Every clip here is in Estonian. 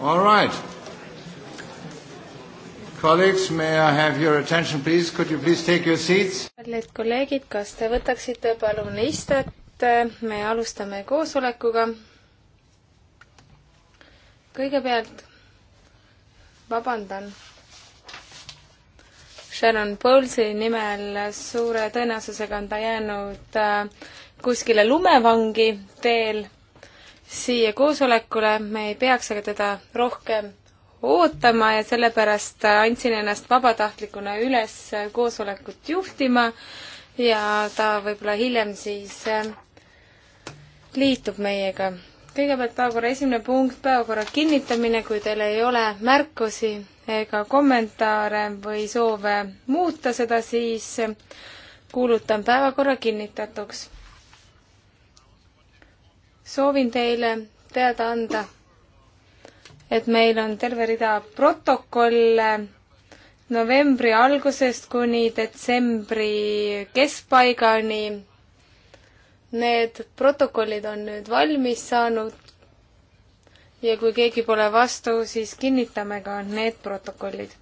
All right. Colleagues, may I have your attention, please? Could you please take your seats? kallid kolleegid, kas te võtaksite palun istet? me alustame koosolekuga. kõigepealt vabandan Sharon Bowlesi nimel suure tõenäosusega on ta jäänud äh, kuskile lumevangi teel siia koosolekule, me ei peaks aga teda rohkem ootama ja sellepärast andsin ennast vabatahtlikuna üles koosolekut juhtima ja ta võib-olla hiljem siis äh, liitub meiega. kõigepealt päevakorra esimene punkt, päevakorra kinnitamine, kui teil ei ole märkusi ega kommentaare või soove muuta seda, siis kuulutan päevakorra kinnitatuks soovin teile teada anda, et meil on terve rida protokolle novembri algusest kuni detsembri keskpaigani. Need protokollid on nüüd valmis saanud ja kui keegi pole vastu, siis kinnitame ka need protokollid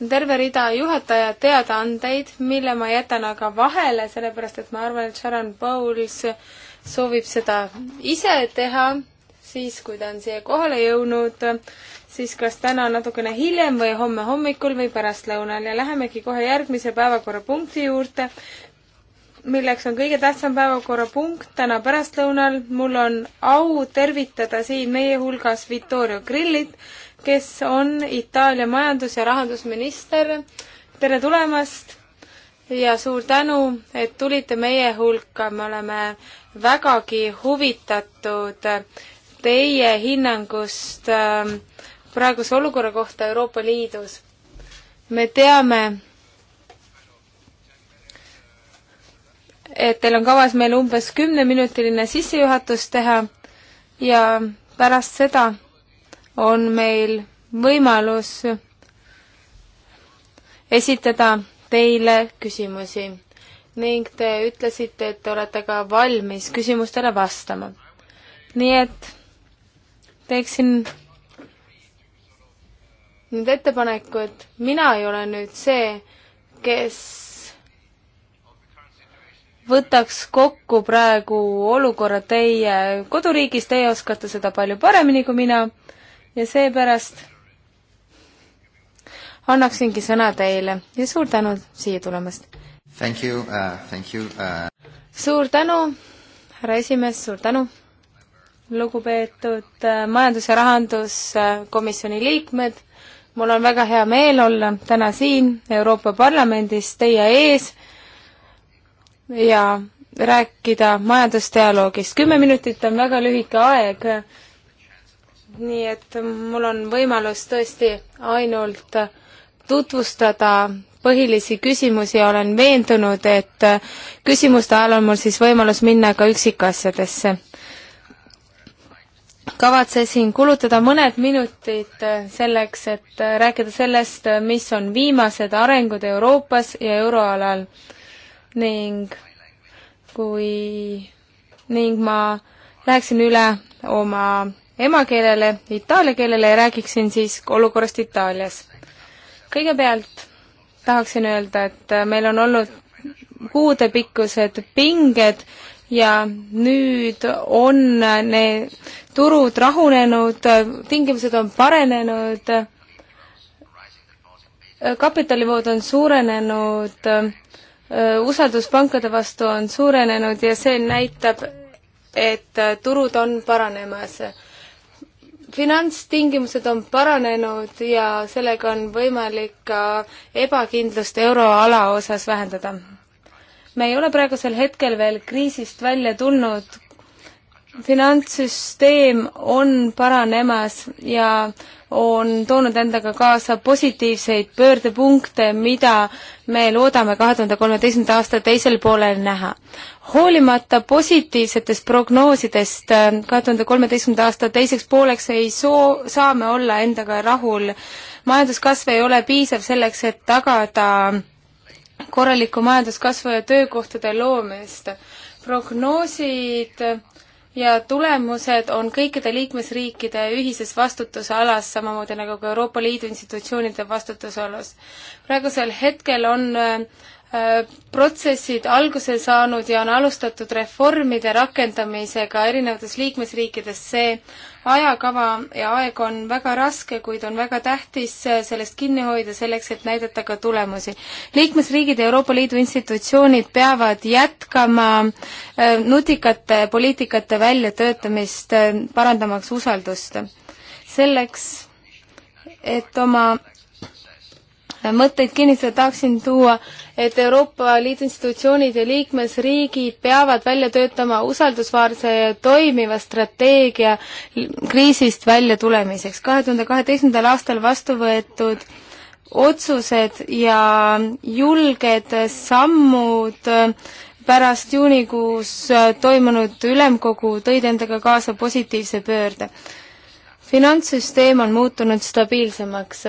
on terve rida juhataja teadaandeid, mille ma jätan aga vahele, sellepärast et ma arvan, et Sharon Bowles soovib seda ise teha, siis kui ta on siia kohale jõudnud, siis kas täna natukene hiljem või homme hommikul või pärastlõunal ja lähemegi kohe järgmise päevakorrapunkti juurde, milleks on kõige tähtsam päevakorrapunkt täna pärastlõunal. mul on au tervitada siin meie hulgas Vittorio Grillit, kes on Itaalia majandus- ja rahandusminister. tere tulemast ja suur tänu, et tulite meie hulka, me oleme vägagi huvitatud teie hinnangust ähm, praeguse olukorra kohta Euroopa Liidus. me teame, et teil on kavas meil umbes kümneminutiline sissejuhatus teha ja pärast seda on meil võimalus esitada teile küsimusi ning te ütlesite, et te olete ka valmis küsimustele vastama. nii et teeksin nüüd ettepaneku, et mina ei ole nüüd see, kes võtaks kokku praegu olukorra teie koduriigis, teie oskate seda palju paremini kui mina ja seepärast annaksingi sõna teile ja suur tänu siia tulemast! Thank you uh,, thank you uh... suur tänu, härra esimees, suur tänu! lugupeetud uh, majandus- ja rahanduskomisjoni liikmed, mul on väga hea meel olla täna siin Euroopa Parlamendis teie ees ja rääkida majandusdialoogist. kümme minutit on väga lühike aeg nii et mul on võimalus tõesti ainult tutvustada põhilisi küsimusi ja olen veendunud, et küsimuste ajal on mul siis võimalus minna ka üksikasjadesse. kavatsesin kulutada mõned minutid selleks, et rääkida sellest, mis on viimased arengud Euroopas ja euroalal ning kui, ning ma läheksin üle oma emakeelele, itaalia keelele ja räägiksin siis olukorrast Itaalias. kõigepealt tahaksin öelda, et meil on olnud kuudepikkused pinged ja nüüd on need turud rahunenud, tingimused on parenenud, kapitalivood on suurenenud, usaldus pankade vastu on suurenenud ja see näitab, et turud on paranemas finantstingimused on paranenud ja sellega on võimalik ka ebakindlust euroala osas vähendada. me ei ole praegusel hetkel veel kriisist välja tulnud, finantssüsteem on paranemas ja on toonud endaga kaasa positiivseid pöördepunkte, mida me loodame kahe tuhande kolmeteistkümnenda aasta teisel poolel näha. hoolimata positiivsetest prognoosidest äh, kahe tuhande kolmeteistkümnenda aasta teiseks pooleks ei soo-, saa me olla endaga rahul. majanduskasv ei ole piisav selleks, et tagada korralikku majanduskasvu ja töökohtade loomist. prognoosid ja tulemused on kõikide liikmesriikide ühises vastutuse alas, samamoodi nagu ka Euroopa Liidu institutsioonide vastutuse alas. praegusel hetkel on äh, Äh, protsessid alguse saanud ja on alustatud reformide rakendamisega erinevates liikmesriikides, see ajakava ja aeg on väga raske, kuid on väga tähtis sellest kinni hoida, selleks et näidata ka tulemusi. liikmesriigid ja Euroopa Liidu institutsioonid peavad jätkama äh, nutikate poliitikate väljatöötamist, äh, parandamaks usaldust. selleks, et oma mõtteid kinnitada, tahaksin tuua, et Euroopa Liidu institutsioonid ja liikmesriigid peavad välja töötama usaldusväärse ja toimiva strateegia kriisist välja tulemiseks. kahe tuhande kaheteistkümnendal aastal vastu võetud otsused ja julged sammud pärast juunikuus toimunud ülemkogu tõid endaga kaasa positiivse pöörde. finantssüsteem on muutunud stabiilsemaks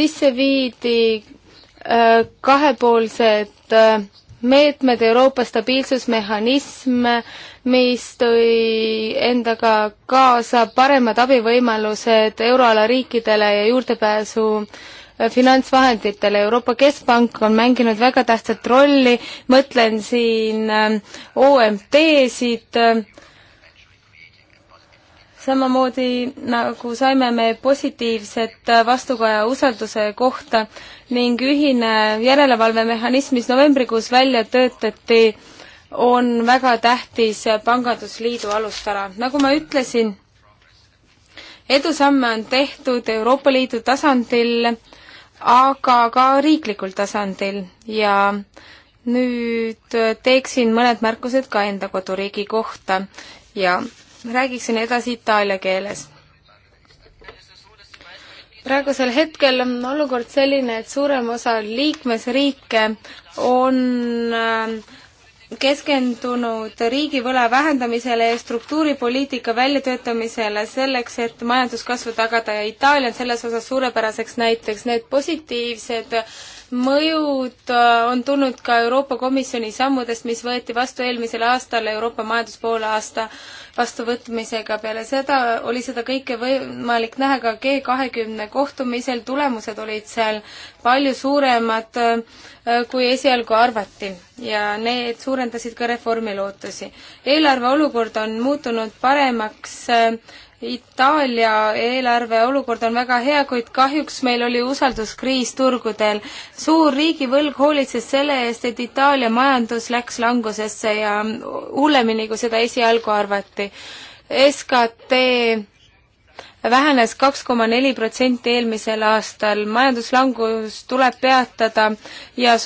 sisse viidi äh, kahepoolsed äh, meetmed, Euroopa stabiilsusmehhanism, mis tõi endaga kaasa paremad abivõimalused euroala riikidele ja juurdepääsu äh, finantsvahenditele. Euroopa Keskpank on mänginud väga tähtsat rolli, mõtlen siin OMT-sid, samamoodi nagu saime me positiivset äh, vastukaja usalduse kohta ning ühine järelevalvemehhanism, mis novembrikuus välja töötati, on väga tähtis Pangandusliidu alustala. nagu ma ütlesin, edusamme on tehtud Euroopa Liidu tasandil, aga ka riiklikul tasandil ja nüüd äh, teeksin mõned märkused ka enda koduriigi kohta ja räägiksin edasi itaalia keeles. praegusel hetkel on olukord selline, et suurem osa liikmesriike on ähm, keskendunud riigivõla vähendamisele ja struktuuripoliitika väljatöötamisele selleks, et majanduskasvu tagada ja Itaalia on selles osas suurepäraseks näiteks. Need positiivsed äh, mõjud äh, on tulnud ka Euroopa Komisjoni sammudest, mis võeti vastu eelmisel aastal Euroopa majanduspoole aasta vastuvõtmisega. peale seda oli seda kõike võimalik näha ka G kahekümne kohtumisel, tulemused olid seal palju suuremad, äh, kui esialgu arvati ja need suurendasid ka reformi lootusi. eelarve olukord on muutunud paremaks äh, Itaalia eelarve olukord on väga hea, kuid kahjuks meil oli usalduskriis turgudel. suur riigivõlg hoolitses selle eest, et Itaalia majandus läks langusesse ja hullemini, kui seda esialgu arvati. SKT vähenes kaks koma neli protsenti eelmisel aastal, majanduslangus tuleb peatada ja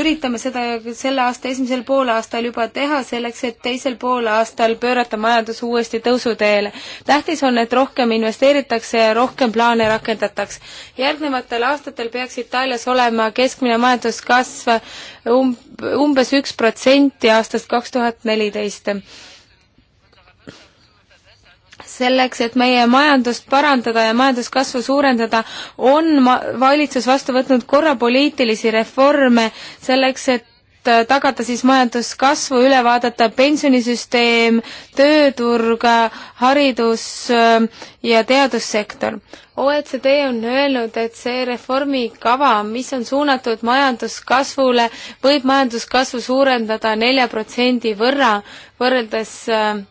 üritame seda selle aasta esimesel poolaastal juba teha, selleks et teisel poolaastal pöörata majandus uuesti tõusuteele. tähtis on, et rohkem investeeritakse ja rohkem plaane rakendataks. järgnevatel aastatel peaks Itaalias olema keskmine majanduskasv um-, umbes üks protsenti aastast kaks tuhat neliteist selleks, et meie majandust parandada ja majanduskasvu suurendada, on ma-, valitsus vastu võtnud korra poliitilisi reforme selleks, et äh, tagada siis majanduskasvu, üle vaadata pensionisüsteem, tööturg, haridus äh, ja teadussektor. OECD on öelnud, et see reformikava, mis on suunatud majanduskasvule, võib majanduskasvu suurendada nelja protsendi võrra võrreldes äh,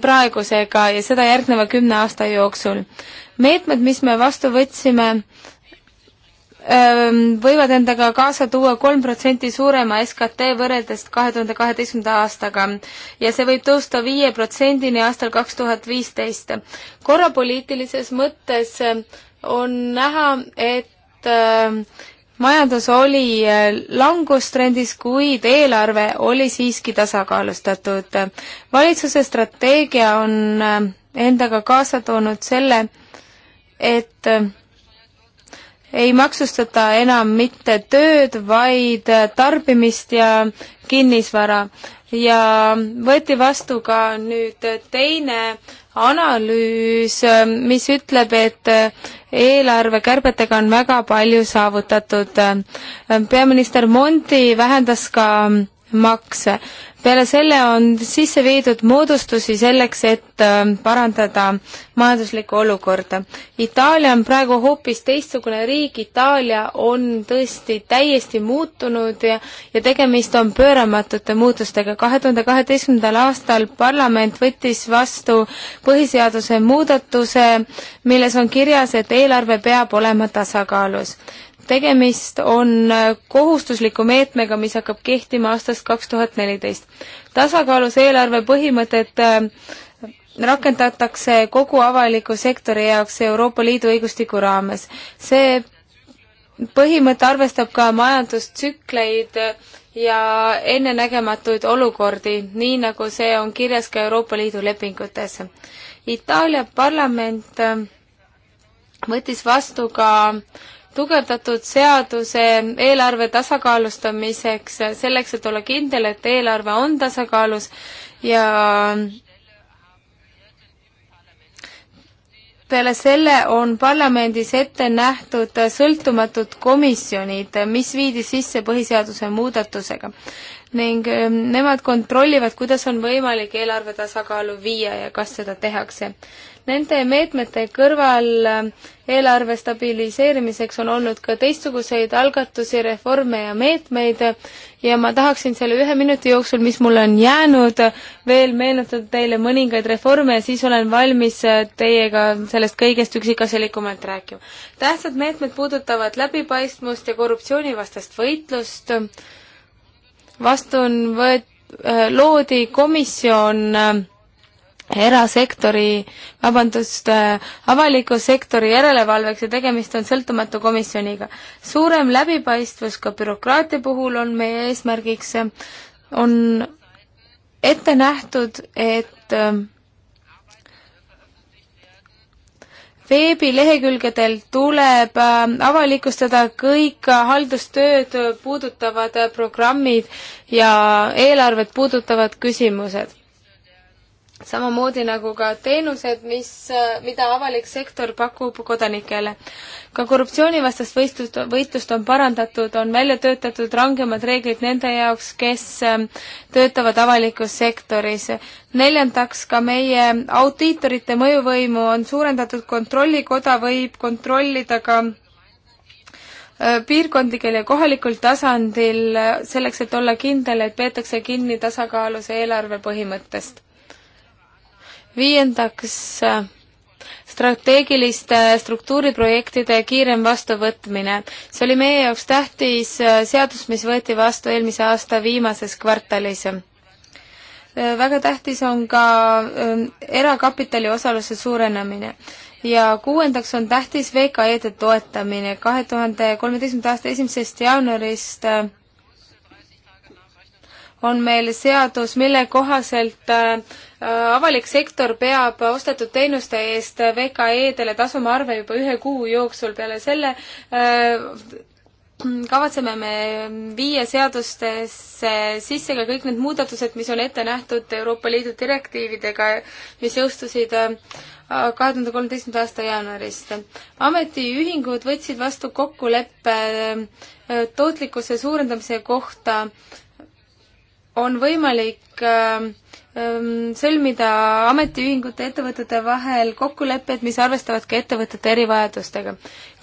praegusega ja seda järgneva kümne aasta jooksul. meetmed, mis me vastu võtsime, ähm, võivad endaga kaasa tuua kolm protsenti suurema SKT võrreldes kahe tuhande kaheteistkümnenda aastaga ja see võib tõusta viie protsendini aastal kaks tuhat viisteist. korrapoliitilises mõttes on näha, et ähm, majandus oli äh, langustrendis, kuid eelarve oli siiski tasakaalustatud. valitsuse strateegia on äh, endaga kaasa toonud selle, et äh, ei maksustata enam mitte tööd, vaid tarbimist ja kinnisvara. ja võeti vastu ka nüüd teine analüüs, mis ütleb, et eelarvekärbetega on väga palju saavutatud. peaminister Monti vähendas ka makse peale selle on sisse viidud moodustusi selleks, et ähm, parandada majanduslikku olukorda. Itaalia on praegu hoopis teistsugune riik, Itaalia on tõesti täiesti muutunud ja, ja tegemist on pööramatute muutustega. kahe tuhande kaheteistkümnendal aastal parlament võttis vastu põhiseaduse muudatuse, milles on kirjas, et eelarve peab olema tasakaalus tegemist on kohustusliku meetmega, mis hakkab kehtima aastast kaks tuhat neliteist. tasakaalus eelarve põhimõtet äh, rakendatakse kogu avaliku sektori jaoks Euroopa Liidu õigustiku raames. see põhimõte arvestab ka majandustsükleid ja ennenägematuid olukordi, nii nagu see on kirjas ka Euroopa Liidu lepingutes. Itaalia parlament äh, võttis vastu ka tugevdatud seaduse eelarve tasakaalustamiseks, selleks, et olla kindel, et eelarve on tasakaalus ja peale selle on parlamendis ette nähtud sõltumatud komisjonid, mis viidi sisse põhiseaduse muudatusega ning ähm, nemad kontrollivad, kuidas on võimalik eelarve tasakaalu viia ja kas seda tehakse. Nende meetmete kõrval äh, eelarve stabiliseerimiseks on olnud ka teistsuguseid algatusi, reforme ja meetmeid ja ma tahaksin selle ühe minuti jooksul, mis mul on jäänud, veel meenutada teile mõningaid reforme ja siis olen valmis äh, teiega sellest kõigest üksikasjalikumalt rääkima. tähtsad meetmed puudutavad läbipaistvust ja korruptsioonivastast võitlust, vastu on võet-, äh, loodi komisjon erasektori, vabandust, äh, avaliku sektori järelevalveks ja tegemist on sõltumatu komisjoniga. suurem läbipaistvus ka bürokraatia puhul on meie eesmärgiks, on ette nähtud, et äh, veebilehekülgedel tuleb äh, avalikustada kõik haldustööd puudutavad programmid ja eelarvet puudutavad küsimused samamoodi nagu ka teenused, mis, mida avalik sektor pakub kodanikele. ka korruptsioonivastast võistlust, võitlust on parandatud, on välja töötatud rangemad reeglid nende jaoks, kes ähm, töötavad avalikus sektoris. neljandaks, ka meie audiitorite mõjuvõimu on suurendatud, kontrollikoda võib kontrollida ka äh, piirkondlikel ja kohalikul tasandil äh, selleks, et olla kindel, et peetakse kinni tasakaalus eelarve põhimõttest viiendaks, strateegiliste struktuuriprojektide kiirem vastuvõtmine. see oli meie jaoks tähtis seadus, mis võeti vastu eelmise aasta viimases kvartalis. väga tähtis on ka ähm, erakapitali osaluse suurenemine ja kuuendaks on tähtis VKE-de toetamine. kahe tuhande kolmeteistkümnenda aasta esimesest jaanuarist äh, on meil seadus, mille kohaselt äh, Äh, avalik sektor peab ostetud teenuste eest VKE-dele tasuma arve juba ühe kuu jooksul, peale selle äh, kavatseme me viia seadustesse sisse ka kõik need muudatused, mis on ette nähtud Euroopa Liidu direktiividega, mis jõustusid äh, kahe tuhande kolmeteistkümnenda aasta jaanuarist. ametiühingud võtsid vastu kokkuleppe tootlikkuse suurendamise kohta, on võimalik äh, Ehm, sõlmida ametiühingute ettevõtete vahel kokkulepped, mis arvestavad ka ettevõtete erivajadustega.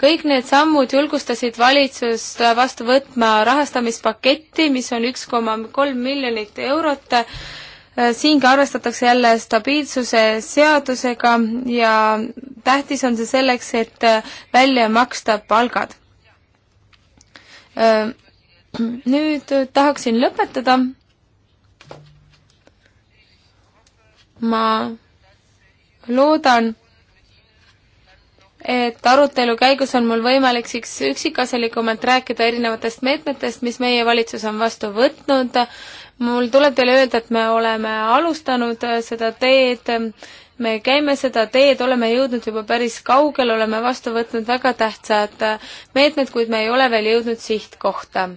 kõik need sammud julgustasid valitsust vastu võtma rahastamispaketti, mis on üks koma kolm miljonit eurot. Ehm, siingi arvestatakse jälle stabiilsuse seadusega ja tähtis on see selleks, et välja maksta palgad. Ehm, nüüd tahaksin lõpetada ma loodan, et arutelu käigus on mul võimalik siis üksikasjalikumalt rääkida erinevatest meetmetest, mis meie valitsus on vastu võtnud. mul tuleb teile öelda, et me oleme alustanud seda teed, me käime seda teed, oleme jõudnud juba päris kaugele, oleme vastu võtnud väga tähtsad meetmed, kuid me ei ole veel jõudnud sihtkohta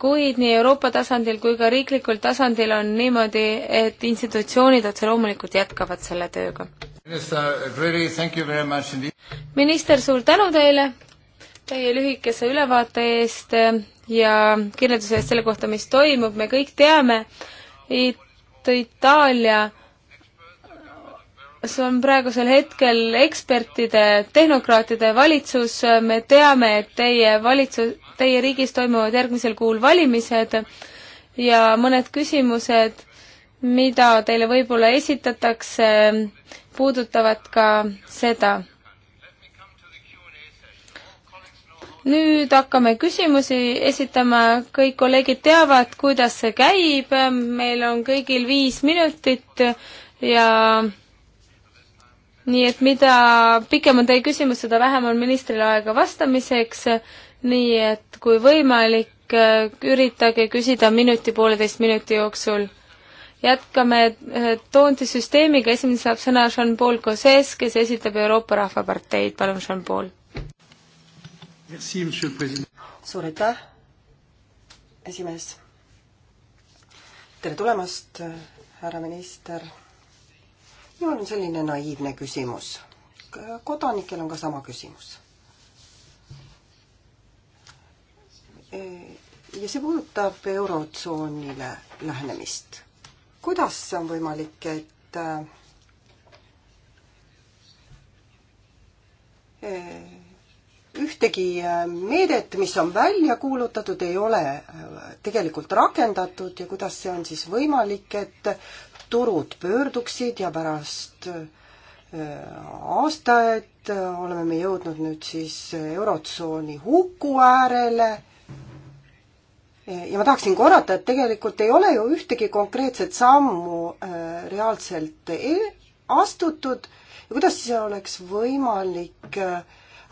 kuid nii Euroopa tasandil kui ka riiklikul tasandil on niimoodi, et institutsioonid otse loomulikult jätkavad selle tööga. minister, suur tänu teile teie lühikese ülevaate eest ja kirjelduse eest selle kohta, mis toimub, me kõik teame, et Itaalia see on praegusel hetkel ekspertide, tehnokraatide valitsus, me teame, et teie valitsus, teie riigis toimuvad järgmisel kuul valimised ja mõned küsimused, mida teile võib-olla esitatakse, puudutavad ka seda. nüüd hakkame küsimusi esitama, kõik kolleegid teavad, kuidas see käib, meil on kõigil viis minutit ja nii et mida pikem on teie küsimus, seda vähem on ministril aega vastamiseks nii et kui võimalik, äh, üritage küsida minuti, pooleteist minuti jooksul. jätkame äh, toontisüsteemiga, esimene saab sõna Jean-Paul Gosses, kes esitab Euroopa Rahvaparteid, palun, Jean-Paul. suur aitäh, esimees. tere tulemast, härra minister. minul on selline naiivne küsimus. kodanikel on ka sama küsimus ja see puudutab Eurotsoonile lähenemist. kuidas on võimalik, et äh, ühtegi äh, meedet, mis on välja kuulutatud, ei ole äh, tegelikult rakendatud ja kuidas see on siis võimalik, et turud pöörduksid ja pärast aastaid oleme me jõudnud nüüd siis Eurotsooni huku äärele ja ma tahaksin korrata, et tegelikult ei ole ju ühtegi konkreetset sammu äh, reaalselt e-, astutud ja kuidas siis oleks võimalik äh,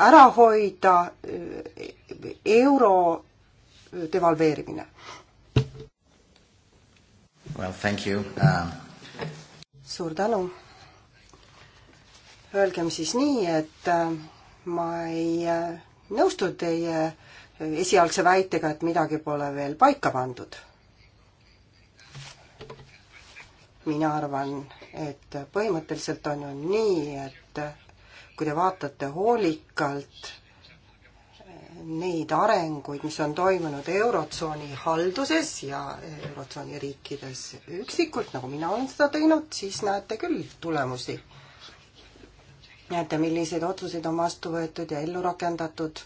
ära hoida äh, euro devalveerimine? Well, thank you um.... suur tänu. Öelgem siis nii, et ma ei nõustu teie äh, esialgse väitega, et midagi pole veel paika pandud. mina arvan, et põhimõtteliselt on ju nii, et kui te vaatate hoolikalt neid arenguid, mis on toimunud Eurotsooni halduses ja Eurotsooni riikides üksikult, nagu mina olen seda teinud, siis näete küll tulemusi. näete, milliseid otsuseid on vastu võetud ja ellu rakendatud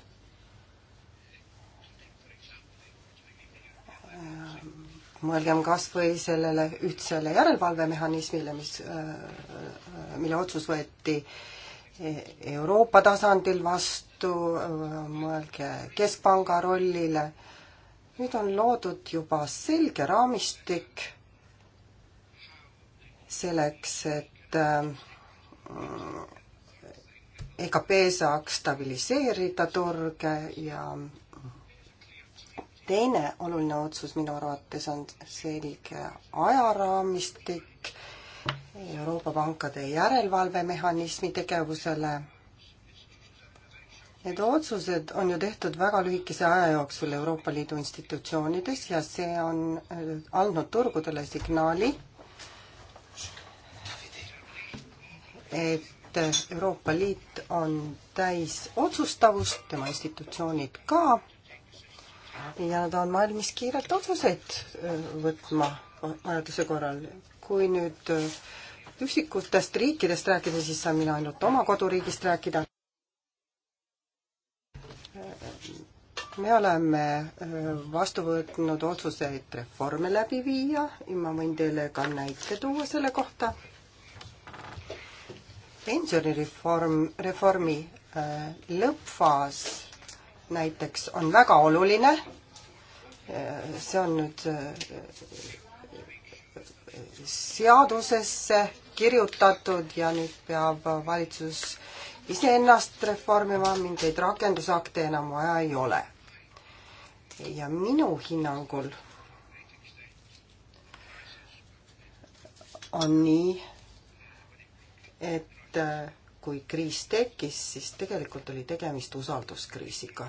mõelgem kas või sellele ühtsele järelevalvemehhanismile, mis, äh, äh, mille otsus võeti e-, Euroopa tasandil vastu, äh, mõelge Keskpanga rollile, nüüd on loodud juba selge raamistik selleks, et EKP saaks stabiliseerida turge ja teine oluline otsus minu arvates on selge ajaraamistik Euroopa pankade järelevalvemehhanismi tegevusele. Need otsused on ju tehtud väga lühikese aja jooksul Euroopa Liidu institutsioonides ja see on äh, andnud turgudele signaali, et Euroopa Liit on täis otsustavust, tema institutsioonid ka ja ta on valmis kiirelt otsuseid äh, võtma vajaduse korral. kui nüüd äh, üksikutest riikidest rääkida, siis saan mina ainult oma koduriigist rääkida. me oleme äh, vastu võtnud otsuseid reforme läbi viia ja ma võin teile ka näite tuua selle kohta. pensionireform, reformi lõppfaas näiteks on väga oluline, see on nüüd seadusesse kirjutatud ja nüüd peab valitsus iseennast reformima, mingeid rakendusakte enam vaja ei ole. ja minu hinnangul on nii, et kui kriis tekkis, siis tegelikult oli tegemist usalduskriisiga.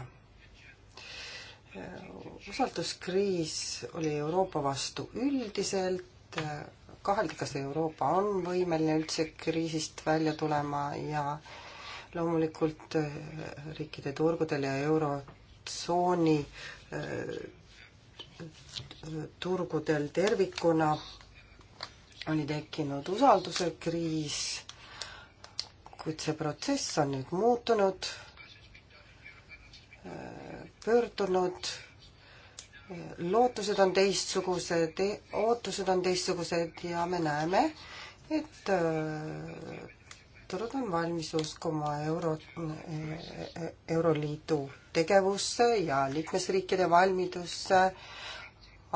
usalduskriis oli Euroopa vastu üldiselt, kaheldi, kas Euroopa on võimeline üldse kriisist välja tulema ja loomulikult äh, riikide turgudel ja eurotsooni äh, turgudel tervikuna oli tekkinud usalduse kriis kuid see protsess on nüüd muutunud, pöördunud, lootused on teistsugused, ootused on teistsugused ja me näeme, et äh, turud on valmis uskuma euro, e-, Euroliidu tegevusse ja liikmesriikide valmidusse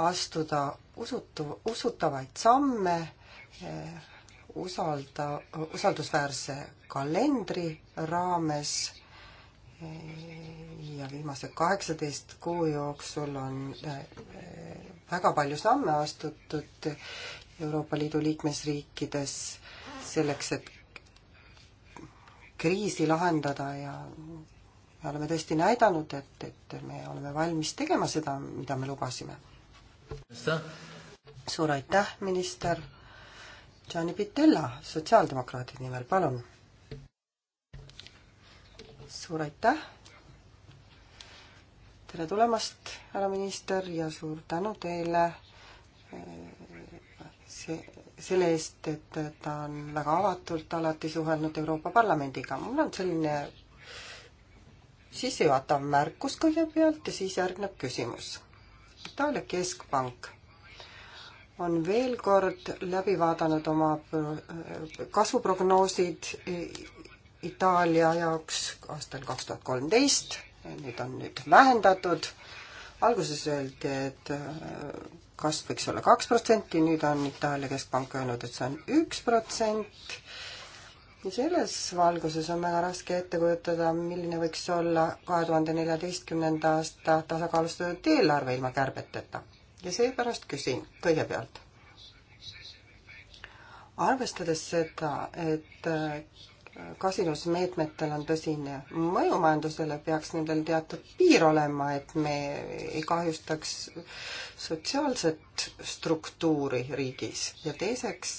astuda usutu, usutavaid samme äh, usalda, usaldusväärse kalendri raames ja viimase kaheksateist kuu jooksul on eh, väga palju samme astutud Euroopa Liidu liikmesriikides selleks, et kriisi lahendada ja me oleme tõesti näidanud, et, et me oleme valmis tegema seda, mida me lubasime. suur aitäh, minister Gianni Pitella sotsiaaldemokraatide nimel, palun. suur aitäh. tere tulemast, härra minister ja suur tänu teile eh, see, selle eest, et ta on väga avatult alati suhelnud Euroopa Parlamendiga. mul on selline sissejuhatav märkus kõigepealt ja siis järgneb küsimus. Itaalia keskpank on veel kord läbi vaadanud oma äh, kasvuprognoosid Itaalia jaoks aastal kaks tuhat kolmteist, need on nüüd vähendatud, alguses öeldi, et äh, kasv võiks olla kaks protsenti, nüüd on Itaalia keskpank öelnud, et see on üks protsent, ja selles valguses on väga raske ette kujutada, milline võiks olla kahe tuhande neljateistkümnenda aasta tasakaalustatud eelarve ilma kärbeteta ja seepärast küsin kõigepealt. arvestades seda, et äh, kasinusmeetmetel on tõsine mõju majandusele, peaks nendel teatud piir olema, et me ei kahjustaks sotsiaalset struktuuri riigis ja teiseks,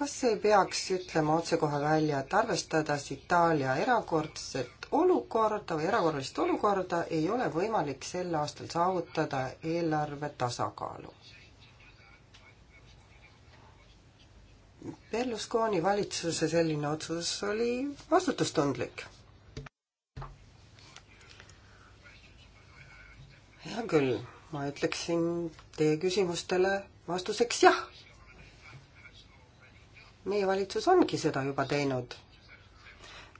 kas ei peaks ütlema otsekohe välja, et arvestades Itaalia erakordset olukorda või erakorralist olukorda ei ole võimalik sel aastal saavutada eelarve tasakaalu. Berlusconi valitsuse selline otsus oli vastutustundlik. hea küll, ma ütleksin teie küsimustele vastuseks jah meie valitsus ongi seda juba teinud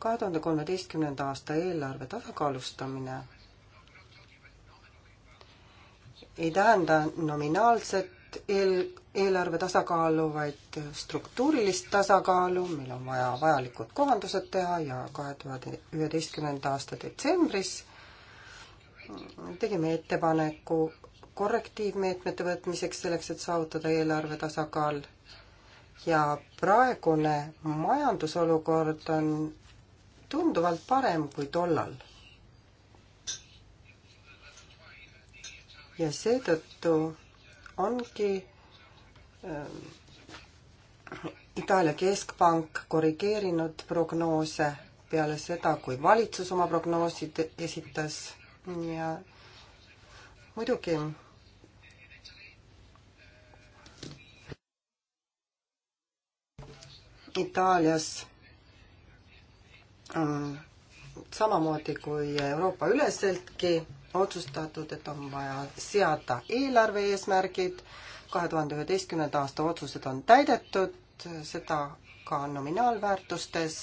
kahe tuhande kolmeteistkümnenda aasta eelarve tasakaalustamine ei tähenda nominaalset eel, eelarve tasakaalu, vaid struktuurilist tasakaalu, meil on vaja vajalikud kohandused teha ja kahe tuhande üheteistkümnenda aasta detsembris tegime ettepaneku korrektiivmeetmete võtmiseks selleks, et saavutada eelarve tasakaal ja praegune majandusolukord on tunduvalt parem kui tollal. ja seetõttu ongi ähm, Itaalia keskpank korrigeerinud prognoose peale seda, kui valitsus oma prognoosid esitas ja muidugi Itaalias Äh, samamoodi kui Euroopa üleseltki otsustatud, et on vaja seada eelarve eesmärgid, kahe tuhande üheteistkümnenda aasta otsused on täidetud, seda ka nominaalväärtustes.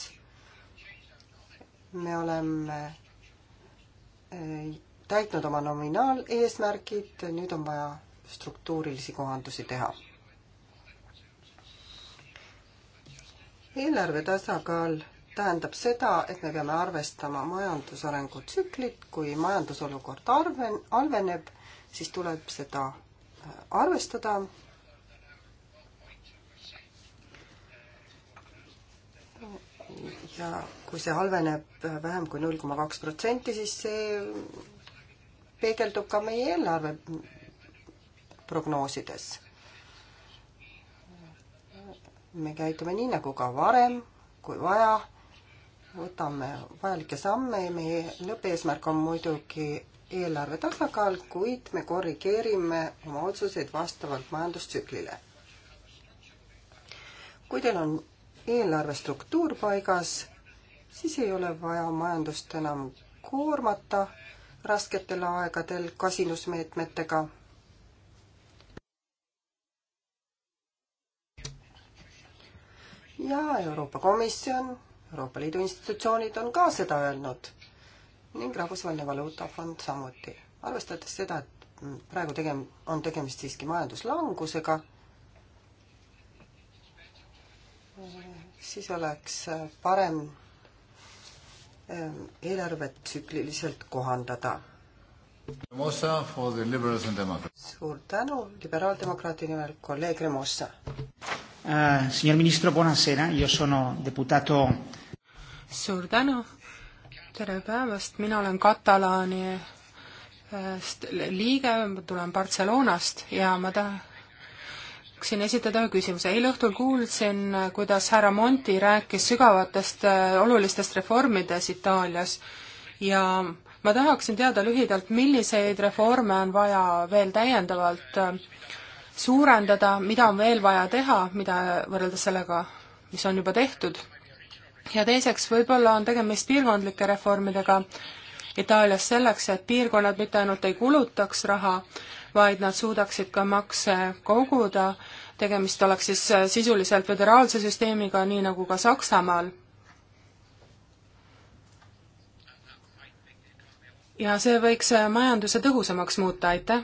me oleme äh, täitnud oma nominaaleesmärgid, nüüd on vaja struktuurilisi kohandusi teha. eelarve tasakaal tähendab seda, et me peame arvestama majandusarengu tsüklit, kui majandusolukord arven-, halveneb, siis tuleb seda äh, arvestada. ja kui see halveneb äh, vähem kui null koma kaks protsenti, siis see peegeldub ka meie eelarve prognoosides. me käitume nii, nagu ka varem, kui vaja võtame vajalikke samme ja meie lõppeesmärk on muidugi eelarve tasakaal, kuid me korrigeerime oma otsuseid vastavalt majandustsüklile. kui teil on eelarve struktuur paigas, siis ei ole vaja majandust enam koormata rasketel aegadel kasinusmeetmetega ja Euroopa Komisjon Euroopa Liidu institutsioonid on ka seda öelnud ning Rahvusvaheline Valuutafond samuti. arvestades seda, et praegu tegem-, on tegemist siiski majanduslangusega, siis oleks parem eelarvet tsükliliselt kohandada. suur tänu liberaaldemokraati nimel kolleeg Remossa. Uh, signor ministro, buonasera, io sono deputato. suur tänu, tere päevast, mina olen Katalaani eh, liige, ma tulen Barcelonast ja ma tahaksin esitada ühe küsimuse. eile õhtul kuulsin, kuidas härra Monti rääkis sügavatest eh, olulistest reformides Itaalias ja ma tahaksin teada lühidalt, milliseid reforme on vaja veel täiendavalt suurendada, mida on veel vaja teha, mida võrreldes sellega, mis on juba tehtud. ja teiseks, võib-olla on tegemist piirkondlike reformidega Itaalias selleks, et piirkonnad mitte ainult ei kulutaks raha, vaid nad suudaksid ka makse koguda, tegemist oleks siis sisuliselt föderaalse süsteemiga, nii nagu ka Saksamaal. ja see võiks majanduse tõhusamaks muuta, aitäh!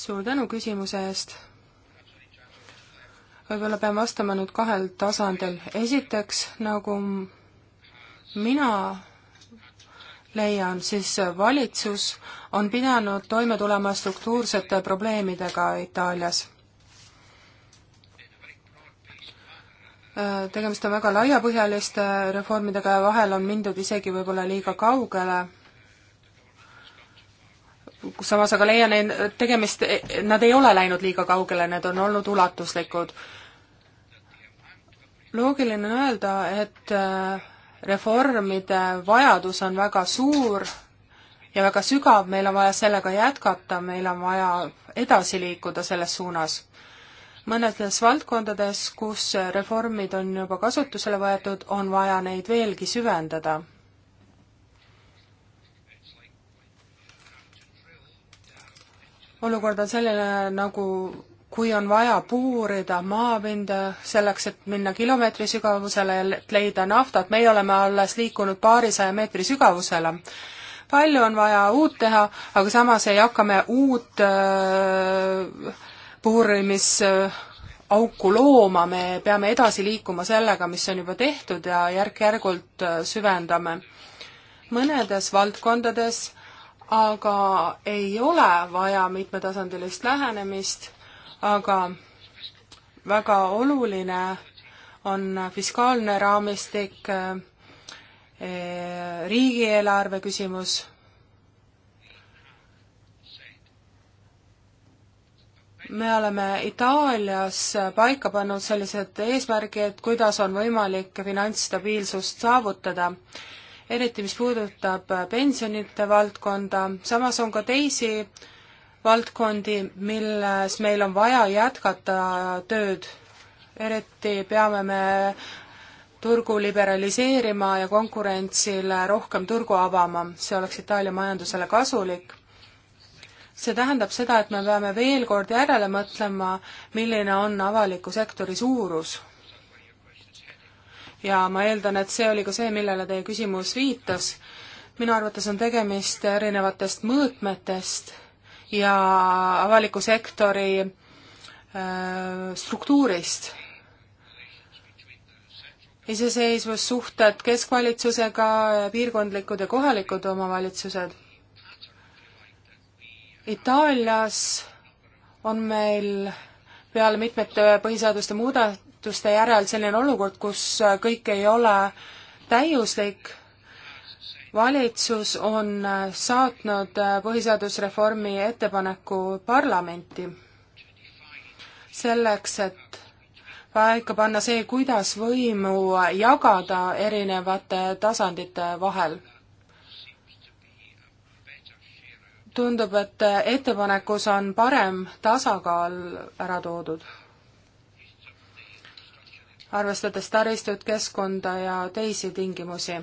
suur tänu küsimuse eest. võib-olla pean vastama nüüd kahel tasandil. esiteks, nagu mina leian, siis valitsus on pidanud toime tulema struktuursete probleemidega Itaalias. tegemist on väga laiapõhjaliste reformidega ja vahel on mindud isegi võib-olla liiga kaugele samas aga leian, et tegemist, nad ei ole läinud liiga kaugele, need on olnud ulatuslikud. loogiline on öelda, et äh, reformide vajadus on väga suur ja väga sügav, meil on vaja sellega jätkata, meil on vaja edasi liikuda selles suunas mõnedes valdkondades, kus reformid on juba kasutusele võetud, on vaja neid veelgi süvendada. olukord on selline, nagu kui on vaja puurida maapinda selleks, et minna kilomeetri sügavusele ja leida naftat, meie oleme alles liikunud paarisaja meetri sügavusele. palju on vaja uut teha, aga samas ei hakka me uut äh, puurimisauku looma, me peame edasi liikuma sellega, mis on juba tehtud ja järk-järgult äh, süvendame. mõnedes valdkondades aga ei ole vaja mitmetasandilist lähenemist, aga väga oluline on fiskaalne raamistik, eh, riigieelarve küsimus me oleme Itaalias paika pannud sellised eesmärgid, kuidas on võimalik finantsstabiilsust saavutada eriti mis puudutab pensionite valdkonda, samas on ka teisi valdkondi, milles meil on vaja jätkata tööd. eriti peame me turgu liberaliseerima ja konkurentsile rohkem turgu avama, see oleks Itaalia majandusele kasulik. see tähendab seda, et me peame veel kord järele mõtlema, milline on avaliku sektori suurus ja ma eeldan, et see oli ka see, millele teie küsimus viitas. minu arvates on tegemist erinevatest mõõtmetest ja avaliku sektori äh, struktuurist. iseseisvussuhted keskvalitsusega, piirkondlikud ja kohalikud omavalitsused. Itaalias on meil peale mitmete põhiseaduste muuda-, muudatuste järel selline olukord, kus kõik ei ole täiuslik, valitsus on saatnud põhiseadusreformi ettepaneku parlamenti selleks, et paika panna see, kuidas võimu jagada erinevate tasandite vahel. tundub, et ettepanekus on parem tasakaal ära toodud arvestades taristut, keskkonda ja teisi tingimusi.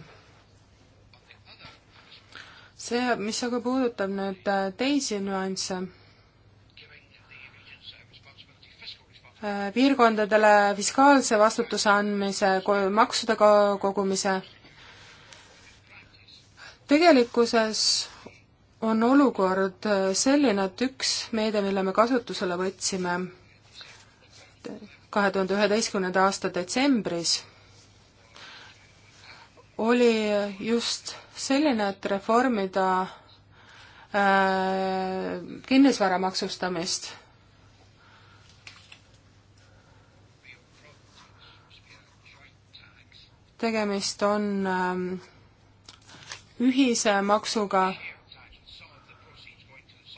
see, mis aga puudutab nüüd äh, teisi nüansse, äh, piirkondadele fiskaalse vastutuse andmise, maksude kogumise, tegelikkuses on olukord äh, selline, et üks meede, mille me kasutusele võtsime, kahe tuhande üheteistkümnenda aasta detsembris, oli just selline, et reformida äh, kinnisvara maksustamist. tegemist on äh, ühise maksuga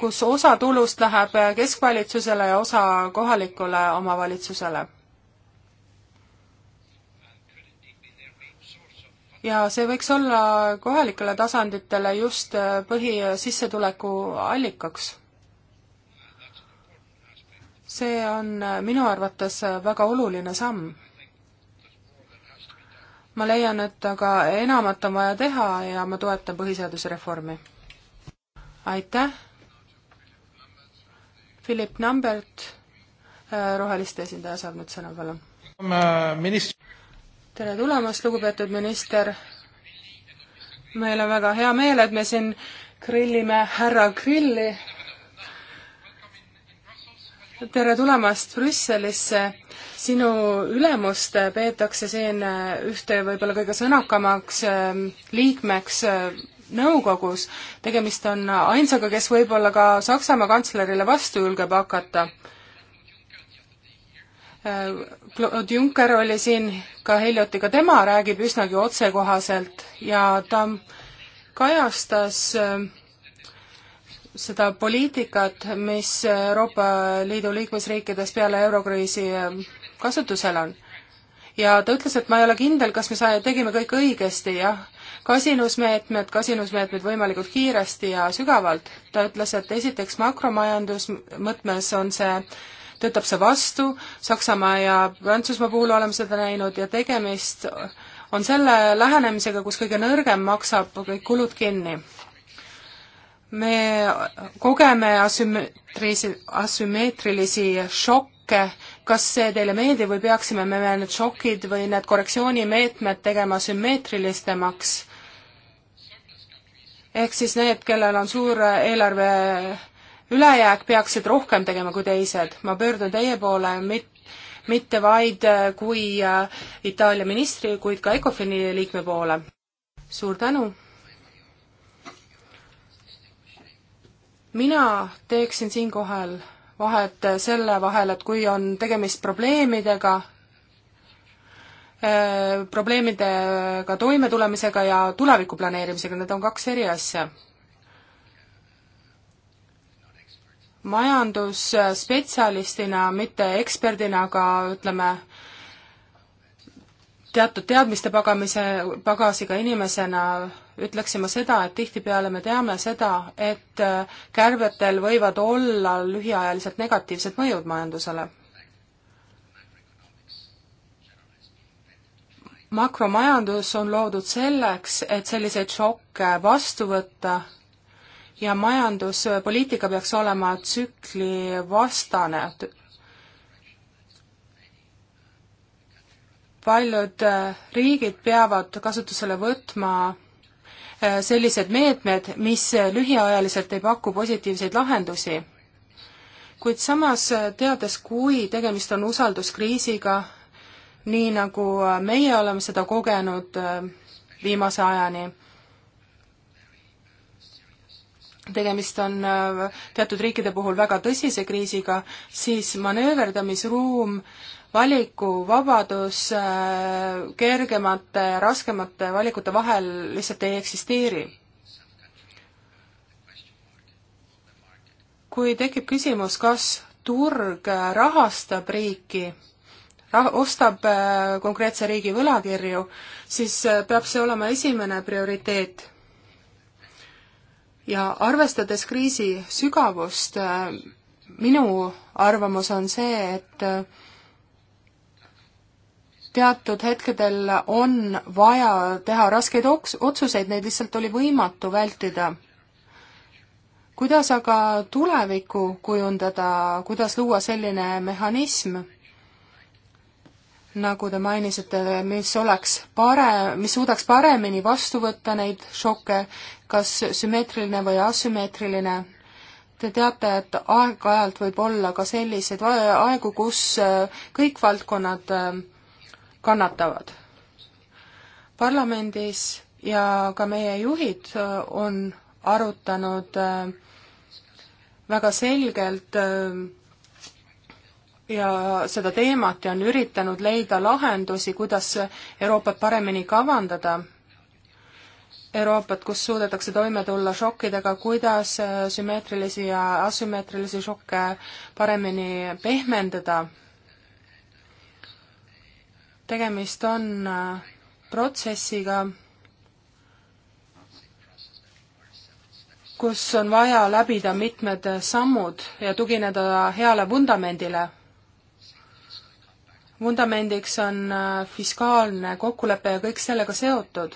kus osa tulust läheb keskvalitsusele ja osa kohalikule omavalitsusele. ja see võiks olla kohalikele tasanditele just põhisissetuleku allikaks. see on minu arvates väga oluline samm ma leian, et aga enamat on vaja teha ja ma toetan põhiseaduse reformi. aitäh! Philip Numbert, äh, roheliste esindaja, saab nüüd sõna, palun. Äh, tere tulemast, lugupeetud minister. meil on väga hea meel, et me siin grillime härra Grilli. tere tulemast Brüsselisse. sinu ülemust peetakse siin ühte võib-olla kõige sõnakamaks ähm, liikmeks äh, nõukogus. tegemist on ainsaga, kes võib-olla ka Saksamaa kantslerile vastu julgeb hakata. Claude Juncker oli siin ka hiljuti, ka tema räägib üsnagi otsekohaselt ja ta kajastas äh, seda poliitikat, mis Euroopa Liidu liikmesriikides peale eurokriisi äh, kasutusel on ja ta ütles, et ma ei ole kindel, kas me sa-, tegime kõik õigesti, jah kasinusmeetmed, kasinusmeetmed võimalikult kiiresti ja sügavalt. ta ütles, et esiteks makromajandus mõtmes on see töötab see vastu, Saksamaa ja Prantsusmaa puhul oleme seda näinud ja tegemist on selle lähenemisega, kus kõige nõrgem maksab kõik kulud kinni. me kogeme asümmeetrilisi, asümmeetrilisi šokke, kas see teile meeldib või peaksime me need šokid või need korrektsioonimeetmed tegema sümmeetrilistemaks ehk siis need, kellel on suur eelarve ülejääk, peaksid rohkem tegema kui teised. ma pöördun teie poole mit-, mitte vaid äh, kui äh, Itaalia ministri, kuid ka ECOFIN-i liikme poole. suur tänu! mina teeksin siinkohal vahet selle vahel, et kui on tegemist probleemidega Äh, probleemidega toimetulemisega ja tuleviku planeerimisega, need on kaks eri asja. majandusspetsialistina, mitte eksperdina, aga ütleme, teatud teadmiste pagamise, pagasiga inimesena ütleksin ma seda, et tihtipeale me teame seda, et kärbetel võivad olla lühiajaliselt negatiivsed mõjud majandusele makromajandus on loodud selleks, et selliseid šokke vastu võtta ja majanduspoliitika peaks olema tsükli vastane. paljud äh, riigid peavad kasutusele võtma äh, sellised meetmed, mis lühiajaliselt ei paku positiivseid lahendusi. kuid samas, äh, teades, kui tegemist on usalduskriisiga, nii nagu äh, meie oleme seda kogenud äh, viimase ajani. tegemist on äh, teatud riikide puhul väga tõsise kriisiga, siis manööverdamisruum, valikuvabadus kergemate ja raskemate valikute vahel lihtsalt ei eksisteeri kui tekib küsimus, kas turg rahastab riiki, ostab äh, konkreetse riigi võlakirju, siis äh, peab see olema esimene prioriteet. ja arvestades kriisi sügavust, äh, minu arvamus on see, et teatud hetkedel on vaja teha raskeid otsuseid, neid lihtsalt oli võimatu vältida. kuidas aga tulevikku kujundada, kuidas luua selline mehhanism, nagu te mainisite, mis oleks parem, mis suudaks paremini vastu võtta neid šokke, kas sümmeetriline või asümmeetriline. Te teate, et aeg-ajalt võib olla ka selliseid aegu, kus äh, kõik valdkonnad äh, kannatavad. parlamendis ja ka meie juhid äh, on arutanud väga selgelt ja seda teemat ja on üritanud leida lahendusi, kuidas Euroopat paremini kavandada. Euroopat, kus suudetakse toime tulla šokkidega, kuidas sümmeetrilisi ja asümmeetrilisi šokke paremini pehmendada. tegemist on äh, protsessiga, kus on vaja läbida mitmed sammud ja tugineda heale vundamendile vundamendiks on äh, fiskaalne kokkulepe ja kõik sellega seotud.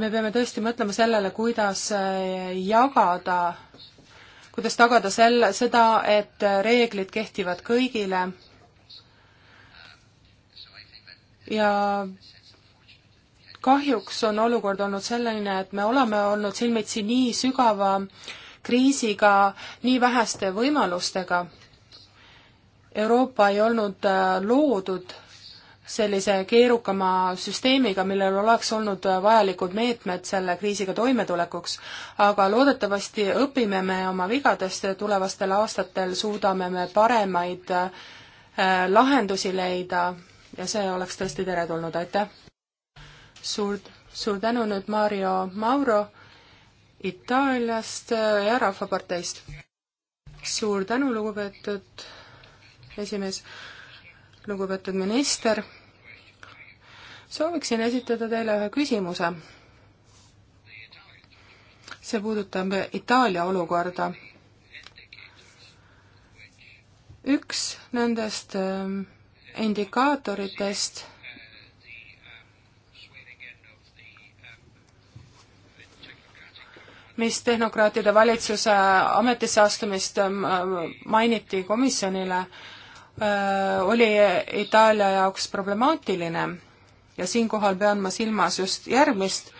me peame tõesti mõtlema sellele, kuidas äh, jagada, kuidas tagada selle, seda, et reeglid kehtivad kõigile ja kahjuks on olukord olnud selline, et me oleme olnud silmitsi nii sügava kriisiga, nii väheste võimalustega Euroopa ei olnud äh, loodud sellise keerukama süsteemiga, millel oleks olnud äh, vajalikud meetmed selle kriisiga toimetulekuks. aga loodetavasti õpime me oma vigadest ja tulevastel aastatel suudame me paremaid äh, lahendusi leida ja see oleks tõesti teretulnud, aitäh! suur, suur tänu nüüd Mario Mauro Itaaliast ja Rahvaparteist! suur tänu, lugupeetud esimees, lugupeetud minister, sooviksin esitada teile ühe küsimuse. see puudutab Itaalia olukorda. üks nendest ähm, indikaatoritest mis tehnokraatide valitsuse ametisse astumist ähm, äh, mainiti komisjonile, Äh, oli Itaalia jaoks problemaatiline ja siinkohal pean ma silmas just järgmist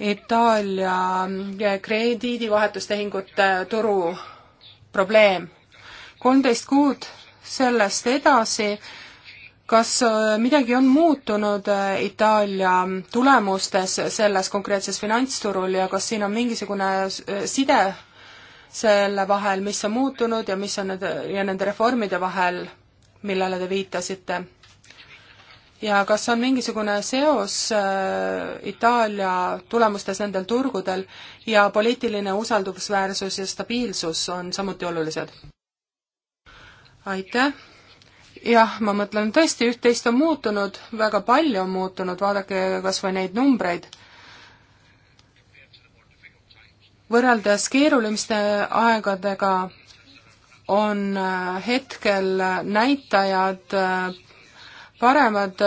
Itaalia äh, krediidivahetustehingute äh, turu probleem. kolmteist kuud sellest edasi, kas midagi on muutunud Itaalia tulemustes selles konkreetses finantsturul ja kas siin on mingisugune side selle vahel, mis on muutunud ja mis on need, ja nende reformide vahel, millele te viitasite? ja kas on mingisugune seos äh, Itaalia tulemustes nendel turgudel ja poliitiline usaldusväärsus ja stabiilsus on samuti olulised? aitäh! jah, ma mõtlen tõesti, üht-teist on muutunud, väga palju on muutunud, vaadake kas või neid numbreid võrreldes keeruliste aegadega on äh, hetkel äh, näitajad äh, paremad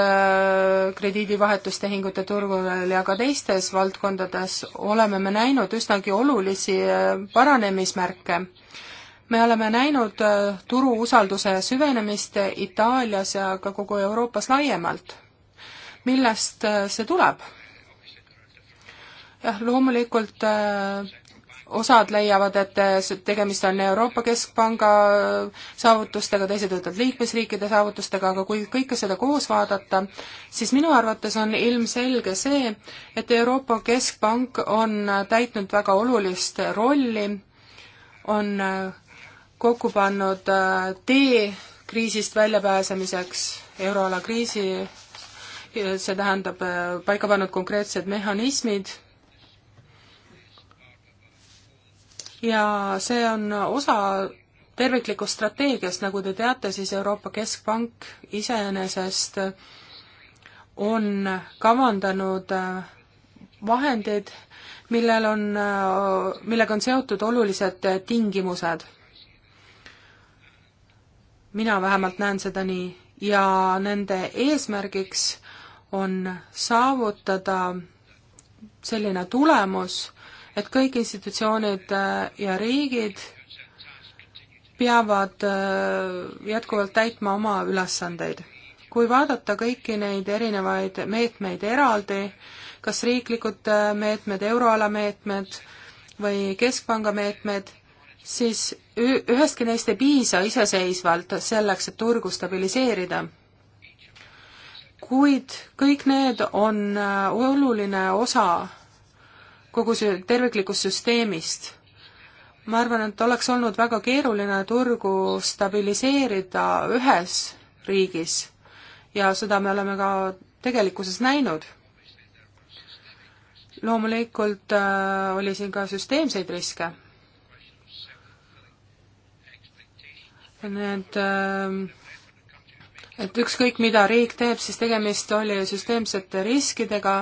krediidivahetustehingute turgudel ja ka teistes valdkondades oleme me näinud üsnagi olulisi paranemismärke. me oleme näinud turu usalduse süvenemist Itaalias ja ka kogu Euroopas laiemalt. millest see tuleb? jah, loomulikult osad leiavad, et tegemist on Euroopa Keskpanga äh, saavutustega, teised ütlevad liikmesriikide saavutustega, aga kui kõike seda koos vaadata, siis minu arvates on ilmselge see, et Euroopa Keskpank on täitnud väga olulist rolli, on äh, kokku pannud äh, tee kriisist väljapääsemiseks, euroala kriisi, see tähendab paika pannud konkreetsed mehhanismid ja see on osa terviklikust strateegiast, nagu te teate, siis Euroopa Keskpank iseenesest on kavandanud äh, vahendid, millel on, äh, millega on seotud olulised äh, tingimused. mina vähemalt näen seda nii ja nende eesmärgiks on saavutada selline tulemus, et kõik institutsioonid äh, ja riigid peavad äh, jätkuvalt täitma oma ülesandeid. kui vaadata kõiki neid erinevaid meetmeid eraldi, kas riiklikud äh, meetmed, euroala meetmed või keskpanga meetmed, siis ühestki neist ei piisa iseseisvalt selleks, et turgu stabiliseerida. kuid kõik need on oluline osa kogu see terviklikust süsteemist. ma arvan, et oleks olnud väga keeruline turgu stabiliseerida ühes riigis ja seda me oleme ka tegelikkuses näinud loomulikult äh, oli siin ka süsteemseid riske. Need äh,, et ükskõik, mida riik teeb, siis tegemist oli süsteemsete riskidega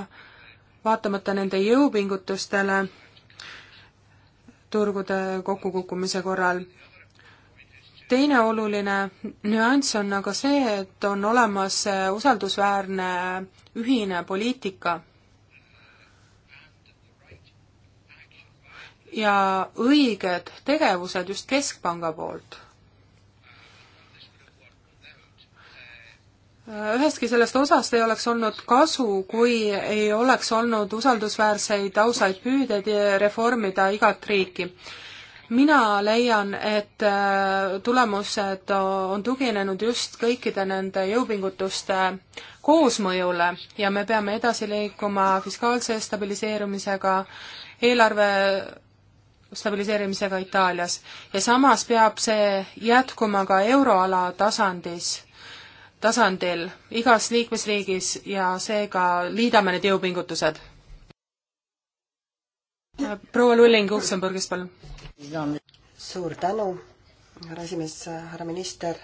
vaatamata nende jõupingutustele turgude kokkukukkumise korral. teine oluline nüanss on aga see, et on olemas usaldusväärne ühine poliitika. ja õiged tegevused just Keskpanga poolt ühestki sellest osast ei oleks olnud kasu, kui ei oleks olnud usaldusväärseid ausaid püüdeid reformida igat riiki. mina leian, et äh, tulemused on tuginenud just kõikide nende jõupingutuste koosmõjule ja me peame edasi liikuma fiskaalse stabiliseerumisega, eelarve stabiliseerimisega Itaalias ja samas peab see jätkuma ka euroala tasandis tasandil igas liikmesriigis ja seega liidame need jõupingutused. proua Lulling Luksemburgist, palun. suur tänu, härra esimees, härra minister.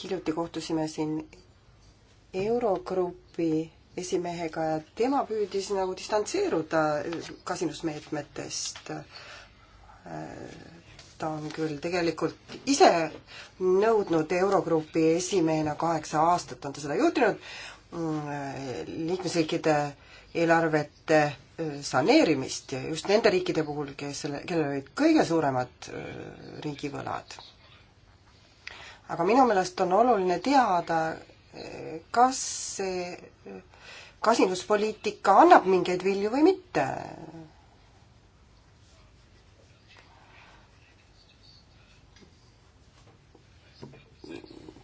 hiljuti kohtusime siin Eurogrupi esimehega ja tema püüdis nagu distantseeruda kasinusmeetmetest ta on küll tegelikult ise nõudnud Eurogrupi esimehena kaheksa aastat on ta seda juhtinud, mm, liikmesriikide eelarvete saneerimist ja just nende riikide puhul, kes selle, kellel olid kõige suuremad riigivõlad. aga minu meelest on oluline teada, kas see kasinuspoliitika annab mingeid vilju või mitte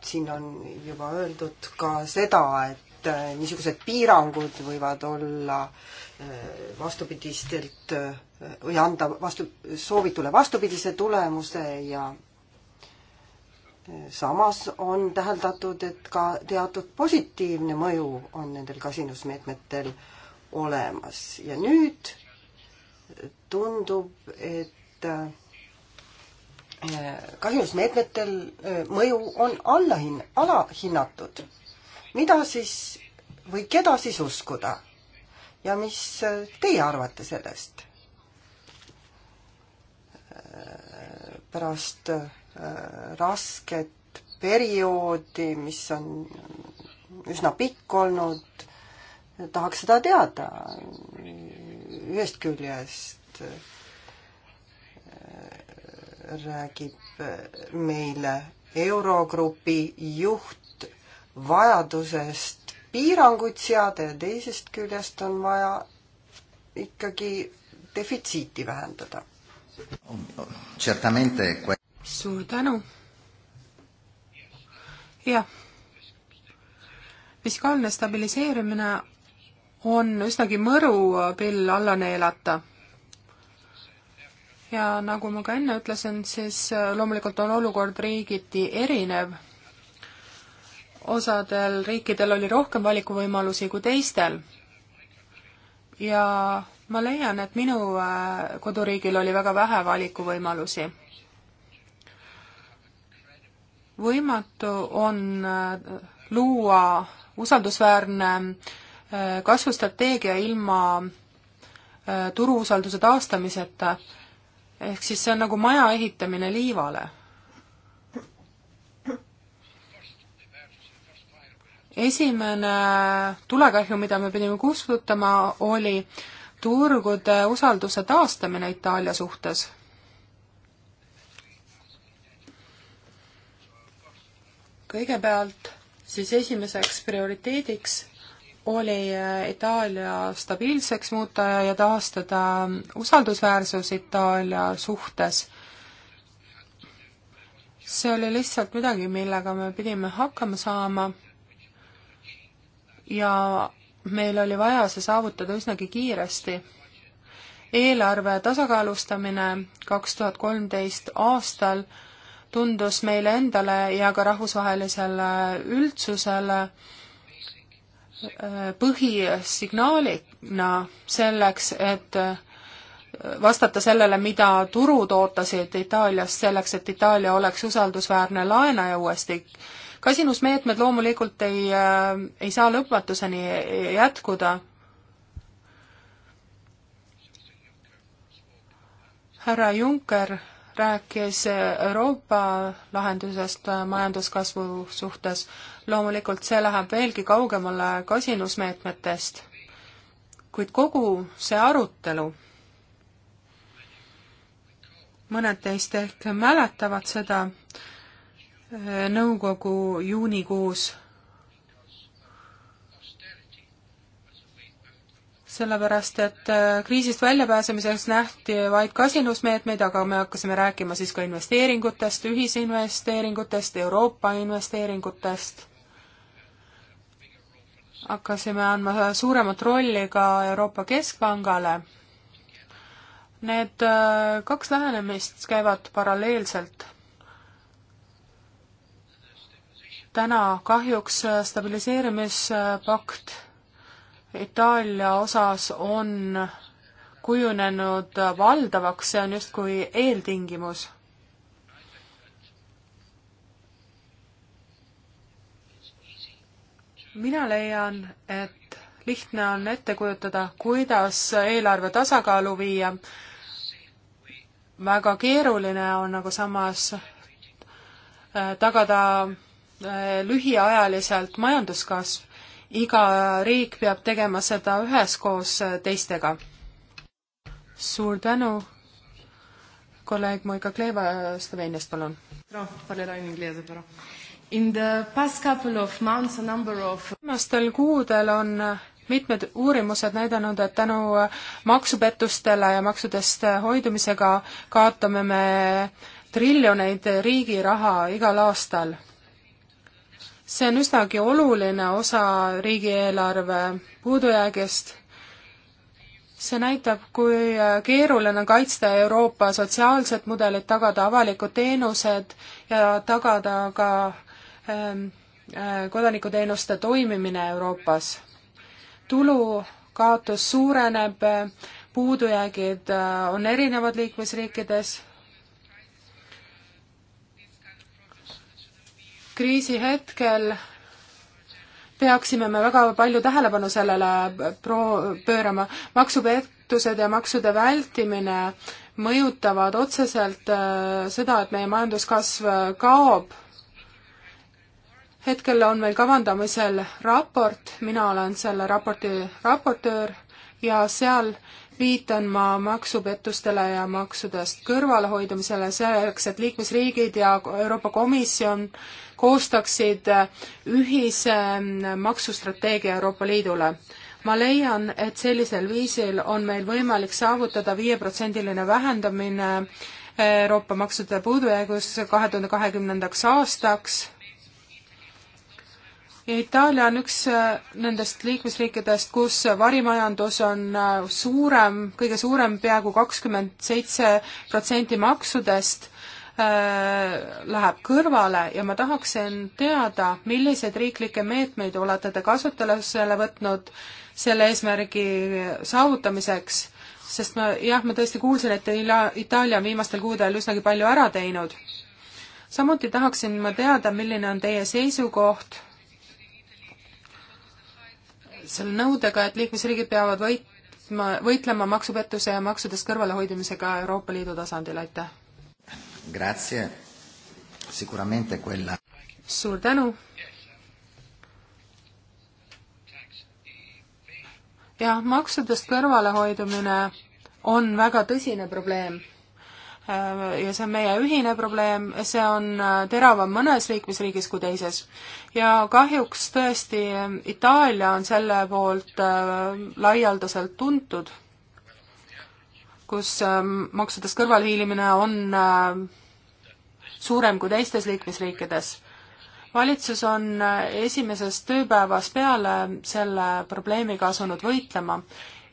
siin on juba öeldud ka seda, et äh, niisugused piirangud võivad olla äh, vastupidistelt äh, või anda vastu, soovitule vastupidise tulemuse ja samas on täheldatud, et ka teatud positiivne mõju on nendel kasinusmeetmetel olemas ja nüüd tundub, et Äh, kahjusmeetmetel äh, mõju on allahin-, alahinnatud. mida siis või keda siis uskuda? ja mis äh, teie arvate sellest? pärast rasket perioodi, mis on üsna pikk olnud, tahaks seda teada. ühest küljest räägib meile Eurogrupi juht vajadusest piiranguid seada ja teisest küljest on vaja ikkagi defitsiiti vähendada. suur tänu. jah. fiskaalne stabiliseerimine on üsnagi mõru pill alla neelata ja nagu ma ka enne ütlesin, siis äh, loomulikult on olukord riigiti erinev. osadel riikidel oli rohkem valikuvõimalusi kui teistel. ja ma leian, et minu äh, koduriigil oli väga vähe valikuvõimalusi. võimatu on äh, luua usaldusväärne kasvustrateegia ilma turuusalduse taastamiseta ehk siis see on nagu maja ehitamine liivale. esimene tulekahju, mida me pidime kustutama, oli turgude usalduse taastamine Itaalia suhtes. kõigepealt siis esimeseks prioriteediks oli äh, Itaalia stabiilseks muuta ja taastada usaldusväärsus Itaalia suhtes. see oli lihtsalt midagi, millega me pidime hakkama saama ja meil oli vaja see saavutada üsnagi kiiresti. eelarve tasakaalustamine kaks tuhat kolmteist aastal tundus meile endale ja ka rahvusvahelisele üldsusele põhisignaalina selleks, et vastata sellele, mida turud ootasid Itaaliast, selleks et Itaalia oleks usaldusväärne laenaja uuesti. kasinusmeetmed loomulikult ei, ei saa lõpmatuseni jätkuda. härra Juncker rääkis Euroopa lahendusest majanduskasvu suhtes. loomulikult see läheb veelgi kaugemale kasinusmeetmetest, kuid kogu see arutelu, mõned teist ehk mäletavad seda, nõukogu juunikuus sellepärast et äh, kriisist väljapääsemiseks nähti vaid kasinusmeetmeid, aga me hakkasime rääkima siis ka investeeringutest, ühisinvesteeringutest, Euroopa investeeringutest. hakkasime andma suuremat rolli ka Euroopa Keskpangale. Need äh, kaks lähenemist käivad paralleelselt. täna kahjuks stabiliseerimispakt Itaalia osas on kujunenud valdavaks, see on justkui eeltingimus. mina leian, et lihtne on ette kujutada, kuidas eelarve tasakaalu viia. väga keeruline on aga nagu samas eh, tagada eh, lühiajaliselt majanduskasv iga riik peab tegema seda üheskoos teistega. suur tänu, kolleeg Moika Kleeva Sloveeniast, palun. viimastel kuudel on mitmed uurimused näidanud, et tänu maksupettustele ja maksudest hoidumisega kaotame me triljoneid riigi raha igal aastal see on üsnagi oluline osa riigieelarve puudujäägist. see näitab, kui keeruline on kaitsta Euroopa sotsiaalset mudelit, tagada avalikud teenused ja tagada ka ähm, äh, kodanikuteenuste toimimine Euroopas. tulu kaotus suureneb, puudujäägid äh, on erinevad liikmesriikides kriisi hetkel peaksime me väga palju tähelepanu sellele pro-, pöörama. maksupettused ja maksude vältimine mõjutavad otseselt äh, seda, et meie majanduskasv äh, kaob. hetkel on meil kavandamisel raport, mina olen selle raporti raportöör ja seal viitan ma maksupettustele ja maksudest kõrvalehoidumisele selleks, et liikmesriigid ja Euroopa Komisjon koostaksid ühise maksustrateegia Euroopa Liidule. ma leian, et sellisel viisil on meil võimalik saavutada viieprotsendiline vähendamine Euroopa maksude puudujäägus kahe tuhande kahekümnendaks aastaks ja Itaalia on üks äh, nendest liikmesriikidest, kus varimajandus on äh, suurem, kõige suurem, peaaegu kakskümmend seitse protsenti maksudest äh, läheb kõrvale ja ma tahaksin teada, milliseid riiklikke meetmeid olete te kasutusele võtnud selle eesmärgi saavutamiseks, sest ma, jah, ma tõesti kuulsin, et Itaalia on viimastel kuudel üsnagi palju ära teinud. samuti tahaksin ma teada, milline on teie seisukoht selle nõudega, et liikmesriigid peavad võitma, võitlema maksupettuse ja maksudest kõrvalehoidmisega Euroopa Liidu tasandil, aitäh! Grazie, sicuramente quella suur tänu! jah, maksudest kõrvalehoidumine on väga tõsine probleem Äh, ja see on meie ühine probleem, see on äh, teravam mõnes liikmesriigis kui teises. ja kahjuks tõesti äh, Itaalia on selle poolt laialdaselt tuntud, kus ähm, maksudest kõrvalhiilimine on suurem kui teistes liikmesriikides. valitsus on esimesest tööpäevast peale selle probleemiga asunud võitlema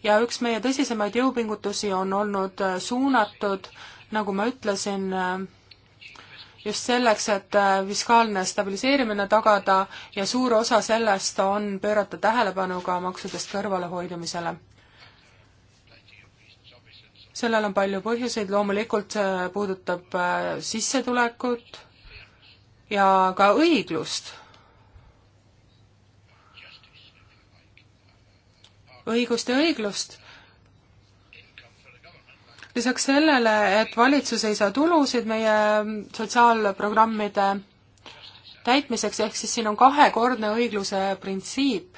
ja üks meie tõsisemaid jõupingutusi on olnud suunatud äh, nagu ma ütlesin, äh, just selleks, et äh, fiskaalne stabiliseerimine tagada ja suur osa sellest on pöörata tähelepanu ka maksudest kõrvalehoidumisele. sellel on palju põhjuseid, loomulikult see äh, puudutab sissetulekut ja ka õiglust. õigust ja õiglust lisaks sellele, et valitsus ei saa tulusid meie sotsiaalprogrammide täitmiseks, ehk siis siin on kahekordne õigluse printsiip.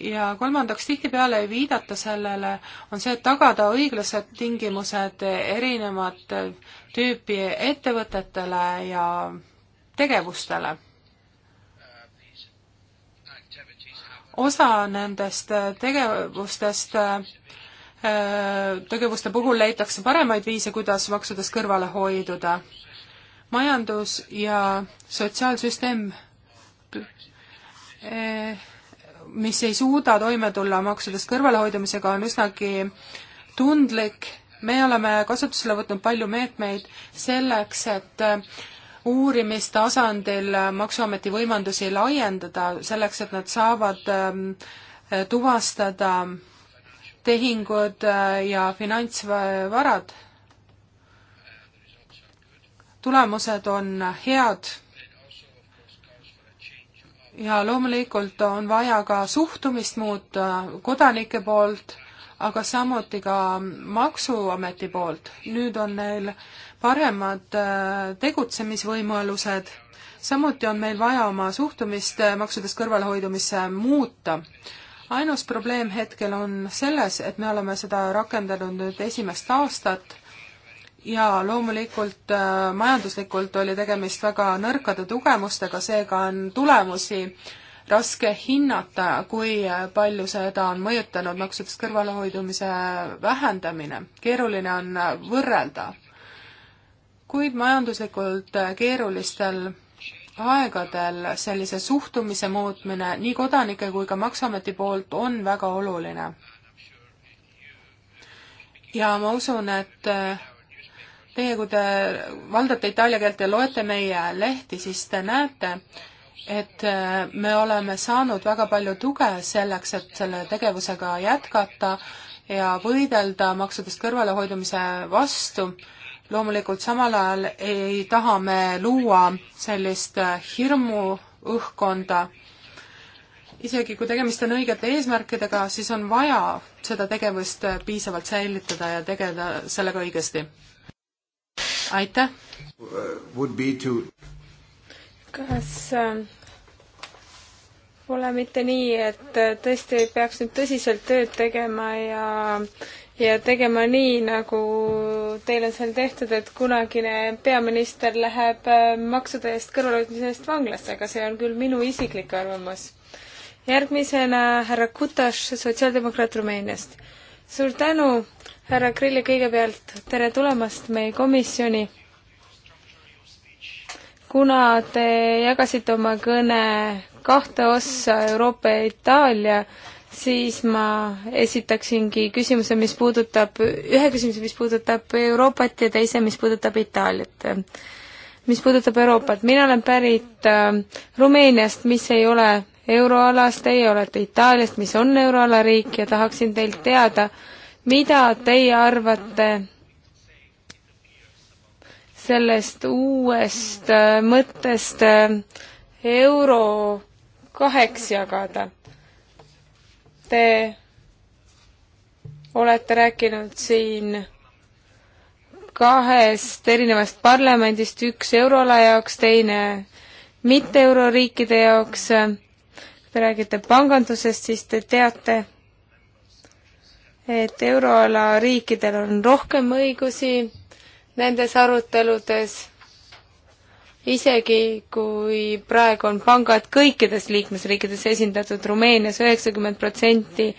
ja kolmandaks, tihtipeale ei viidata sellele, on see, et tagada õiglased tingimused erinevat tüüpi ettevõtetele ja tegevustele osa nendest tegevustest Äh, tegevuste puhul leitakse paremaid viise, kuidas maksudest kõrvale hoiduda. majandus ja sotsiaalsüsteem, eh, mis ei suuda toime tulla maksudest kõrvalehoidumisega, on üsnagi tundlik, me oleme kasutusele võtnud palju meetmeid selleks, et eh, uurimistasandil Maksuameti võimendusi laiendada, selleks et nad saavad eh, tuvastada tehingud äh, ja finantsvarad. tulemused on head ja loomulikult on vaja ka suhtumist muuta kodanike poolt, aga samuti ka Maksuameti poolt. nüüd on neil paremad äh, tegutsemisvõimalused, samuti on meil vaja oma suhtumist maksudest kõrvalehoidumisse muuta ainus probleem hetkel on selles, et me oleme seda rakendanud nüüd esimest aastat ja loomulikult äh, majanduslikult oli tegemist väga nõrkade tugemustega, seega on tulemusi raske hinnata, kui äh, palju seda on mõjutanud maksudest kõrvalehoidumise vähendamine. keeruline on äh, võrrelda. kuid majanduslikult äh, keerulistel aegadel sellise suhtumise muutmine nii kodanike kui ka Maksuameti poolt on väga oluline. ja ma usun, et äh, teie, kui te valdate itaalia keelt ja loete meie lehti, siis te näete, et äh, me oleme saanud väga palju tuge selleks, et selle tegevusega jätkata ja võidelda maksudest kõrvalehoidumise vastu loomulikult samal ajal ei taha me luua sellist äh, hirmu õhkkonda, isegi kui tegemist on õigete eesmärkidega, siis on vaja seda tegevust äh, piisavalt säilitada ja tegeleda sellega õigesti. aitäh! kas äh, pole mitte nii, et tõesti peaks nüüd tõsiselt tööd tegema ja ja tegema nii, nagu teil on seal tehtud, et kunagine peaminister läheb äh, maksude eest kõrvalhoidmise eest vanglasse, aga see on küll minu isiklik arvamus. järgmisena härra Kutas, sotsiaaldemokraat Rumeeniast. suur tänu, härra Krilli, kõigepealt tere tulemast meie komisjoni. kuna te jagasite oma kõne kahte ossa Euroopa ja Itaalia, siis ma esitaksingi küsimuse, mis puudutab, ühe küsimuse, mis puudutab Euroopat ja teise, mis puudutab Itaaliat. mis puudutab Euroopat, mina olen pärit äh, Rumeeniast, mis ei ole euroalas, teie olete Itaaliast, mis on euroala riik ja tahaksin teilt teada, mida teie arvate sellest uuest äh, mõttest äh, euro kaheks jagada Te olete rääkinud siin kahest erinevast parlamendist, üks euroala jaoks, teine mitte euroriikide jaoks. kui te räägite pangandusest, siis te teate, et euroala riikidel on rohkem õigusi nendes aruteludes isegi kui praegu on pangad kõikides liikmesriikides esindatud Rumeenias, üheksakümmend protsenti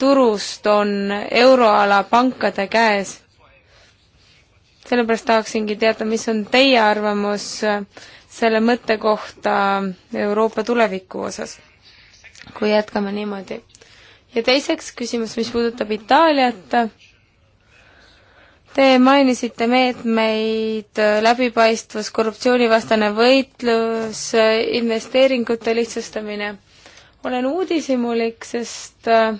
turust on euroala pankade käes. sellepärast tahaksingi teada, mis on teie arvamus selle mõtte kohta Euroopa tuleviku osas, kui jätkame niimoodi. ja teiseks küsimus, mis puudutab Itaaliat Te mainisite meetmeid, äh, läbipaistvus, korruptsioonivastane võitlus, äh, investeeringute lihtsustamine. olen uudishimulik, sest äh,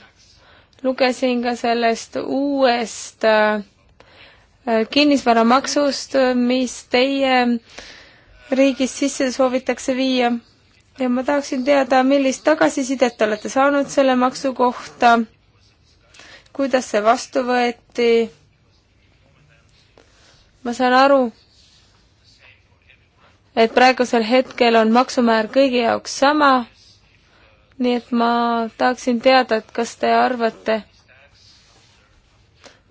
lugesin ka sellest uuest kinnisvaramaksust, mis teie riigis sisse soovitakse viia. ja ma tahaksin teada, millist tagasisidet olete saanud selle maksu kohta, kuidas see vastu võeti ma saan aru, et praegusel hetkel on maksumäär kõigi jaoks sama, nii et ma tahaksin teada, et kas te arvate,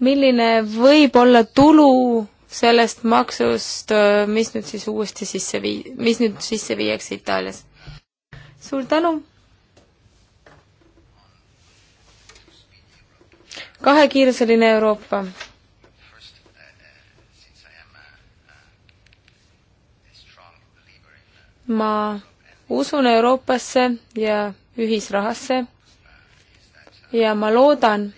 milline võib olla tulu sellest maksust, mis nüüd siis uuesti sisse vii-, mis nüüd sisse viiakse Itaalias? suur tänu! kahekiiruseline Euroopa ma usun Euroopasse ja ühisrahasse ja ma loodan,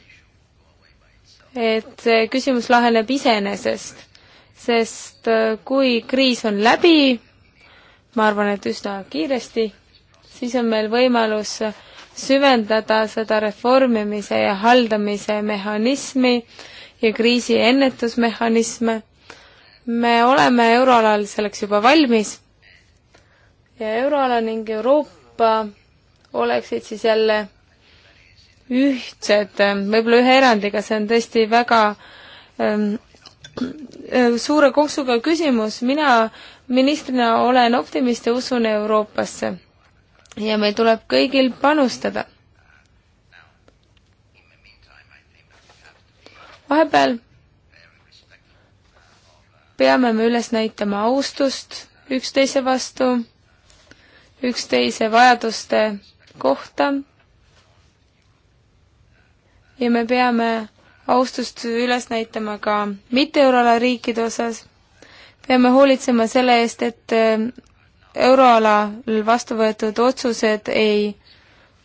et see küsimus laheneb iseenesest, sest äh, kui kriis on läbi, ma arvan, et üsna kiiresti, siis on meil võimalus süvendada seda reformimise ja haldamise mehhanismi ja kriisi ennetusmehhanisme. me oleme euroalal selleks juba valmis ja euroala ning Euroopa oleksid siis jälle ühtsed, võib-olla ühe erandiga, see on tõesti väga ähm, äh, suure konksuga küsimus, mina ministrina olen optimist ja usun Euroopasse. ja meil tuleb kõigil panustada. vahepeal peame me üles näitama austust üksteise vastu üksteise vajaduste kohta ja me peame austust üles näitama ka mitte euroala riikide osas, peame hoolitsema selle eest, et äh, euroalal vastu võetud otsused ei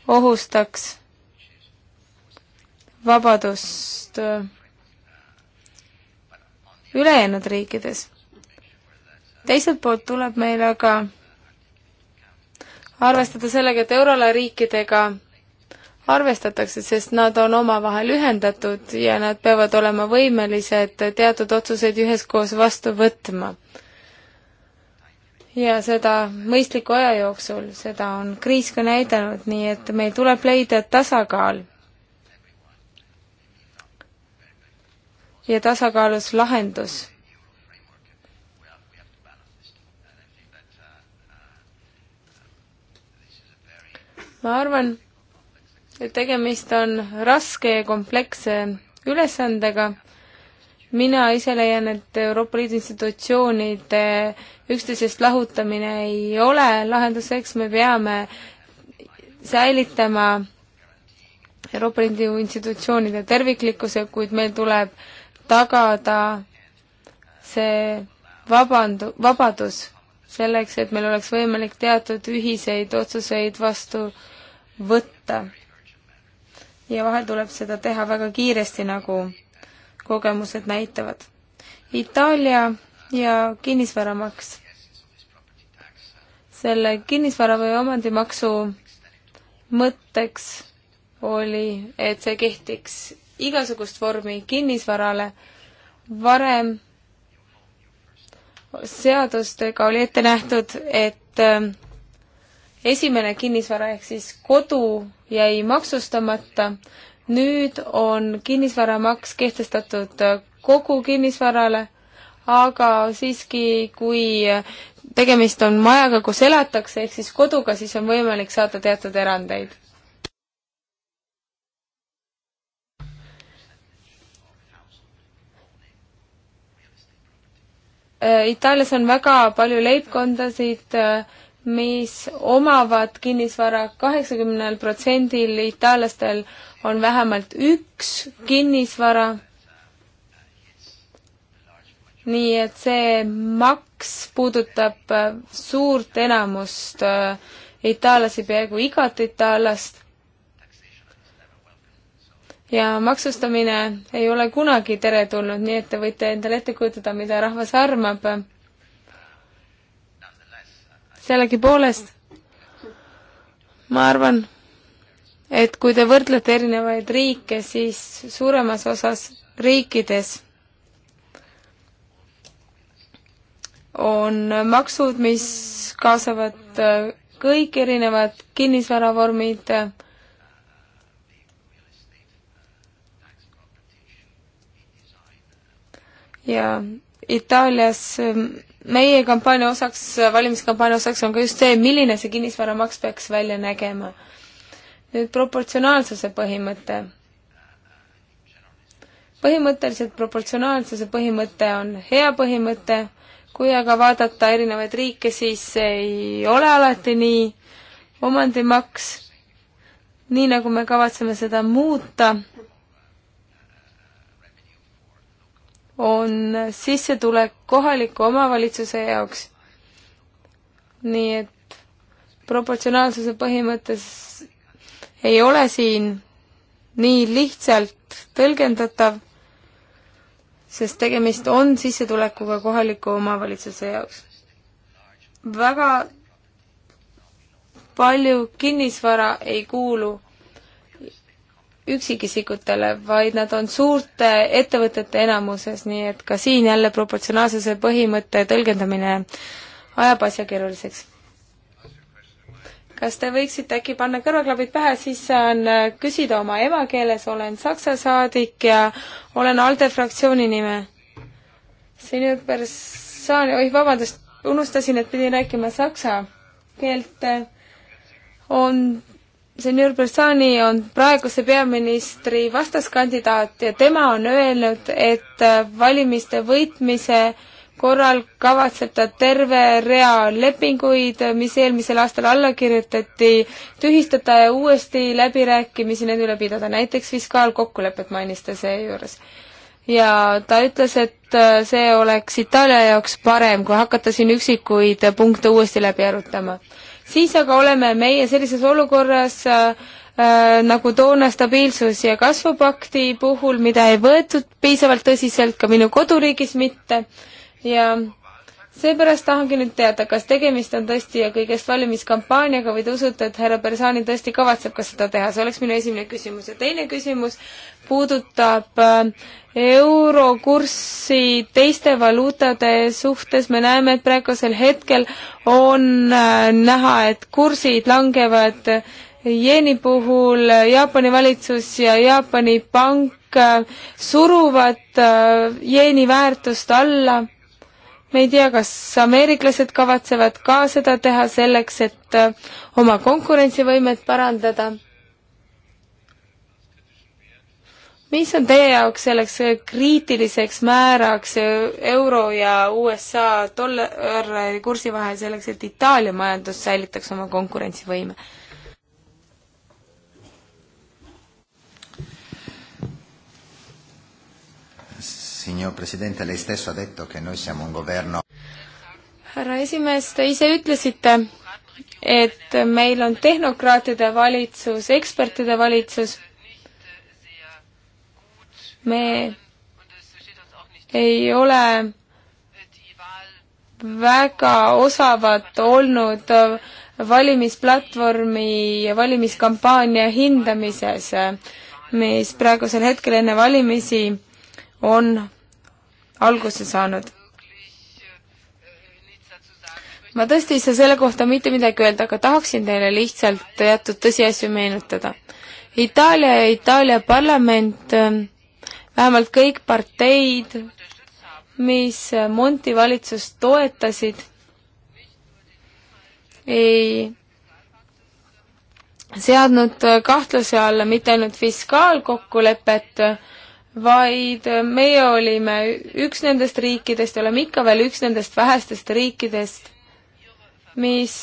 ohustaks vabadust äh, ülejäänud riikides. teiselt poolt tuleb meil aga arvestada sellega, et euroala riikidega arvestatakse, sest nad on omavahel ühendatud ja nad peavad olema võimelised teatud otsuseid üheskoos vastu võtma. ja seda mõistliku aja jooksul, seda on kriis ka näidanud, nii et meil tuleb leida tasakaal. ja tasakaalus lahendus ma arvan, et tegemist on raske ja kompleksse ülesandega. mina ise leian, et Euroopa Liidu institutsioonide üksteisest lahutamine ei ole lahenduseks, me peame säilitama Euroopa Liidu institutsioonide terviklikkuse, kuid meil tuleb tagada see vabandu-, vabadus selleks, et meil oleks võimalik teatud ühiseid otsuseid vastu võtta. ja vahel tuleb seda teha väga kiiresti, nagu kogemused näitavad. Itaalia ja kinnisvaramaks. selle kinnisvara või omandimaksu mõtteks oli, et see kehtiks igasugust vormi kinnisvarale. varem seadustega oli ette nähtud, et esimene kinnisvara ehk siis kodu jäi maksustamata, nüüd on kinnisvaramaks kehtestatud kogu kinnisvarale, aga siiski, kui tegemist on majaga, kus elatakse, ehk siis koduga, siis on võimalik saada teatud erandeid. Itaalias on väga palju leibkondasid äh,, mis omavad kinnisvara, kaheksakümnel protsendil itaallastel on vähemalt üks kinnisvara. nii et see maks puudutab äh, suurt enamust äh, itaallasi, peaaegu igat itaallast. ja maksustamine ei ole kunagi teretulnud, nii et te võite endale ette kujutada, mida rahvas armab sellegipoolest ma arvan, et kui te võrdlete erinevaid riike, siis suuremas osas riikides on maksud, mis kaasavad äh, kõik erinevad kinnisvaravormid, äh, ja Itaalias äh, meie kampaania osaks, valimiskampaania osaks on ka just see, milline see kinnisvaramaks peaks välja nägema. nüüd proportsionaalsuse põhimõte. põhimõtteliselt proportsionaalsuse põhimõte on hea põhimõte, kui aga vaadata erinevaid riike, siis ei ole alati nii, omandimaks, nii nagu me kavatseme seda muuta, on sissetulek kohaliku omavalitsuse jaoks. nii et proportsionaalsuse põhimõttes ei ole siin nii lihtsalt tõlgendatav, sest tegemist on sissetulekuga kohaliku omavalitsuse jaoks. väga palju kinnisvara ei kuulu üksikisikutele, vaid nad on suurte ettevõtete enamuses, nii et ka siin jälle proportsionaalsuse põhimõtte tõlgendamine ajab asja keeruliseks. kas te võiksite äkki panna kõrvaklapid pähe, siis saan äh, küsida oma emakeeles, olen saksa saadik ja olen ALDE fraktsiooni nime. sinu persoon, oih, vabandust, unustasin, et pidin rääkima saksa keelt, on senior Bersani on praeguse peaministri vastaskandidaat ja tema on öelnud, et äh, valimiste võitmise korral kavatseb ta terve rea lepinguid, mis eelmisel aastal alla kirjutati, tühistada ja uuesti läbirääkimisi nende üle pidada, näiteks fiskaalkokkulepet mainis ta seejuures. ja ta ütles, et äh, see oleks Itaalia jaoks parem, kui hakata siin üksikuid punkte uuesti läbi arutama siis aga oleme meie sellises olukorras äh, äh, nagu toona stabiilsus- ja kasvupakti puhul, mida ei võetud piisavalt tõsiselt, ka minu koduriigis mitte, ja seepärast tahangi nüüd teada, kas tegemist on tõesti ja kõigest valimiskampaaniaga või te usute, et härra Bersani tõesti kavatseb ka seda teha, see oleks minu esimene küsimus ja teine küsimus puudutab äh, eurokurssi teiste valuutade suhtes, me näeme, et praegusel hetkel on äh, näha, et kursid langevad äh, jeeni puhul Jaapani valitsus ja Jaapani pank suruvad jeeni väärtust alla me ei tea, kas ameeriklased kavatsevad ka seda teha selleks, et äh, oma konkurentsivõimet parandada. mis on teie jaoks selleks kriitiliseks määraks euro ja USA dollari kursi vahel selleks, et Itaalia majandus säilitaks oma konkurentsivõime? Signor Presidente, lei stesso ha detto che noi siamo un governo härra esimees, te ise ütlesite, et meil on tehnokraatide valitsus, ekspertide valitsus. me ei ole väga osavad olnud valimisplatvormi ja valimiskampaania hindamises, mis praegusel hetkel enne valimisi on alguse saanud. ma tõesti ei saa selle kohta mitte midagi öelda, aga tahaksin teile lihtsalt teatud tõsiasju meenutada. Itaalia ja Itaalia parlament, ähm, vähemalt kõik parteid, mis Monti valitsust toetasid, ei seadnud kahtluse alla mitte ainult fiskaalkokkulepet, vaid meie olime üks nendest riikidest ja oleme ikka veel üks nendest vähestest riikidest, mis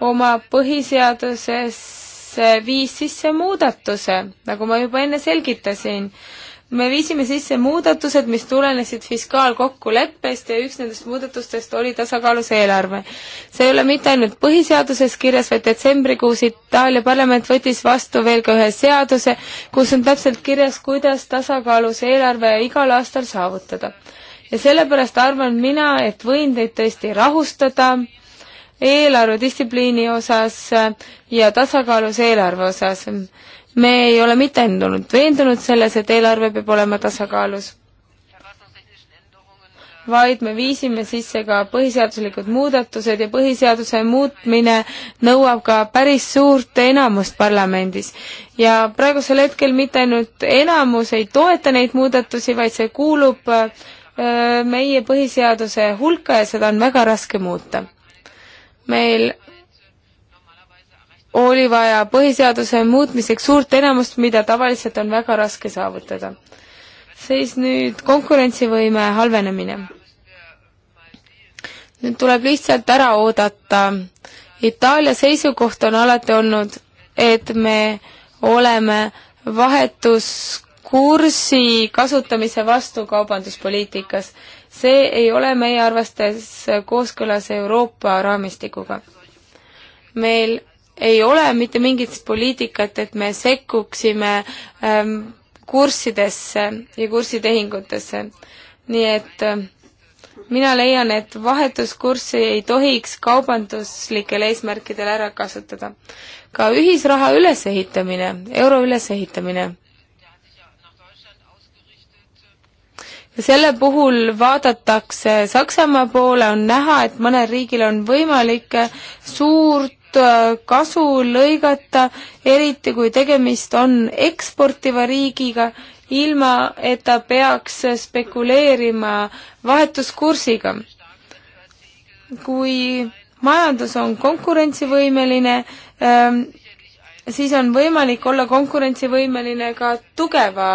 oma põhiseadusesse viis sisse muudatuse, nagu ma juba enne selgitasin me viisime sisse muudatused, mis tulenesid fiskaalkokkuleppest ja üks nendest muudatustest oli tasakaalus eelarve. see ei ole mitte ainult põhiseaduses kirjas, vaid detsembrikuus Itaalia parlament võttis vastu veel ka ühe seaduse, kus on täpselt kirjas, kuidas tasakaalus eelarve igal aastal saavutada. ja sellepärast arvan mina, et võin teid tõesti rahustada eelarvedistsipliini osas ja tasakaalus eelarve osas me ei ole mitte ainult veendunud selles, et eelarve peab olema tasakaalus, vaid me viisime sisse ka põhiseaduslikud muudatused ja põhiseaduse muutmine nõuab ka päris suurt enamust parlamendis. ja praegusel hetkel mitte ainult enamus ei toeta neid muudatusi, vaid see kuulub öö, äh, meie põhiseaduse hulka ja seda on väga raske muuta. meil oli vaja põhiseaduse muutmiseks suurt enamust, mida tavaliselt on väga raske saavutada. siis nüüd konkurentsivõime halvenemine. nüüd tuleb lihtsalt ära oodata. Itaalia seisukoht on alati olnud, et me oleme vahetuskursi kasutamise vastu kaubanduspoliitikas. see ei ole meie arvates kooskõlas Euroopa raamistikuga. meil ei ole mitte mingit poliitikat, et me sekkuksime ähm, kurssidesse ja kursitehingutesse. nii et äh, mina leian, et vahetuskurssi ei tohiks kaubanduslikel eesmärkidel ära kasutada. ka ühisraha ülesehitamine, euro ülesehitamine. selle puhul vaadatakse Saksamaa poole, on näha, et mõnel riigil on võimalik suurt Äh, kasu lõigata, eriti kui tegemist on eksportiva riigiga, ilma et ta peaks spekuleerima vahetuskursiga. kui majandus on konkurentsivõimeline, ähm, siis on võimalik olla konkurentsivõimeline ka tugeva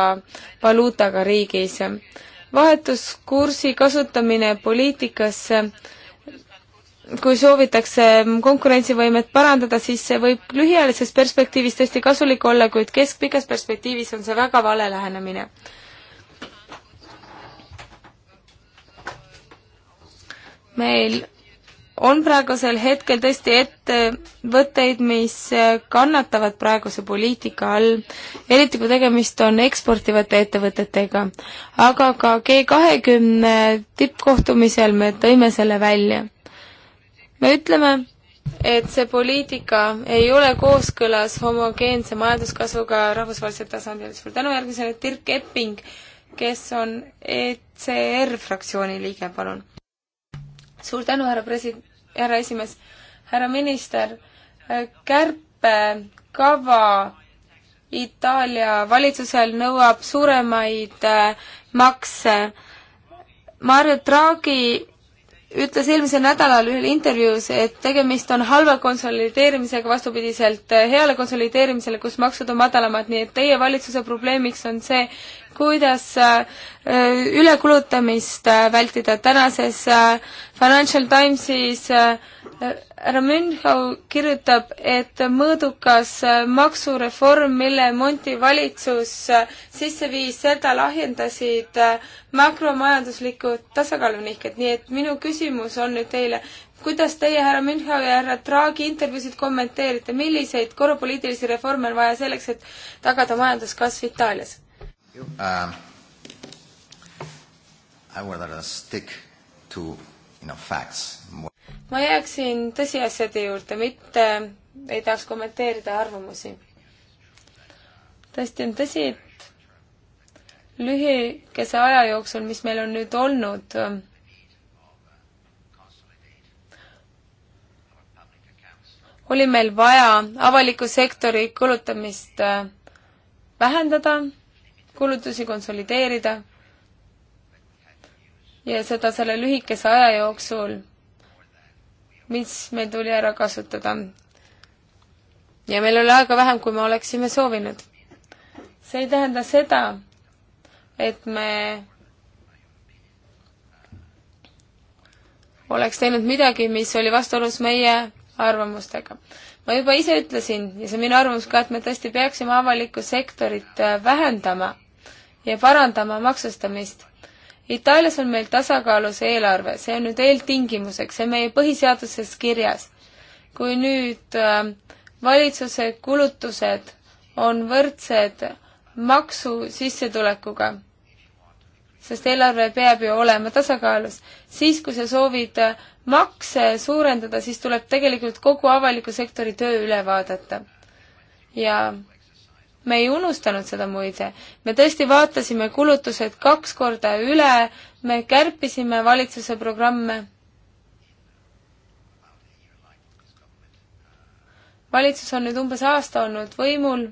valuutaga riigis. vahetuskursi kasutamine poliitikasse kui soovitakse konkurentsivõimet parandada, siis see võib lühiajalises perspektiivis tõesti kasulik olla, kuid keskpikas perspektiivis on see väga vale lähenemine. meil on praegusel hetkel tõesti ettevõtteid, mis kannatavad praeguse poliitika all, eriti kui tegemist on eksportivate ettevõtetega. aga ka G kahekümne tippkohtumisel me tõime selle välja me ütleme, et see poliitika ei ole kooskõlas homogeense majanduskasvuga rahvusvahelisel tasandil. suur tänu järgmisele, Dirk Epping, kes on ECR fraktsiooni liige, palun. suur tänu, härra presi-, härra esimees, härra minister, kärpekava Itaalia valitsusel nõuab suuremaid makse. Mario Draghi ütles eelmisel nädalal ühel intervjuus, et tegemist on halva konsolideerimisega vastupidiselt eh, heale konsolideerimisele, kus maksud on madalamad, nii et teie valitsuse probleemiks on see, kuidas eh, ülekulutamist eh, vältida. tänases Financial Timesis härra Münchau kirjutab, et mõõdukas maksureform, mille Monti valitsus sisse viis, seda lahjendasid makromajanduslikud tasakaalunihked, nii et minu küsimus on nüüd teile, kuidas teie, härra Münchau ja härra Draghi intervjuusid kommenteerite, milliseid korrupoliitilisi reforme on vaja selleks, et tagada majanduskasv Itaalias uh,? I would rather stick to you know facts more ma jääksin tõsiasjade juurde, mitte ei tahaks kommenteerida arvamusi. tõesti on tõsi, et lühikese aja jooksul, mis meil on nüüd olnud, oli meil vaja avaliku sektori kulutamist äh, vähendada, kulutusi konsolideerida ja seda selle lühikese aja jooksul mis meil tuli ära kasutada. ja meil oli aega vähem, kui me oleksime soovinud. see ei tähenda seda, et me oleks teinud midagi, mis oli vastuolus meie arvamustega. ma juba ise ütlesin ja see on minu arvamus ka, et me tõesti peaksime avalikku sektorit äh, vähendama ja parandama maksustamist Itaalias on meil tasakaalus eelarve, see on nüüd eeltingimuseks, see on meie põhiseaduses kirjas. kui nüüd ähm, valitsuse kulutused on võrdsed maksu sissetulekuga, sest eelarve peab ju olema tasakaalus, siis kui sa soovid äh, makse suurendada, siis tuleb tegelikult kogu avaliku sektori töö üle vaadata. ja me ei unustanud seda muide. me tõesti vaatasime kulutused kaks korda üle, me kärpisime valitsuse programme. valitsus on nüüd umbes aasta olnud võimul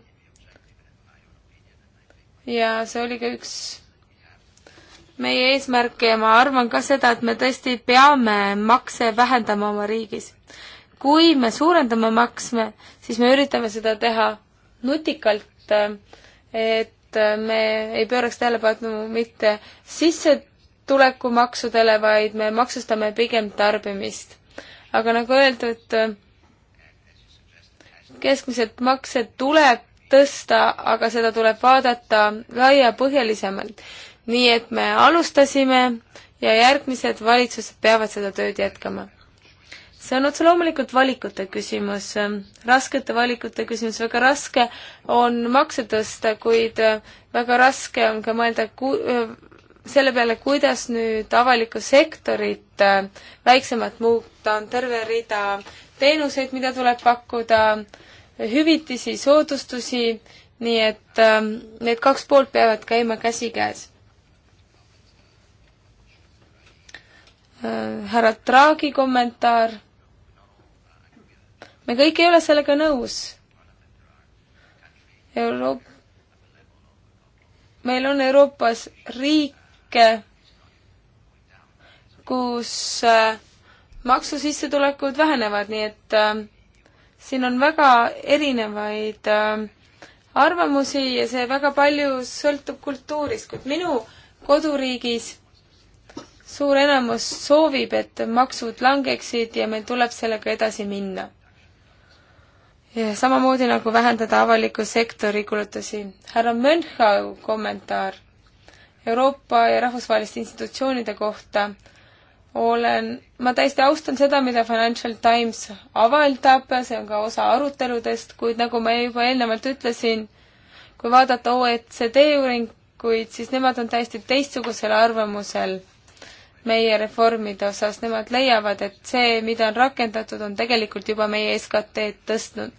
ja see oli ka üks meie eesmärke ja ma arvan ka seda, et me tõesti peame makse vähendama oma riigis. kui me suurendame maksme, siis me üritame seda teha nutikalt Äh, et me ei pööraks tähelepanu mitte sissetulekumaksudele, vaid me maksustame pigem tarbimist. aga nagu öeldud, keskmiselt makse tuleb tõsta, aga seda tuleb vaadata laiapõhjalisemalt. nii et me alustasime ja järgmised valitsused peavad seda tööd jätkama see on otse loomulikult valikute küsimus, raskete valikute küsimus, väga raske on makse tõsta, kuid väga raske on ka mõelda ku-, selle peale, kuidas nüüd avalikku sektorit väiksemat muuta, on terve rida teenuseid, mida tuleb pakkuda, hüvitisi, soodustusi, nii et ähm, need kaks poolt peavad käima käsikäes. Äh, härra Draghi kommentaar me kõik ei ole sellega nõus. Euroop-, meil on Euroopas riike, kus äh, maksusissetulekud vähenevad, nii et äh, siin on väga erinevaid äh, arvamusi ja see väga palju sõltub kultuurist, kuid minu koduriigis suur enamus soovib, et maksud langeksid ja meil tuleb sellega edasi minna ja samamoodi nagu vähendada avaliku sektori kulutusi. härra Mönchau kommentaar Euroopa ja rahvusvaheliste institutsioonide kohta olen, ma täiesti austan seda, mida Financial Times avaldab, see on ka osa aruteludest, kuid nagu ma juba eelnevalt ütlesin, kui vaadata OECD uuringuid, siis nemad on täiesti teistsugusel arvamusel meie reformide osas, nemad leiavad, et see, mida on rakendatud, on tegelikult juba meie SKT-d tõstnud.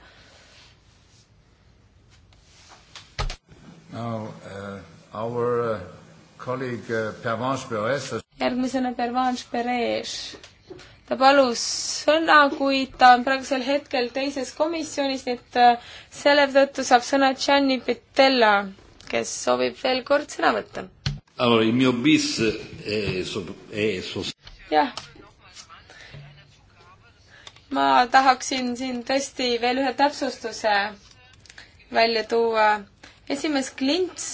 Now uh, our uh, colleague uh, Pervanche Perez has... järgmisena Pervanche Perez. ta palus sõna, kuid ta on praegusel hetkel teises komisjonis, nii et uh, selle tõttu saab sõna Gianni Pitella, kes soovib veel kord sõna võtta Allora, il mio bis è, è sos-... jah. ma tahaksin siin tõesti veel ühe täpsustuse välja tuua. esimees Klints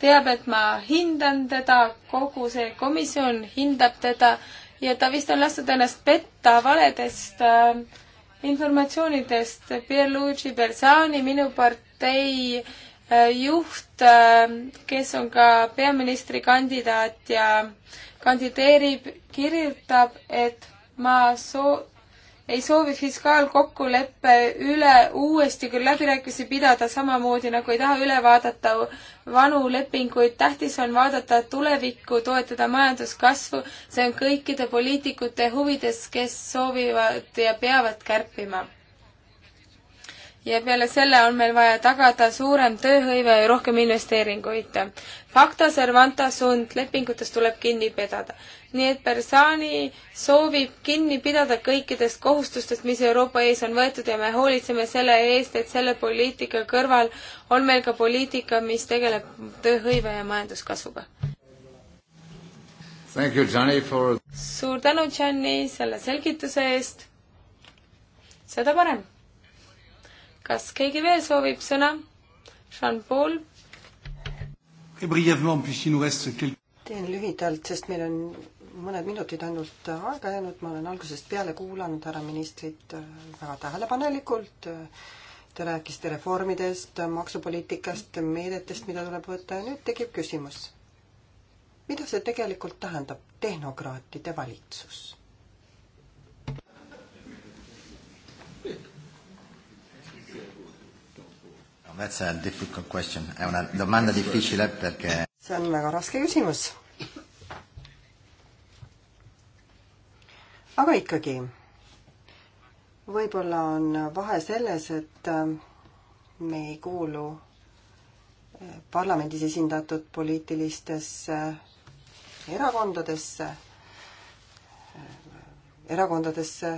teab, et ma hindan teda, kogu see komisjon hindab teda ja ta vist on lasknud ennast petta valedest äh, informatsioonidest. Pierluigi Bersani, minu partei äh, juht, kes on ka peaministrikandidaat ja kandideerib, kirjutab, et ma soo-, ei soovi fiskaalkokkuleppe üle uuesti küll läbirääkimisi pidada, samamoodi nagu ei taha üle vaadata vanu lepinguid. tähtis on vaadata tulevikku, toetada majanduskasvu. see on kõikide poliitikute huvides, kes soovivad ja peavad kärpima ja peale selle on meil vaja tagada suurem tööhõive ja rohkem investeeringuid. Pacta Servanta sund lepingutest tuleb kinni pidada. nii et Bersani soovib kinni pidada kõikidest kohustustest, mis Euroopa ees on võetud ja me hoolitseme selle eest, et selle poliitika kõrval on meil ka poliitika, mis tegeleb tööhõive ja majanduskasvuga. For... suur tänu, Gianni, selle selgituse eest. seda parem kas keegi veel soovib sõna? Jean-Paul? teen lühidalt, sest meil on mõned minutid ainult aega jäänud, ma olen algusest peale kuulanud härra ministrit äh, väga tähelepanelikult. Te rääkisite reformidest, maksupoliitikast, meedetest, mida tuleb võtta ja nüüd tekib küsimus. mida see tegelikult tähendab, tehnokraatide valitsus? no,? That's a difficult question, è una domanda difficile perché see on väga raske küsimus. aga ikkagi, võib-olla on vahe selles, et äh, me ei kuulu äh, parlamendis esindatud poliitilistesse äh, erakondadesse, erakondadesse,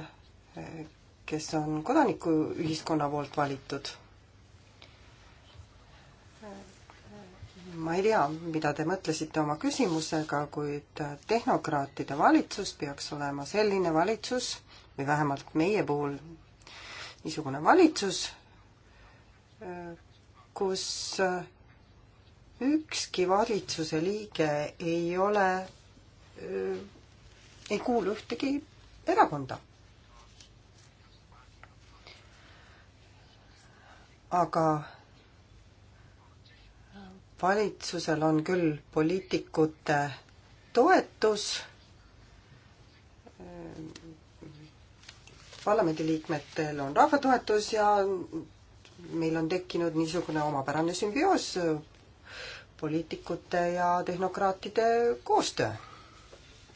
kes on kodanikuühiskonna poolt valitud ma ei tea, mida te mõtlesite oma küsimusega, kuid tehnokraatide valitsus peaks olema selline valitsus või vähemalt meie puhul niisugune valitsus, kus ükski valitsuse liige ei ole, ei kuulu ühtegi erakonda. aga valitsusel on küll poliitikute toetus, parlamendiliikmetel on rahva toetus ja meil on tekkinud niisugune omapärane sümbioos poliitikute ja tehnokraatide koostöö.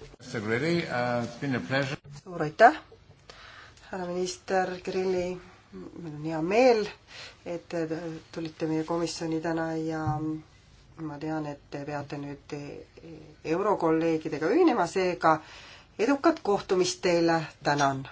Uh, suur aitäh, härra minister Kirilli, meil on hea meel, et te tulite meie komisjoni täna ja ma tean, et te peate nüüd eurokolleegidega ühinema, seega edukat kohtumist teile, tänan!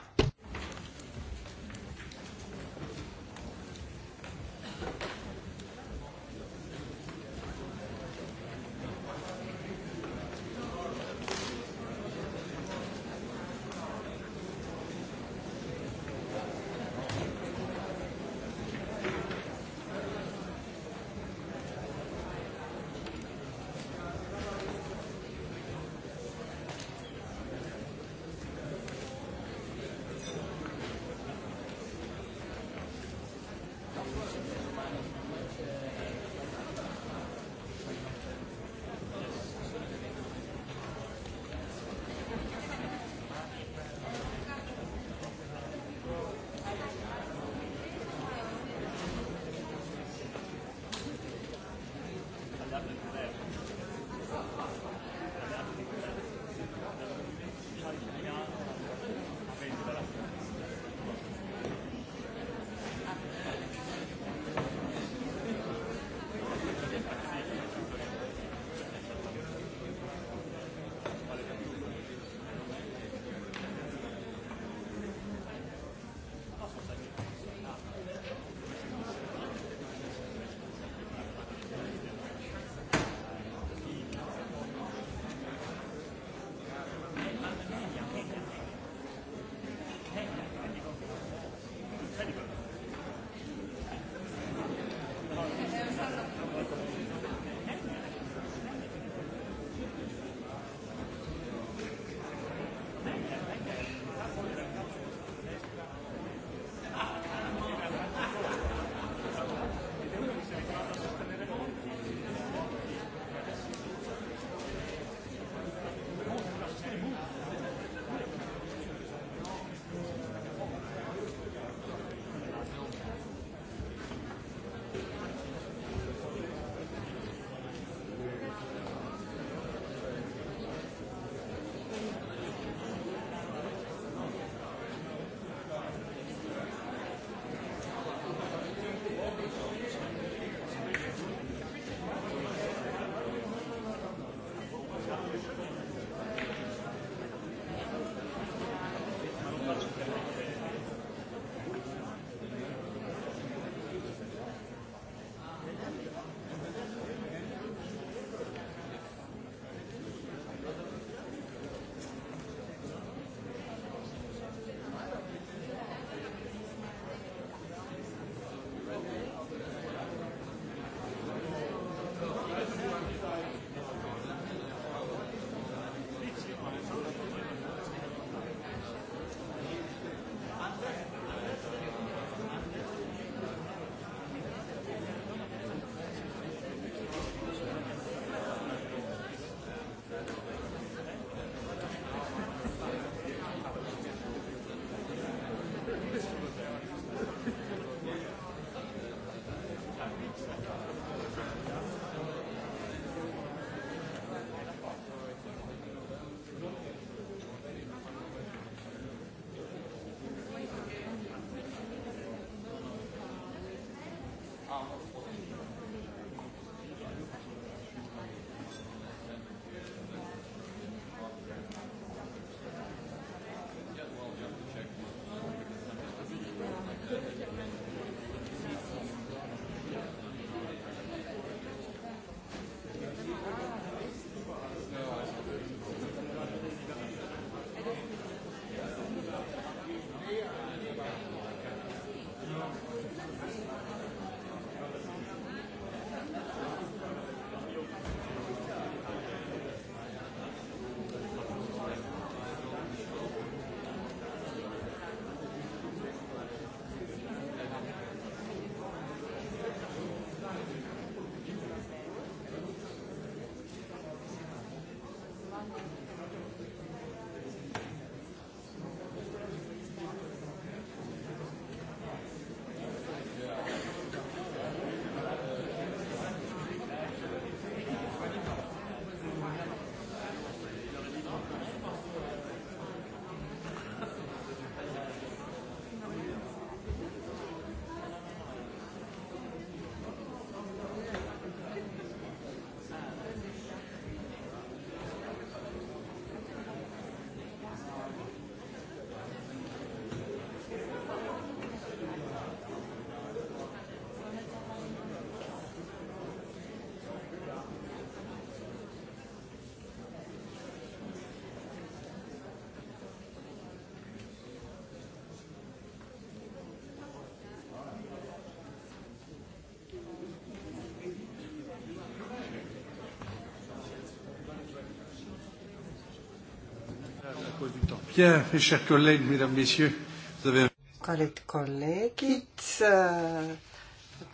kallid kolleegid, äh,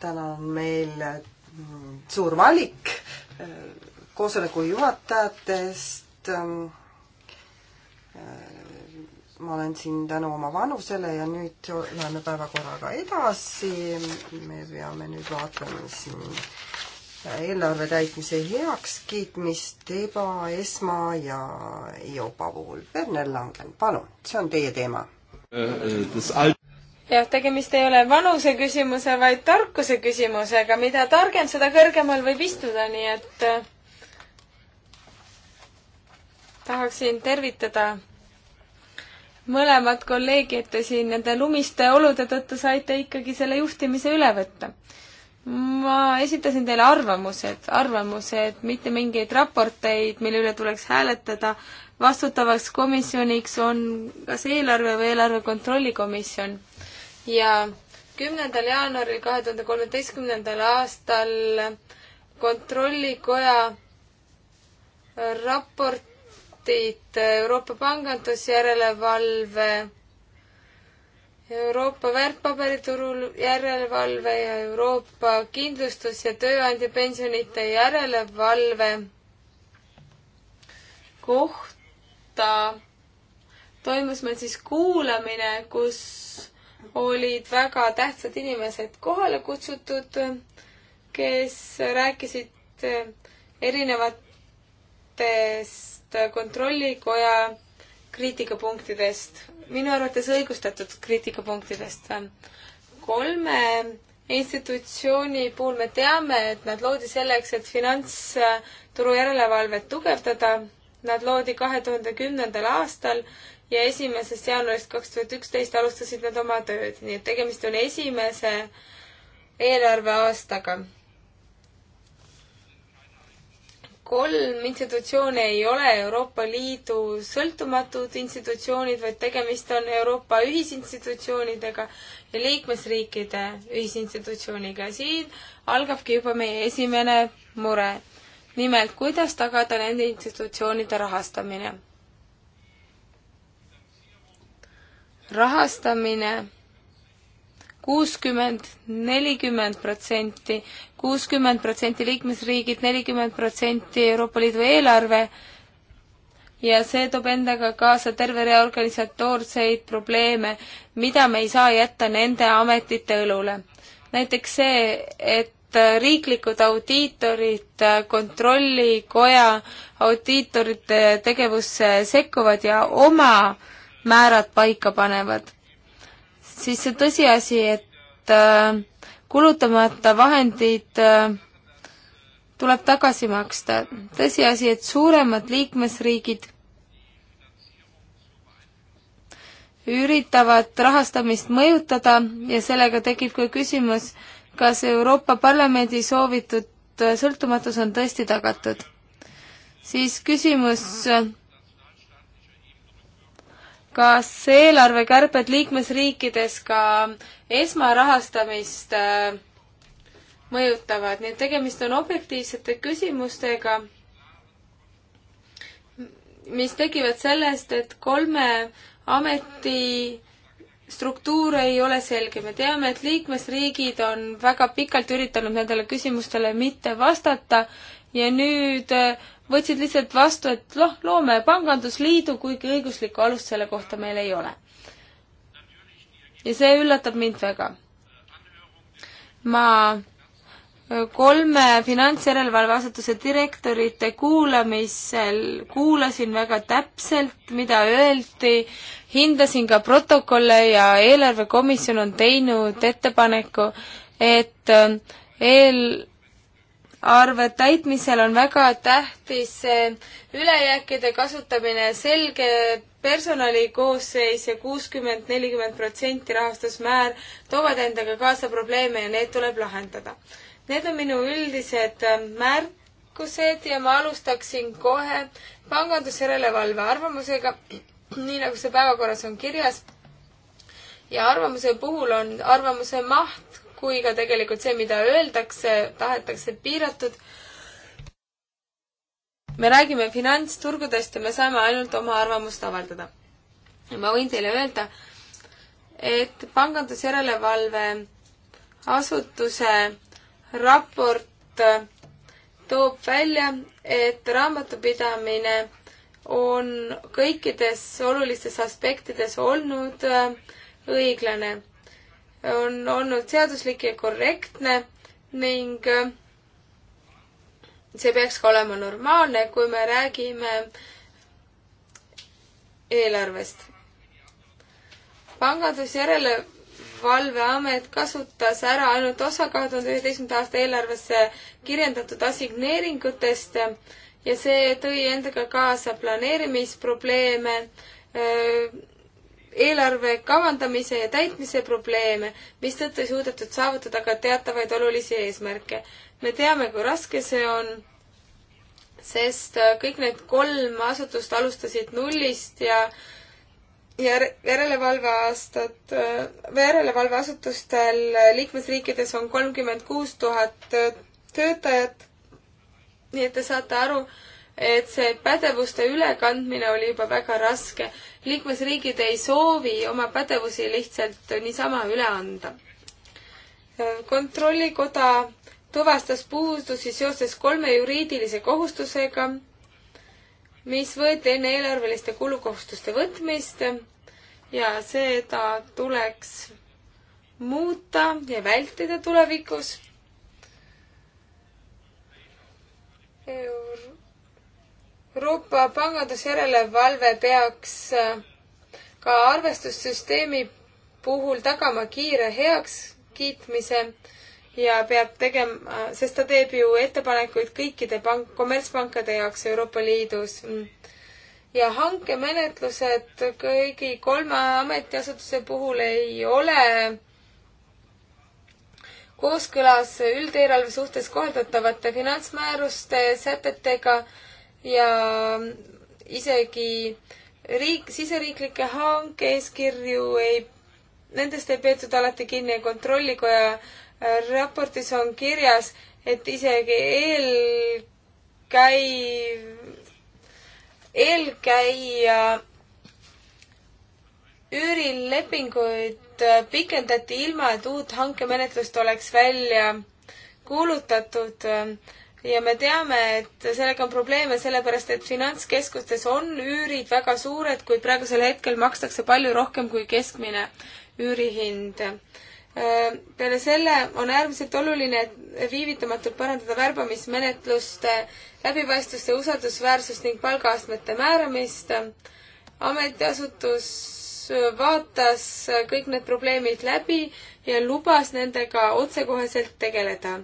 täna on meil mm, suur valik äh, koosoleku juhatajatest. Ähm, äh, ma olen siin tänu oma vanusele ja nüüd läheme päevakorraga edasi. me peame nüüd vaatama siin eelarve täitmise heakskiitmist EBA, ESMA ja EIOPA puhul. Werner Langen, palun, see on teie teema. jah, tegemist ei ole vanuse küsimuse, vaid tarkuse küsimusega. mida targem, seda kõrgemal võib istuda, nii et äh, tahaksin tervitada mõlemad kolleegid, te siin nende lumiste olude tõttu saite ikkagi selle juhtimise üle võtta ma esitasin teile arvamused, arvamused, mitte mingeid raporteid, mille üle tuleks hääletada. vastutavaks komisjoniks on kas eelarve või eelarve kontrollikomisjon. ja kümnendal jaanuaril kahe tuhande kolmeteistkümnendal aastal kontrollikoja raportid Euroopa pangandusjärelevalve Euroopa väärtpaberiturul järelevalve ja Euroopa kindlustus- ja tööandjapensionite järelevalve kohta toimus meil siis kuulamine, kus olid väga tähtsad inimesed kohale kutsutud, kes rääkisid erinevatest kontrollikoja kriitikapunktidest, minu arvates õigustatud kriitikapunktidest. kolme institutsiooni puhul me teame, et nad loodi selleks, et finantsturu järelevalvet tugevdada. Nad loodi kahe tuhande kümnendal aastal ja esimesest jaanuarist kaks tuhat üksteist alustasid nad oma tööd, nii et tegemist on esimese eelarveaastaga kolm institutsiooni ei ole Euroopa Liidu sõltumatud institutsioonid, vaid tegemist on Euroopa ühisinstitutsioonidega ja liikmesriikide ühisinstitutsiooniga. siin algabki juba meie esimene mure. nimelt, kuidas tagada nende institutsioonide rahastamine rahastamine kuuskümmend, nelikümmend protsenti, kuuskümmend protsenti liikmesriigid, nelikümmend protsenti Euroopa Liidu eelarve ja see toob endaga kaasa terve rea organisatoorseid probleeme, mida me ei saa jätta nende ametite õlule. näiteks see, et riiklikud audiitorid, kontrollikoja audiitorite tegevusse sekkuvad ja oma määrad paika panevad siis see tõsiasi, et äh, kulutamata vahendid äh, tuleb tagasi maksta. tõsiasi, et suuremad liikmesriigid üritavad rahastamist mõjutada ja sellega tekib ka küsimus, kas Euroopa Parlamendi soovitud äh, sõltumatus on tõesti tagatud. siis küsimus kas eelarvekärped liikmesriikides ka esmarahastamist äh, mõjutavad, nii et tegemist on objektiivsete küsimustega, mis tekivad sellest, et kolme ameti struktuur ei ole selge, me teame, et liikmesriigid on väga pikalt üritanud nendele küsimustele mitte vastata ja nüüd äh, võtsid lihtsalt vastu, et noh, loome pangandusliidu, kuigi õiguslikku alust selle kohta meil ei ole. ja see üllatab mind väga. ma kolme finantsjärelevalveasutuse direktorite kuulamisel kuulasin väga täpselt, mida öeldi, hindasin ka protokolle ja eelarvekomisjon on teinud ettepaneku, et äh, eel, eelarve täitmisel on väga tähtis ülejääkide kasutamine, selge personalikoosseis ja kuuskümmend, nelikümmend protsenti rahastusmäär toovad endaga kaasa probleeme ja need tuleb lahendada. Need on minu üldised ähm, märkused ja ma alustaksin kohe pangandusjärelevalve arvamusega, nii nagu see päevakorras on kirjas ja arvamuse puhul on arvamuse maht kui ka tegelikult see, mida öeldakse, tahetakse piiratud. me räägime finantsturgudest ja me saame ainult oma arvamust avaldada. ma võin teile öelda, et pangandusjärelevalve asutuse raport toob välja, et raamatupidamine on kõikides olulistes aspektides olnud äh, õiglane on olnud seaduslik ja korrektne ning äh, see peaks ka olema normaalne, kui me räägime eelarvest. pangandusjärelevalveamet kasutas ära ainult osa kahe tuhande üheteistkümnenda aasta eelarvesse kirjeldatud assigneeringutest ja see tõi endaga kaasa planeerimisprobleeme äh, eelarve kavandamise ja täitmise probleeme, mistõttu ei suudetud saavutada ka teatavaid olulisi eesmärke. me teame, kui raske see on, sest äh, kõik need kolm asutust alustasid nullist ja jär-, järelevalveaastat, äh, järelevalveasutustel äh, liikmesriikides on kolmkümmend kuus tuhat töötajat. nii et te saate aru, et see pädevuste ülekandmine oli juba väga raske. liikmesriigid ei soovi oma pädevusi lihtsalt niisama üle anda. kontrollikoda tuvastas puudusi seoses kolme juriidilise kohustusega, mis võeti enne eelarveliste kulukohustuste võtmist ja seda tuleks muuta ja vältida tulevikus Euro. Euroopa pangandusjärelevalve peaks äh, ka arvestussüsteemi puhul tagama kiire heakskiitmise ja peab tegema, sest ta teeb ju ettepanekuid kõikide pank, kommertspankade jaoks Euroopa Liidus. ja hankemenetlused kõigi kolme ametiasutuse puhul ei ole kooskõlas üldeelarve suhtes kohaldatavate finantsmääruste sätetega ja isegi riik, siseriiklikke hanke-eeskirju ei, nendest ei peetud alati kinni ja Kontrollikoja äh, raportis on kirjas, et isegi eelkäiv, eelkäija üürilepinguid äh, pikendati ilma, et uut hankemenetlust oleks välja kuulutatud ja me teame, et sellega on probleeme, sellepärast et finantskeskustes on üürid väga suured, kuid praegusel hetkel makstakse palju rohkem kui keskmine üürihind. Äh, peale selle on äärmiselt oluline viivitamatult parandada värbamismenetluste läbipaistvust ja usaldusväärsust ning palgaastmete määramist. ametiasutus vaatas kõik need probleemid läbi ja lubas nendega otsekoheselt tegeleda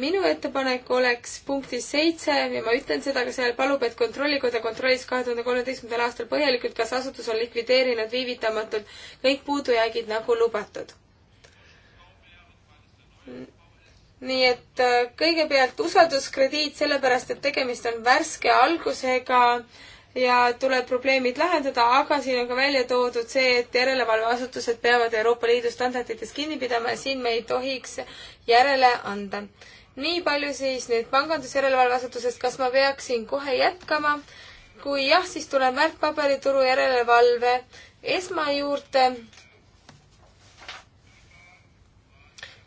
minu ettepanek oleks punktis seitse ja ma ütlen seda ka seal, palub, et Kontrollikoda kontrollis kahe tuhande kolmeteistkümnendal aastal põhjalikult, kas asutus on likvideerinud viivitamatult kõik puudujäägid nagu lubatud. nii et äh, kõigepealt usalduskrediit, sellepärast et tegemist on värske algusega ja tuleb probleemid lahendada, aga siin on ka välja toodud see, et järelevalveasutused peavad Euroopa Liidu standarditest kinni pidama ja siin me ei tohiks järele anda nii palju siis nüüd pangandusjärelevalveasutusest, kas ma peaksin kohe jätkama? kui jah, siis tulen väärtpaberituru järelevalve esmajuurde.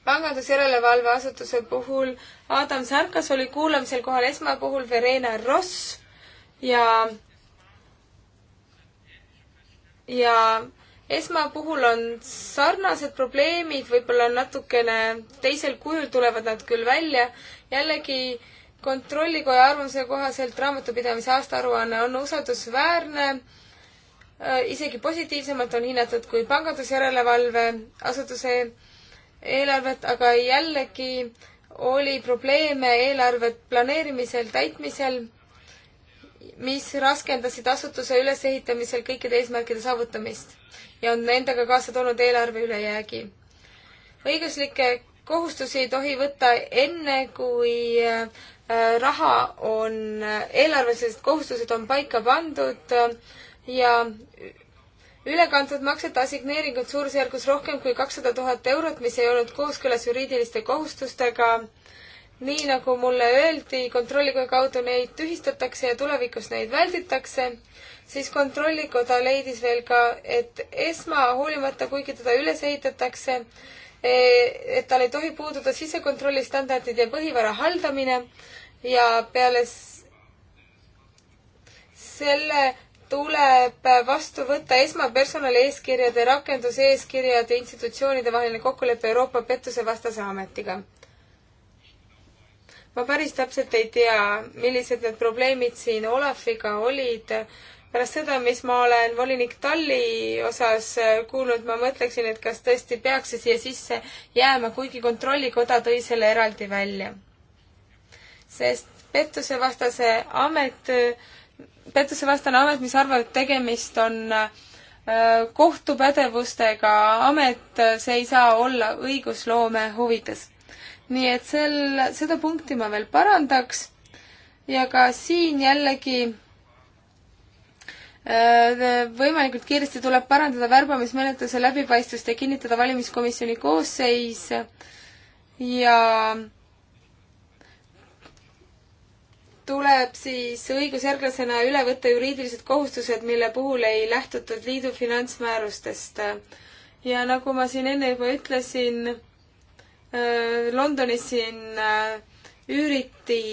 pangandusjärelevalveasutuse puhul Adam Sarkas oli kuulamisel kohal esma puhul Verena Ross ja, ja esma puhul on sarnased probleemid, võib-olla natukene teisel kujul tulevad nad küll välja. jällegi kontrollikoja arvamuse kohaselt raamatupidamise aastaaruanne on usaldusväärne. Äh, isegi positiivsemalt on hinnatud kui pangandusjärelevalve asutuse eelarvet, aga jällegi oli probleeme eelarvet planeerimisel, täitmisel mis raskendasid asutuse ülesehitamisel kõikide eesmärkide saavutamist ja on endaga kaasa toonud eelarve ülejäägi. õiguslikke kohustusi ei tohi võtta enne, kui äh, raha on, äh, eelarvelised kohustused on paika pandud äh, ja ülekantud maksete assigneeringud suurusjärgus rohkem kui kakssada tuhat eurot, mis ei olnud kooskõlas juriidiliste kohustustega nii nagu mulle öeldi, kontrollikoja kaudu neid tühistatakse ja tulevikus neid välditakse, siis kontrollikoda leidis veel ka, et esma, hoolimata kuigi teda üles ehitatakse, e, et tal ei tohi puududa sisekontrolli standardid ja põhivara haldamine ja peale selle tuleb vastu võtta esmapersonali eeskirjade, rakenduseeskirjad ja institutsioonide vaheline kokkulepe Euroopa pettusevastase ametiga ma päris täpselt ei tea, millised need probleemid siin Olafiga olid. pärast seda, mis ma olen volinik Talli osas kuulnud, ma mõtleksin, et kas tõesti peaks see siia sisse jääma, kuigi Kontrollikoda tõi selle eraldi välja. sest pettusevastase amet, pettusevastane amet, mis arvab, et tegemist on äh, kohtupädevustega amet, see ei saa olla õigusloome huvides nii et sel, seda punkti ma veel parandaks ja ka siin jällegi äh, võimalikult kiiresti tuleb parandada värbamismenetluse läbipaistvust ja kinnitada valimiskomisjoni koosseis ja tuleb siis õigusjärglasena üle võtta juriidilised kohustused, mille puhul ei lähtutud liidu finantsmäärustest. ja nagu ma siin enne juba ütlesin, Äh, Londonis siin äh, üüriti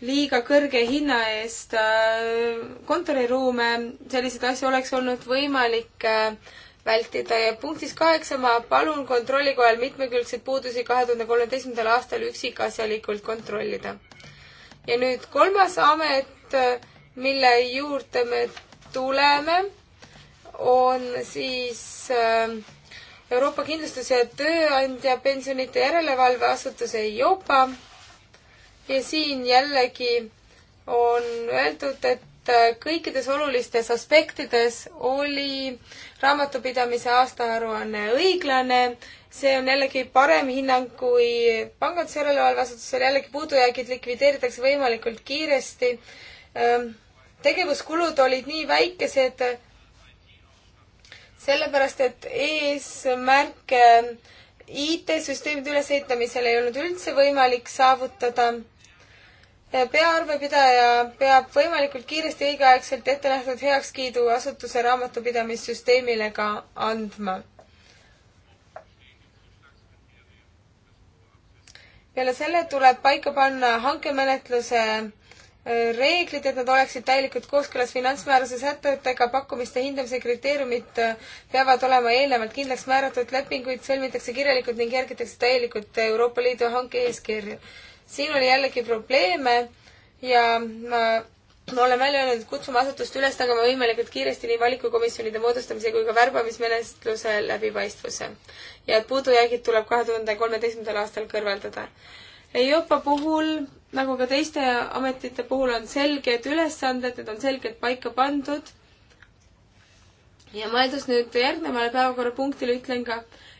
liiga kõrge hinna eest äh, kontoriruume, selliseid asju oleks olnud võimalik vältida ja punktis kaheksa ma palun kontrollikojal mitmekülgseid puudusi kahe tuhande kolmeteistkümnendal aastal üksikasjalikult kontrollida. ja nüüd kolmas amet, mille juurde me tuleme, on siis äh, Euroopa Kindlustus- ja Tööandja Pensionite Järelevalveasutuse Jopa ja siin jällegi on öeldud, et kõikides olulistes aspektides oli raamatupidamise aastaaruanne õiglane, see on jällegi parem hinnang kui pangandusjärelevalveasutusel, jällegi puudujäägid likvideeritakse võimalikult kiiresti. Ehm, tegevuskulud olid nii väikesed, sellepärast et eesmärke IT-süsteemide ülesehitamisel ei olnud üldse võimalik saavutada. peaarvepidaja peab võimalikult kiiresti õigeaegselt ette nähtud heakskiidu asutuse raamatupidamissüsteemile ka andma. peale selle tuleb paika panna hankemenetluse reeglid, et nad oleksid täielikult kooskõlas finantsmääruse sätetega, pakkumiste hindamise kriteeriumid äh, peavad olema eelnevalt kindlaks määratud, lepinguid sõlmitakse kirjalikult ning järgitakse täielikult Euroopa Liidu hanke eeskirju. siin oli jällegi probleeme ja ma me oleme välja öelnud, et kutsume asutust üles tagama võimalikult kiiresti nii valikukomisjonide moodustamise kui ka värbamismenetluse läbipaistvuse. ja et puudujäägid tuleb kahe tuhande kolmeteistkümnendal aastal kõrvaldada. EIOPA puhul nagu ka teiste ametite puhul on selged ülesanded, need on selgelt paika pandud. ja mõeldes nüüd järgnevale päevakorrapunktile, ütlen ka,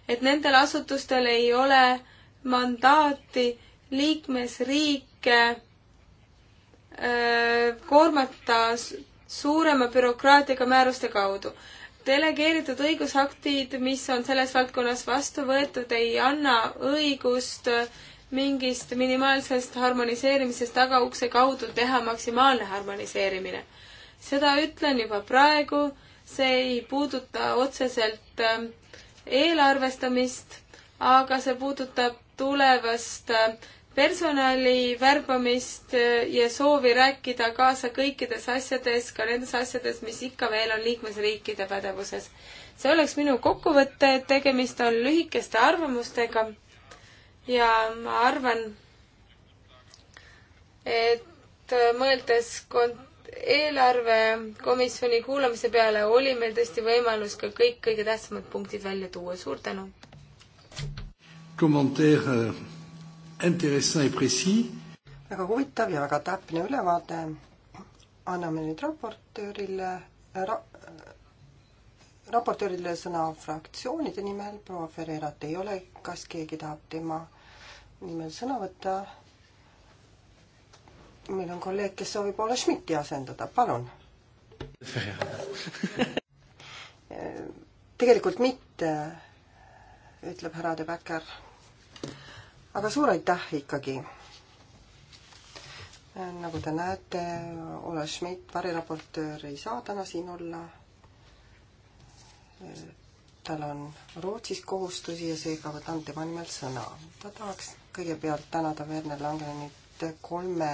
et nendel asutustel ei ole mandaati liikmesriike äh, koormata suurema bürokraatiaga määruste kaudu. delegeeritud õigusaktid, mis on selles valdkonnas vastu võetud, ei anna õigust äh, mingist minimaalsest harmoniseerimisest tagaukse kaudu teha maksimaalne harmoniseerimine. seda ütlen juba praegu, see ei puuduta otseselt ähm, eelarvestamist, aga see puudutab tulevast ähm, personali värbamist äh, ja soovi rääkida kaasa kõikides asjades, ka nendes asjades, mis ikka veel on liikmesriikide pädevuses. see oleks minu kokkuvõte, tegemist on lühikeste arvamustega ja ma arvan, et mõeldes kont-, eelarvekomisjoni kuulamise peale oli meil tõesti võimalus ka kõik kõige tähtsamad punktid välja tuua, suur tänu! kommentaar äh, intéressant et précis. väga huvitav ja väga täpne ülevaade. anname nüüd raportöörile ra-, raportööridele sõna fraktsioonide nimel, proua Ferreirat ei ole, kas keegi tahab tema nimel sõna võtta? meil on kolleeg, kes soovib Olle Schmidti asendada, palun tegelikult mitte, ütleb härra De Becker. aga suur aitäh ikkagi. nagu te näete, Olle Schmidt, variraportöör ei saa täna siin olla tal on Rootsis kohustusi ja seega võtan tema nimel sõna. ta tahaks kõigepealt tänada Werner Langenit kolme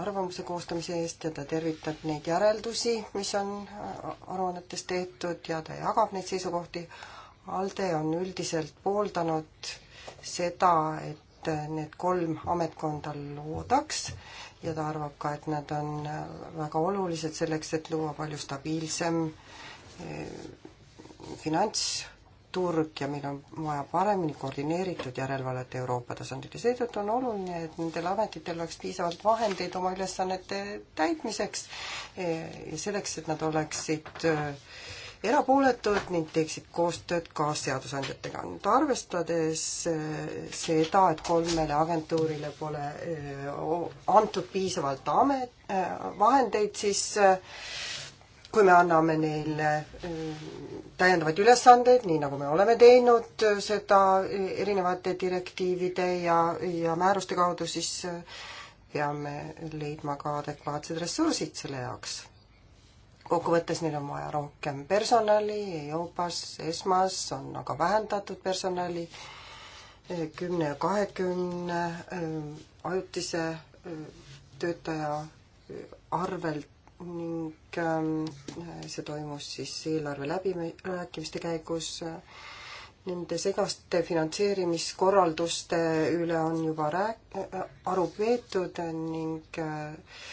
arvamuse koostamise eest ja ta tervitab neid järeldusi, mis on äh, aruannetes tehtud ja ta jagab neid seisukohti. ALDE on üldiselt pooldanud seda, et need kolm ametkonda loodaks ja ta arvab ka, et nad on väga olulised selleks, et luua palju stabiilsem finantsturg ja meil on vaja paremini koordineeritud järelevalvet Euroopa tasandil ja seetõttu on oluline, et nendel ametitel oleks piisavalt vahendeid oma ülesannete täitmiseks eh, ja selleks, et nad oleksid eh, erapooletud ning teeksid koostööd ka seadusandjatega. nüüd arvestades eh, seda, et kolmele agentuurile pole antud piisavalt amet, vahendeid, siis kui me anname neile eh, täiendavaid ülesandeid, nii nagu me oleme teinud eh, seda eh, erinevate direktiivide ja, ja määruste kaudu, siis peame leidma ka adekvaatsed ressursid selle jaoks. kokkuvõttes neil on vaja rohkem personali, EOPAS, ESMAS on aga vähendatud personali kümne ja kahekümne ajutise töötaja arvelt ning ähm, see toimus siis eelarve läbirääkimiste käigus. Nende segaste finantseerimiskorralduste üle on juba rääk-, äh, aru peetud ning äh,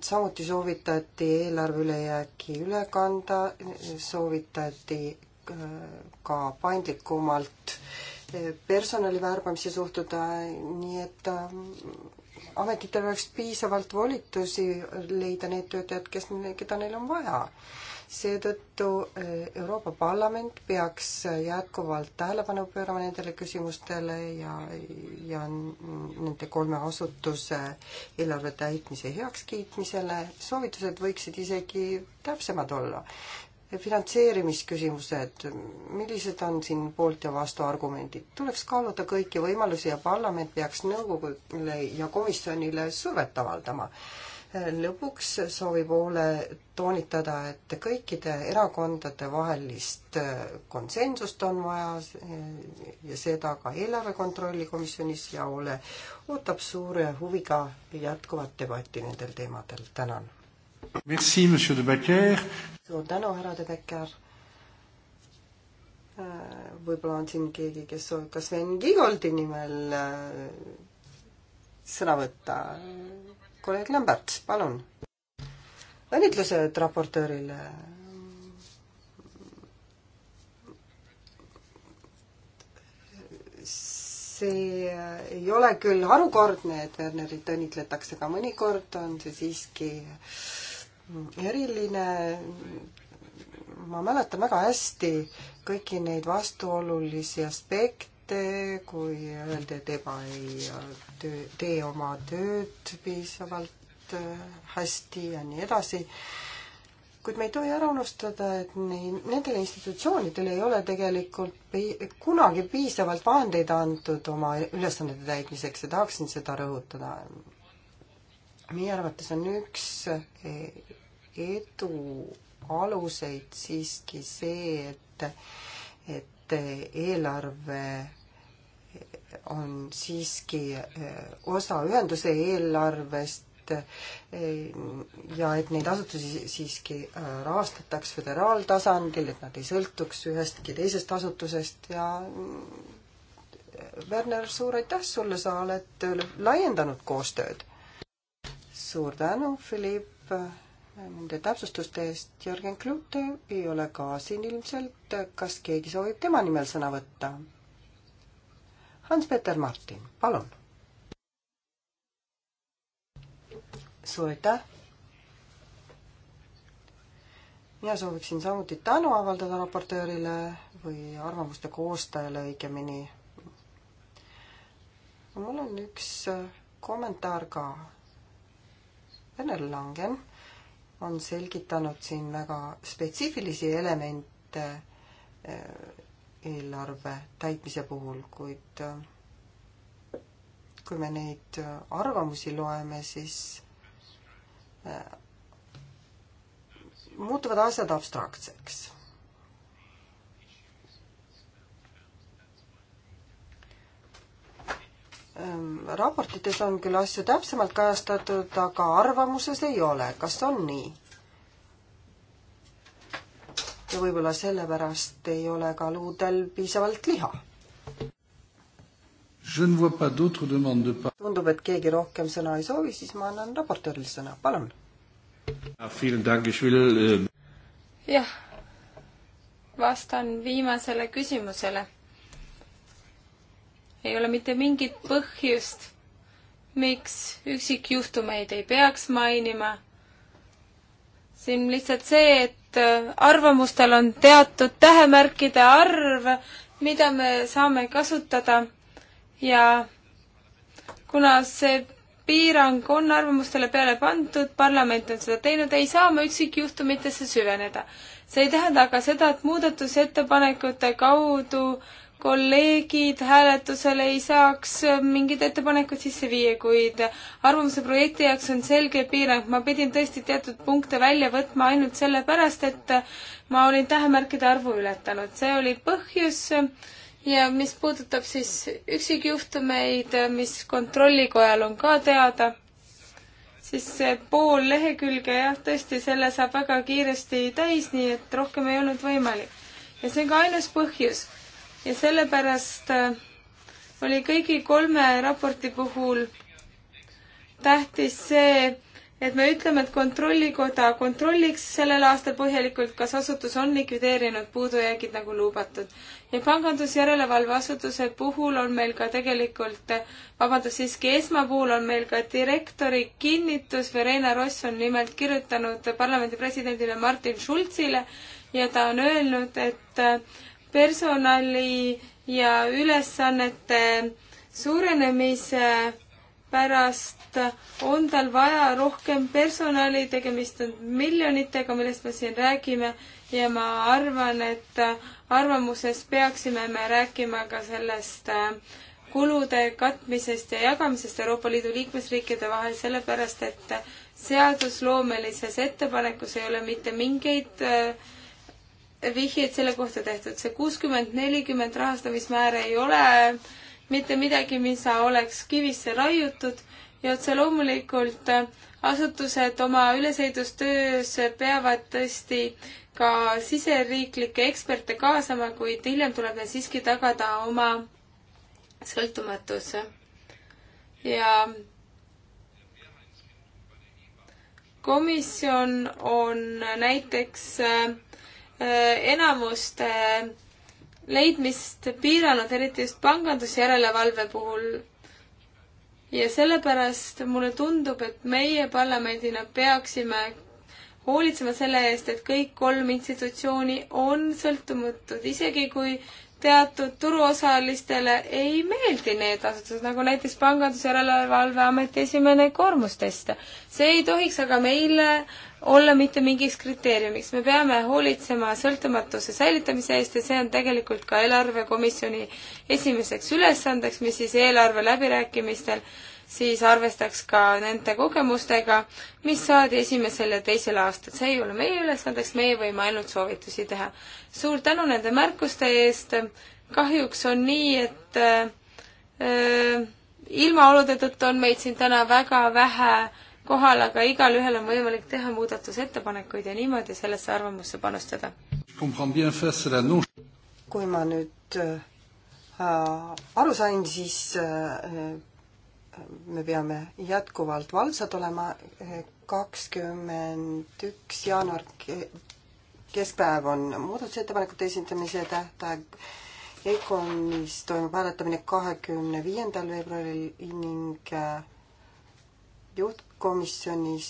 samuti soovitati eelarve ülejääki üle kanda, soovitati äh, ka paindlikumalt personali värbamise suhtuda, nii et ähm, ametitel oleks piisavalt volitusi leida need töötajad, kes, keda neil on vaja. seetõttu eh, Euroopa Parlament peaks jätkuvalt tähelepanu pöörama nendele küsimustele ja, ja nende kolme asutuse eelarve täitmise heakskiitmisele. soovitused võiksid isegi täpsemad olla finantseerimisküsimused, millised on siin poolt ja vastu argumendid? tuleks kaaluda kõiki võimalusi ja parlament peaks nõukogule ja komisjonile survet avaldama. lõpuks soovib Oole toonitada, et kõikide erakondade vahelist konsensust on vaja ja seda ka eelarve kontrolli komisjonis ja Oole ootab suure huviga jätkuvat debatti nendel teemadel. tänan Merci, monsieur de Becker. suur tänu, härra de Becker. Äh, võib-olla on siin keegi, kes soovib ka Sven Kiigoldi nimel äh, sõna võtta. kolleeg Lämbert, palun. õnnitlused raportöörile see ei ole küll harukordne, et Wernerit õnnitletakse, aga mõnikord on see siiski äh, eriline. ma mäletan väga hästi kõiki neid vastuolulisi aspekte, kui öeldi, et eba ei töö, tee oma tööd piisavalt äh, hästi ja nii edasi kuid me ei tohi ära unustada, et nii nendele institutsioonidele ei ole tegelikult pi-, kunagi piisavalt vahendeid antud oma ülesannete täitmiseks ja tahaksin seda rõhutada. meie arvates on üks edu aluseid siiski see, et, et eelarve on siiski eh, osa ühenduse eelarvest eh, ja et neid asutusi siiski eh, rahastataks föderaaltasandil, et nad ei sõltuks ühestki teisest asutusest ja Werner, suur aitäh sulle, sa oled laiendanud koostööd. suur tänu, Philipp nende täpsustuste eest. Jürgen Klute ei ole ka siin ilmselt. kas keegi soovib tema nimel sõna võtta? Hans-Peter Martin, palun. suur aitäh. mina sooviksin samuti tänu avaldada raportöörile või arvamuste koostajale õigemini. mul on üks kommentaar ka. Venel Langen on selgitanud siin väga spetsiifilisi elemente eh, eelarve täitmise puhul, kuid eh, kui me neid eh, arvamusi loeme, siis muutuvad asjad abstraktseks Ehm, raportites on küll asju täpsemalt kajastatud, aga arvamuses ei ole. kas on nii? ja võib-olla sellepärast ei ole ka luudel piisavalt liha. tundub, et keegi rohkem sõna ei soovi, siis ma annan raportööril sõna, palun. Äh, jah, vastan viimasele küsimusele ei ole mitte mingit põhjust, miks üksikjuhtumeid ei peaks mainima. siin lihtsalt see, et äh, arvamustel on teatud tähemärkide arv, mida me saame kasutada ja kuna see piirang on arvamustele peale pandud, parlament on seda teinud, ei saa me üksikjuhtumitesse süveneda. see ei tähenda aga seda, et muudatusettepanekute kaudu äh, kolleegid hääletusel ei saaks mingeid ettepanekuid sisse viia, kuid arvamuse projekti jaoks on selge piirang. ma pidin tõesti teatud punkte välja võtma ainult sellepärast, et ma olin tähemärkide arvu ületanud. see oli põhjus ja mis puudutab siis üksikjuhtumeid, mis kontrollikojal on ka teada, siis see pool lehekülge jah, tõesti, selle saab väga kiiresti täis, nii et rohkem ei olnud võimalik. ja see on ka ainus põhjus ja sellepärast äh, oli kõigi kolme raporti puhul tähtis see, et me ütleme, et Kontrollikoda kontrolliks sellel aastal põhjalikult, kas asutus on likvideerinud puudujäägid nagu lubatud. ja pangandusjärelevalve asutuse puhul on meil ka tegelikult, äh, vabandust, siiski ESMA puhul on meil ka direktori kinnitus, Verena Ross on nimelt kirjutanud parlamendi presidendile Martin Schulzile ja ta on öelnud, et äh, personali ja ülesannete suurenemise pärast on tal vaja rohkem personali, tegemist on miljonitega, millest me siin räägime ja ma arvan, et arvamuses peaksime me rääkima ka sellest äh, kulude katmisest ja jagamisest Euroopa Liidu liikmesriikide vahel, sellepärast et seadusloomelises ettepanekus ei ole mitte mingeid äh, vihjeid selle kohta tehtud. see kuuskümmend, nelikümmend rahastamismäär ei ole mitte midagi, mis oleks kivisse raiutud ja otse loomulikult asutused oma ülesehitustöös peavad tõesti ka siseriiklikke eksperte kaasama, kuid hiljem tuleb neil siiski tagada oma sõltumatus. ja komisjon on näiteks äh, Äh, enamust äh, leidmist piiranud, eriti just pangandusjärelevalve puhul. ja sellepärast mulle tundub, et meie parlamendina peaksime hoolitsema selle eest, et kõik kolm institutsiooni on sõltumatud, isegi kui teatud turuosalistele ei meeldi need asutused, nagu näiteks Pangandusjärelevalveameti esimene koormustest. see ei tohiks aga meile olla mitte mingiks kriteeriumiks, me peame hoolitsema sõltumatuse säilitamise eest ja see on tegelikult ka eelarvekomisjoni esimeseks ülesandeks, mis siis eelarve läbirääkimistel siis arvestaks ka nende kogemustega, mis saadi esimesel ja teisel aastal. see ei ole meie ülesandeks, meie võime ainult soovitusi teha. suur tänu nende märkuste eest, kahjuks on nii, et äh, ilmaolude tõttu on meid siin täna väga vähe kohal, aga igalühel on võimalik teha muudatusettepanekuid ja niimoodi sellesse arvamusse panustada. kui ma nüüd äh, aru sain, siis äh, me peame jätkuvalt valvsad olema, kakskümmend üks jaanuar keskpäev on muudatusettepanekute esitamise tähtaeg. EKONis toimub hääletamine kahekümne viiendal veebruaril ning äh, juhtkomisjonis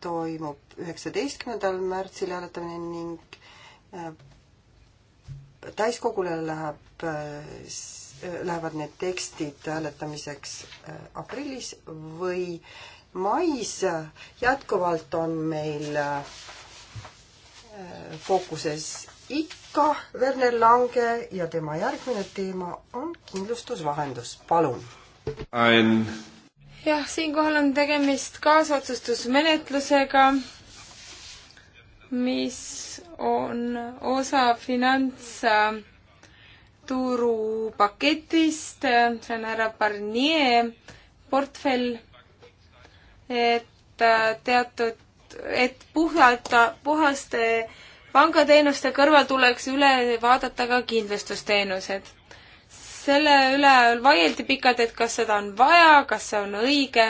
toimub üheksateistkümnendal märtsil hääletamine ning äh, täiskogule läheb äh, lähevad need tekstid hääletamiseks äh, aprillis või mais. jätkuvalt on meil äh, fookuses ikka Werner Lange ja tema järgmine teema on kindlustusvahendus. palun. jah, siinkohal on tegemist kaasotsustusmenetlusega, mis on osa finants äh, turupaketist, see on härra Barnier portfell, et äh, teatud, et puhata, puhaste pangateenuste kõrval tuleks üle vaadata ka kindlustusteenused. selle üle vaieldi pikalt, et kas seda on vaja, kas see on õige.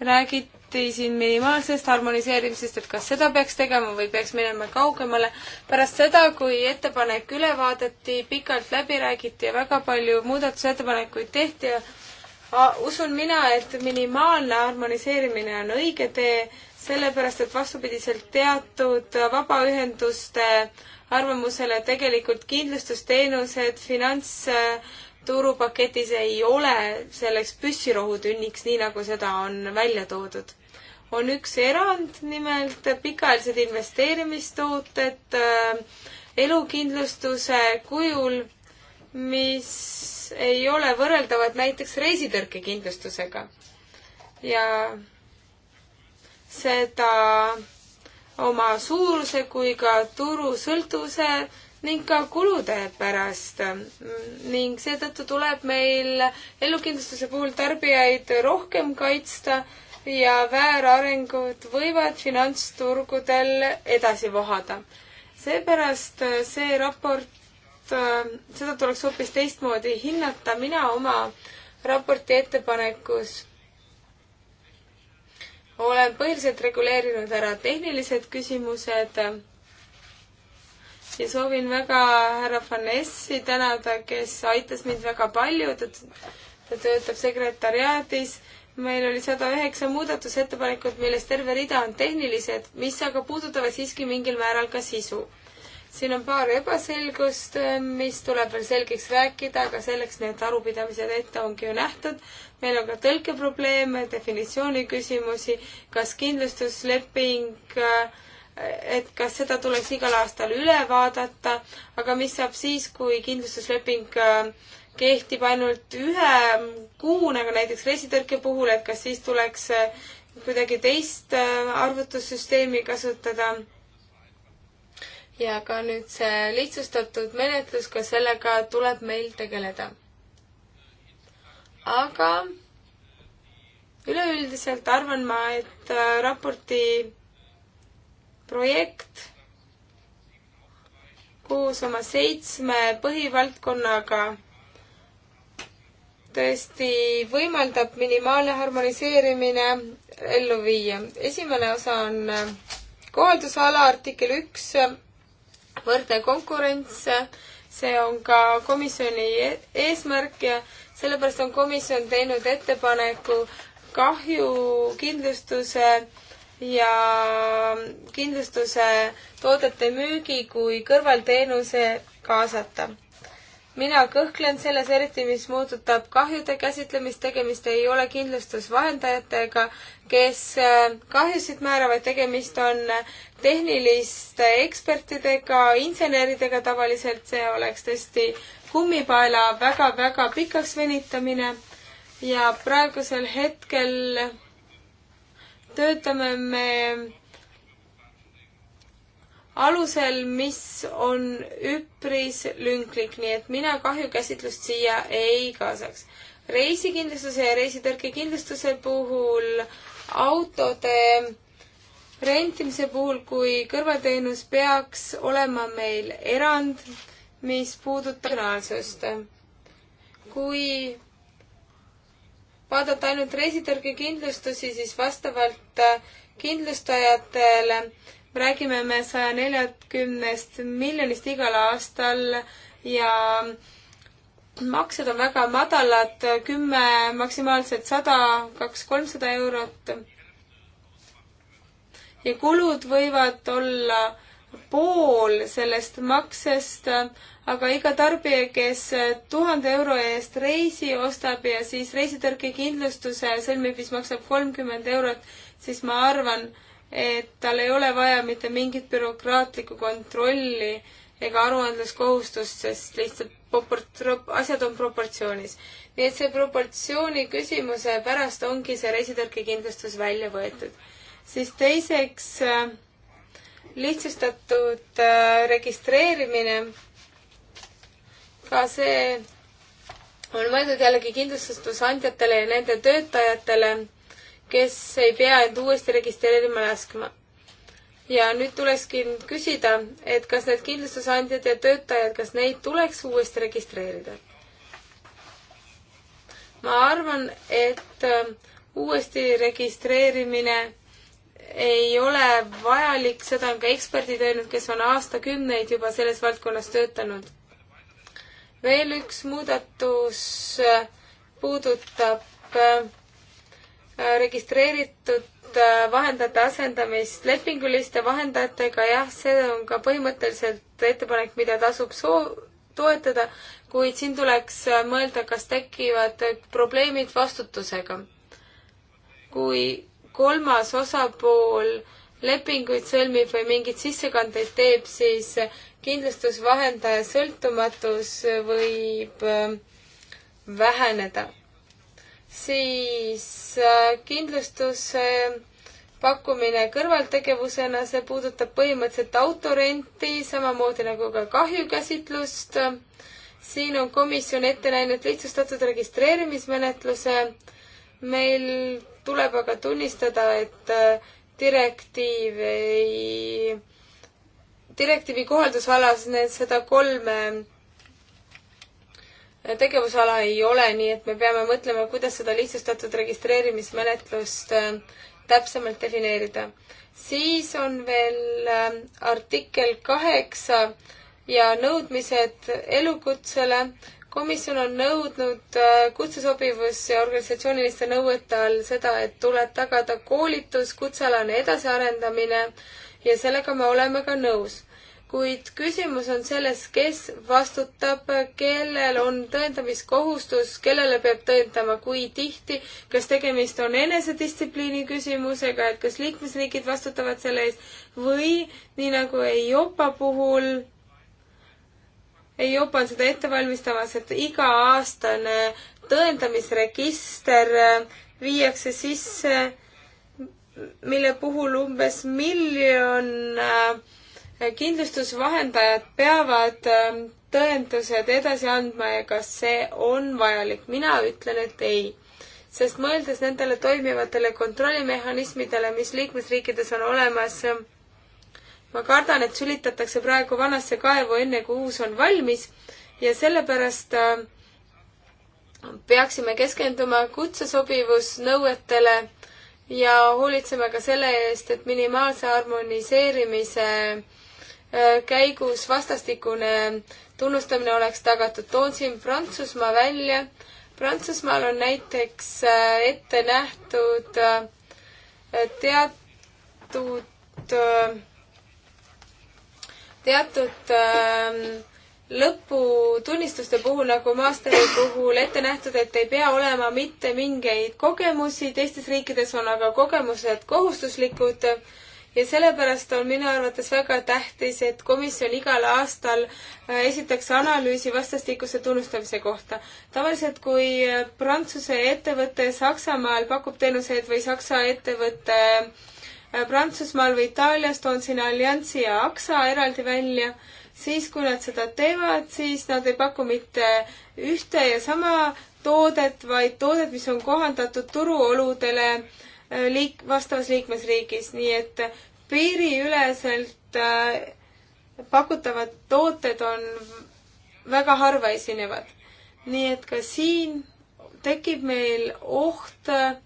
räägiti debatti siin minimaalsest harmoniseerimisest, et kas seda peaks tegema või peaks minema kaugemale. pärast seda, kui ettepanek üle vaadati, pikalt läbi räägiti ja väga palju muudatusettepanekuid tehti ja usun mina, et minimaalne harmoniseerimine on õige tee, sellepärast et vastupidiselt teatud vabaühenduste arvamusele tegelikult kindlustusteenused finantsturupaketis ei ole selleks püssirohutünniks, nii nagu seda on välja toodud on üks erand, nimelt pikaajalised investeerimistooted äh, elukindlustuse kujul, mis ei ole võrreldavad näiteks reisitõrkekindlustusega. ja seda oma suuruse kui ka turu sõltuvuse ning ka kulude pärast. ning seetõttu tuleb meil elukindlustuse puhul tarbijaid rohkem kaitsta ja väärarengud võivad finantsturgudel edasi vohada. seepärast äh, see raport, äh, seda tuleks hoopis teistmoodi hinnata, mina oma raporti ettepanekus olen põhiliselt reguleerinud ära tehnilised küsimused ja soovin väga härra Fanessi tänada, kes aitas mind väga palju, ta, ta töötab sekretäriaadis meil oli sada üheksa muudatusettepanekut, millest terve rida on tehnilised, mis aga puudutavad siiski mingil määral ka sisu. siin on paar ebaselgust, mis tuleb veel selgeks rääkida, aga selleks need arupidamised ette ongi ju nähtud. meil on ka tõlkeprobleeme, definitsiooni küsimusi, kas kindlustusleping äh, et kas seda tuleks igal aastal üle vaadata, aga mis saab siis, kui kindlustusleping äh, kehtib ainult ühe kuuna, aga näiteks reisitõrke puhul, et kas siis tuleks äh, kuidagi teist äh, arvutussüsteemi kasutada. ja ka nüüd see lihtsustatud menetlus, ka sellega tuleb meil tegeleda. aga üleüldiselt arvan ma, et äh, raporti projekt koos oma seitsme põhivaldkonnaga tõesti võimaldab minimaalne harmoniseerimine ellu viia. esimene osa on äh, kohaldusala artikkel üks, võrdne konkurents, see on ka komisjoni e-, eesmärk ja sellepärast on komisjon teinud ettepaneku kahjukindlustuse ja kindlustuse toodete müügi kui kõrvalteenuse kaasata mina kõhklen selles, eriti mis puudutab kahjude käsitlemist, tegemist ei ole kindlustusvahendajatega, kes äh, kahjusid määravad, tegemist on äh, tehniliste ekspertidega, inseneridega tavaliselt, see oleks tõesti kummipaela väga-väga pikaks venitamine ja praegusel hetkel töötame me alusel, mis on üpris lünklik, nii et mina kahjukäsitlust siia ei kaasaks. reisikindlustuse ja reisitõrkekindlustuse puhul autode rentimise puhul kui kõrvalteenus peaks olema meil erand, mis puudutab reaalsust. kui vaadata ainult reisitõrkekindlustusi, siis vastavalt kindlustajatele räägime me saja neljakümnest miljonist igal aastal ja maksed on väga madalad, kümme, maksimaalselt sada, kaks, kolmsada eurot. ja kulud võivad olla pool sellest maksest, aga iga tarbija, kes tuhande euro eest reisi ostab ja siis reisitõrkekindlustuse sõlmib, mis maksab kolmkümmend eurot, siis ma arvan, et tal ei ole vaja mitte mingit bürokraatlikku kontrolli ega aruandluskohustust, sest lihtsalt proport-, asjad on proportsioonis. nii et see proportsiooni küsimuse pärast ongi see reisitõrkekindlustus välja võetud. siis teiseks äh, lihtsustatud äh, registreerimine. ka see on mõeldud jällegi kindlustusandjatele ja nende töötajatele kes ei pea end uuesti registreerima laskma. ja nüüd tulekski küsida, et kas need kindlustusandjad ja töötajad, kas neid tuleks uuesti registreerida? ma arvan, et äh, uuesti registreerimine ei ole vajalik, seda on ka eksperdid öelnud, kes on aastakümneid juba selles valdkonnas töötanud. veel üks muudatus äh, puudutab äh, registreeritud äh, vahendajate asendamist lepinguliste vahendajatega, jah, see on ka põhimõtteliselt ettepanek, mida tasub soo-, toetada, kuid siin tuleks äh, mõelda, kas tekivad probleemid vastutusega. kui kolmas osapool lepinguid sõlmib või mingeid sissekandeid teeb, siis kindlustusvahendaja sõltumatus võib äh, väheneda siis äh, kindlustuse pakkumine kõrvaltegevusena, see puudutab põhimõtteliselt autorenti, samamoodi nagu ka kahjukäsitlust. siin on komisjon ette näinud lihtsustatud registreerimismenetluse. meil tuleb aga tunnistada, et äh, direktiiv ei, direktiivi kohaldusalas need seda kolme tegevusala ei ole, nii et me peame mõtlema, kuidas seda lihtsustatud registreerimismenetlust äh, täpsemalt defineerida. siis on veel äh, artikkel kaheksa ja nõudmised elukutsele. komisjon on nõudnud äh, kutsesobivus ja organisatsiooniliste nõuete all seda, et tuleb tagada koolitus, kutsealane edasiarendamine ja sellega me oleme ka nõus kuid küsimus on selles, kes vastutab, kellel on tõendamiskohustus, kellele peab tõendama, kui tihti, kas tegemist on enesedistsipliini küsimusega, et kas liikmesriigid vastutavad selle eest või nii nagu EIOPA puhul, EIOPA on seda ette valmistamas, et iga-aastane tõendamisregister viiakse sisse, mille puhul umbes miljon äh, kindlustusvahendajad peavad ähm, tõendused edasi andma ja kas see on vajalik. mina ütlen, et ei. sest mõeldes nendele toimivatele kontrollimehhanismidele, mis liikmesriikides on olemas, ähm, ma kardan, et sülitatakse praegu vanasse kaevu, enne kui uus on valmis ja sellepärast ähm, peaksime keskenduma kutsesobivusnõuetele ja hoolitsema ka selle eest, et minimaalse harmoniseerimise äh, Äh, käigus vastastikune tunnustamine oleks tagatud. toon siin Prantsusmaa välja. Prantsusmaal on näiteks äh, ette nähtud äh, teatud, teatud ähm, lõputunnistuste puhul nagu maasteri puhul ette nähtud, et ei pea olema mitte mingeid kogemusi, teistes riikides on aga kogemused kohustuslikud äh, ja sellepärast on minu arvates väga tähtis, et komisjon igal aastal äh, esitaks analüüsi vastastikuse tunnustamise kohta. tavaliselt, kui äh, Prantsuse ettevõte Saksamaal pakub teenuseid või Saksa ettevõte äh, Prantsusmaal või Itaalias, toon siin Alliansi ja AXA eraldi välja siis kui nad seda teevad, siis nad ei paku mitte ühte ja sama toodet, vaid toodet, mis on kohandatud turuoludele liik-, vastavas liikmesriigis, nii et piiriüleselt äh, pakutavad tooted on väga harva esinevad. nii et ka siin tekib meil oht äh,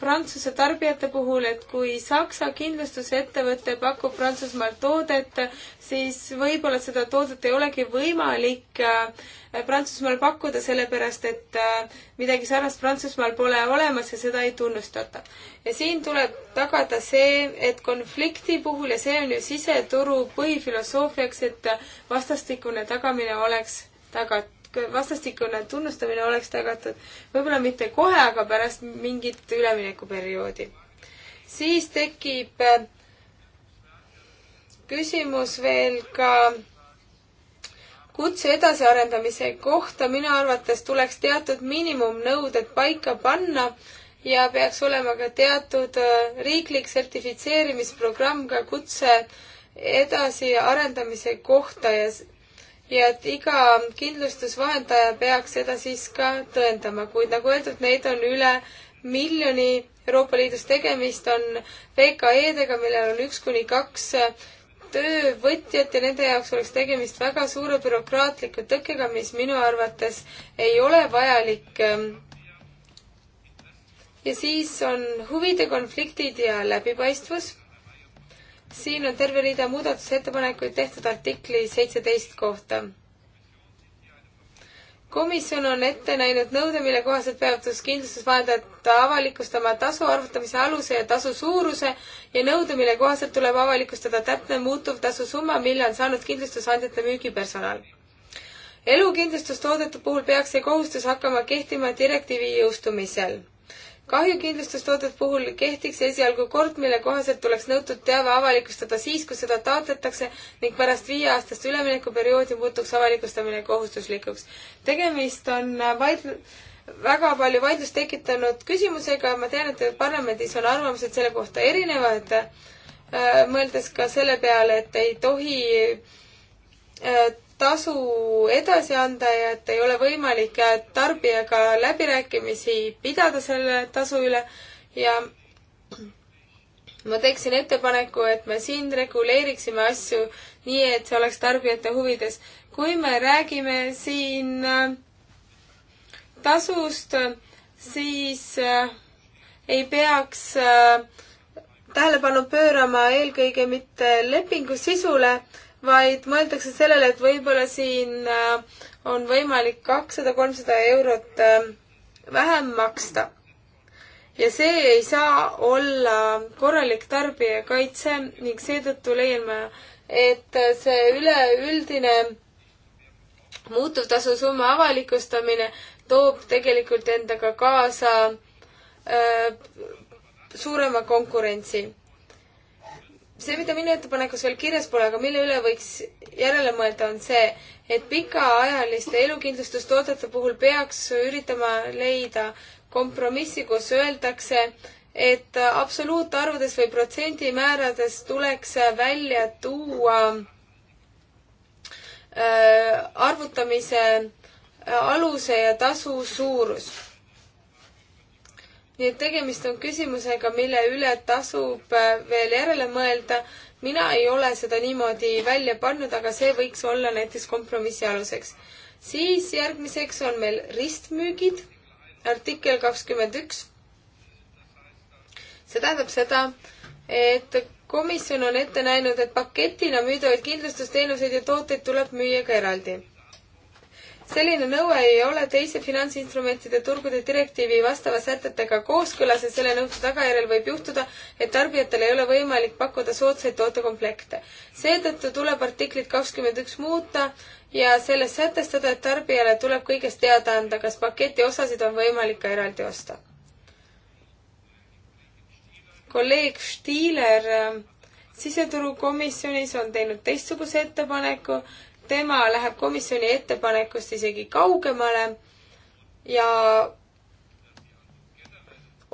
Prantsuse tarbijate puhul, et kui Saksa kindlustusettevõte pakub Prantsusmaal toodet, siis võib-olla seda toodet ei olegi võimalik äh, Prantsusmaal pakkuda, sellepärast et äh, midagi sarnast Prantsusmaal pole olemas ja seda ei tunnustata. ja siin tuleb tagada see, et konflikti puhul ja see on ju siseturu põhifilosoofiaks, et vastastikune tagamine oleks tagatud vastastik, vastastikune tunnustamine oleks tagatud võib-olla mitte kohe, aga pärast mingit üleminekuperioodi. siis tekib äh, küsimus veel ka kutse edasiarendamise kohta. minu arvates tuleks teatud miinimumnõuded paika panna ja peaks olema ka teatud äh, riiklik sertifitseerimisprogramm ka kutse edasiarendamise kohta ja ja et iga kindlustusvahendaja peaks seda siis ka tõendama, kuid nagu öeldud, neid on üle miljoni Euroopa Liidus tegemist on VKE-dega, millel on üks kuni kaks töövõtjat ja nende jaoks oleks tegemist väga suure bürokraatliku tõkkega, mis minu arvates ei ole vajalik. ja siis on huvide konfliktid ja läbipaistvus siin on terve rida muudatusettepanekuid tehtud artikli seitseteist kohta. komisjon on ette näinud nõude, mille kohaselt peatus kindlustusvahendajad avalikustama tasu arvutamise aluse ja tasu suuruse ja nõude, mille kohaselt tuleb avalikustada täpne muutuvtasu summa, mille on saanud kindlustusandjate müügipersonal. elukindlustustoodete puhul peaks see kohustus hakkama kehtima direktiivi jõustumisel kahjukindlustustoodete puhul kehtiks esialgu kord, mille kohaselt tuleks nõutud teave avalikustada siis, kui seda taotletakse ning pärast viieaastast üleminekuperioodi muutuks avalikustamine kohustuslikuks. tegemist on vaid väga palju vaidlust tekitanud küsimusega, ma tean, et parlamendis on arvamused selle kohta erinevad, äh, mõeldes ka selle peale, et ei tohi äh, tasu edasi anda ja et ei ole võimalik äh, tarbijaga läbirääkimisi pidada selle tasu üle ja ma teeksin ettepaneku, et me siin reguleeriksime asju nii, et see oleks tarbijate huvides. kui me räägime siin äh, tasust, siis äh, ei peaks tähelepanu pöörama eelkõige mitte lepingu sisule, vaid mõeldakse sellele, et võib-olla siin äh, on võimalik kakssada, kolmsada eurot äh, vähem maksta. ja see ei saa olla korralik tarbijakaitse ning seetõttu leian ma, et äh, see üleüldine muutuvtasu summa avalikustamine toob tegelikult endaga kaasa öö, suurema konkurentsi see, mida minu ettepanekus veel kirjas pole, aga mille üle võiks järele mõelda, on see, et pikaajaliste elukindlustustoodete puhul peaks üritama leida kompromissi, kus öeldakse, et absoluutarvudes või protsendimäärades tuleks välja tuua äh, arvutamise aluse ja tasu suurus nii et tegemist on küsimusega, mille üle tasub äh, veel järele mõelda. mina ei ole seda niimoodi välja pannud, aga see võiks olla näiteks kompromissi aluseks. siis järgmiseks on meil ristmüügid, artikkel kakskümmend üks. see tähendab seda, et komisjon on ette näinud, et paketina müüdavaid kindlustusteenuseid ja tooteid tuleb müüa ka eraldi selline nõue ei ole teise finantsinstrumentide turgude direktiivi vastava sätetega kooskõlas ja selle nõude tagajärjel võib juhtuda, et tarbijatel ei ole võimalik pakkuda soodsaid tootekomplekte. seetõttu tuleb artiklit kakskümmend üks muuta ja selles sätestada, et tarbijale tuleb kõigest teada anda, kas paketi osasid on võimalik ka eraldi osta. kolleeg Stiiler äh, siseturukomisjonis on teinud teistsuguse ettepaneku tema läheb komisjoni ettepanekust isegi kaugemale ja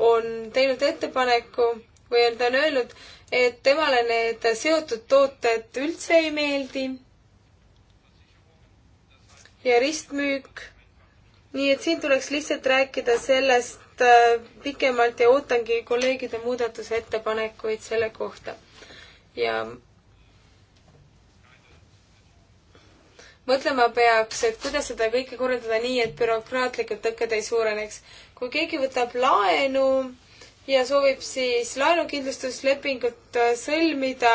on teinud ettepaneku või on ta on öelnud, et temale need seotud tooted üldse ei meeldi. ja ristmüük. nii et siin tuleks lihtsalt rääkida sellest äh, pikemalt ja ootangi kolleegide muudatusettepanekuid selle kohta. ja mõtlema peaks, et kuidas seda kõike korraldada nii, et bürokraatlikud tõkked ei suureneks. kui keegi võtab laenu ja soovib siis laenukindlustuslepingut äh, sõlmida,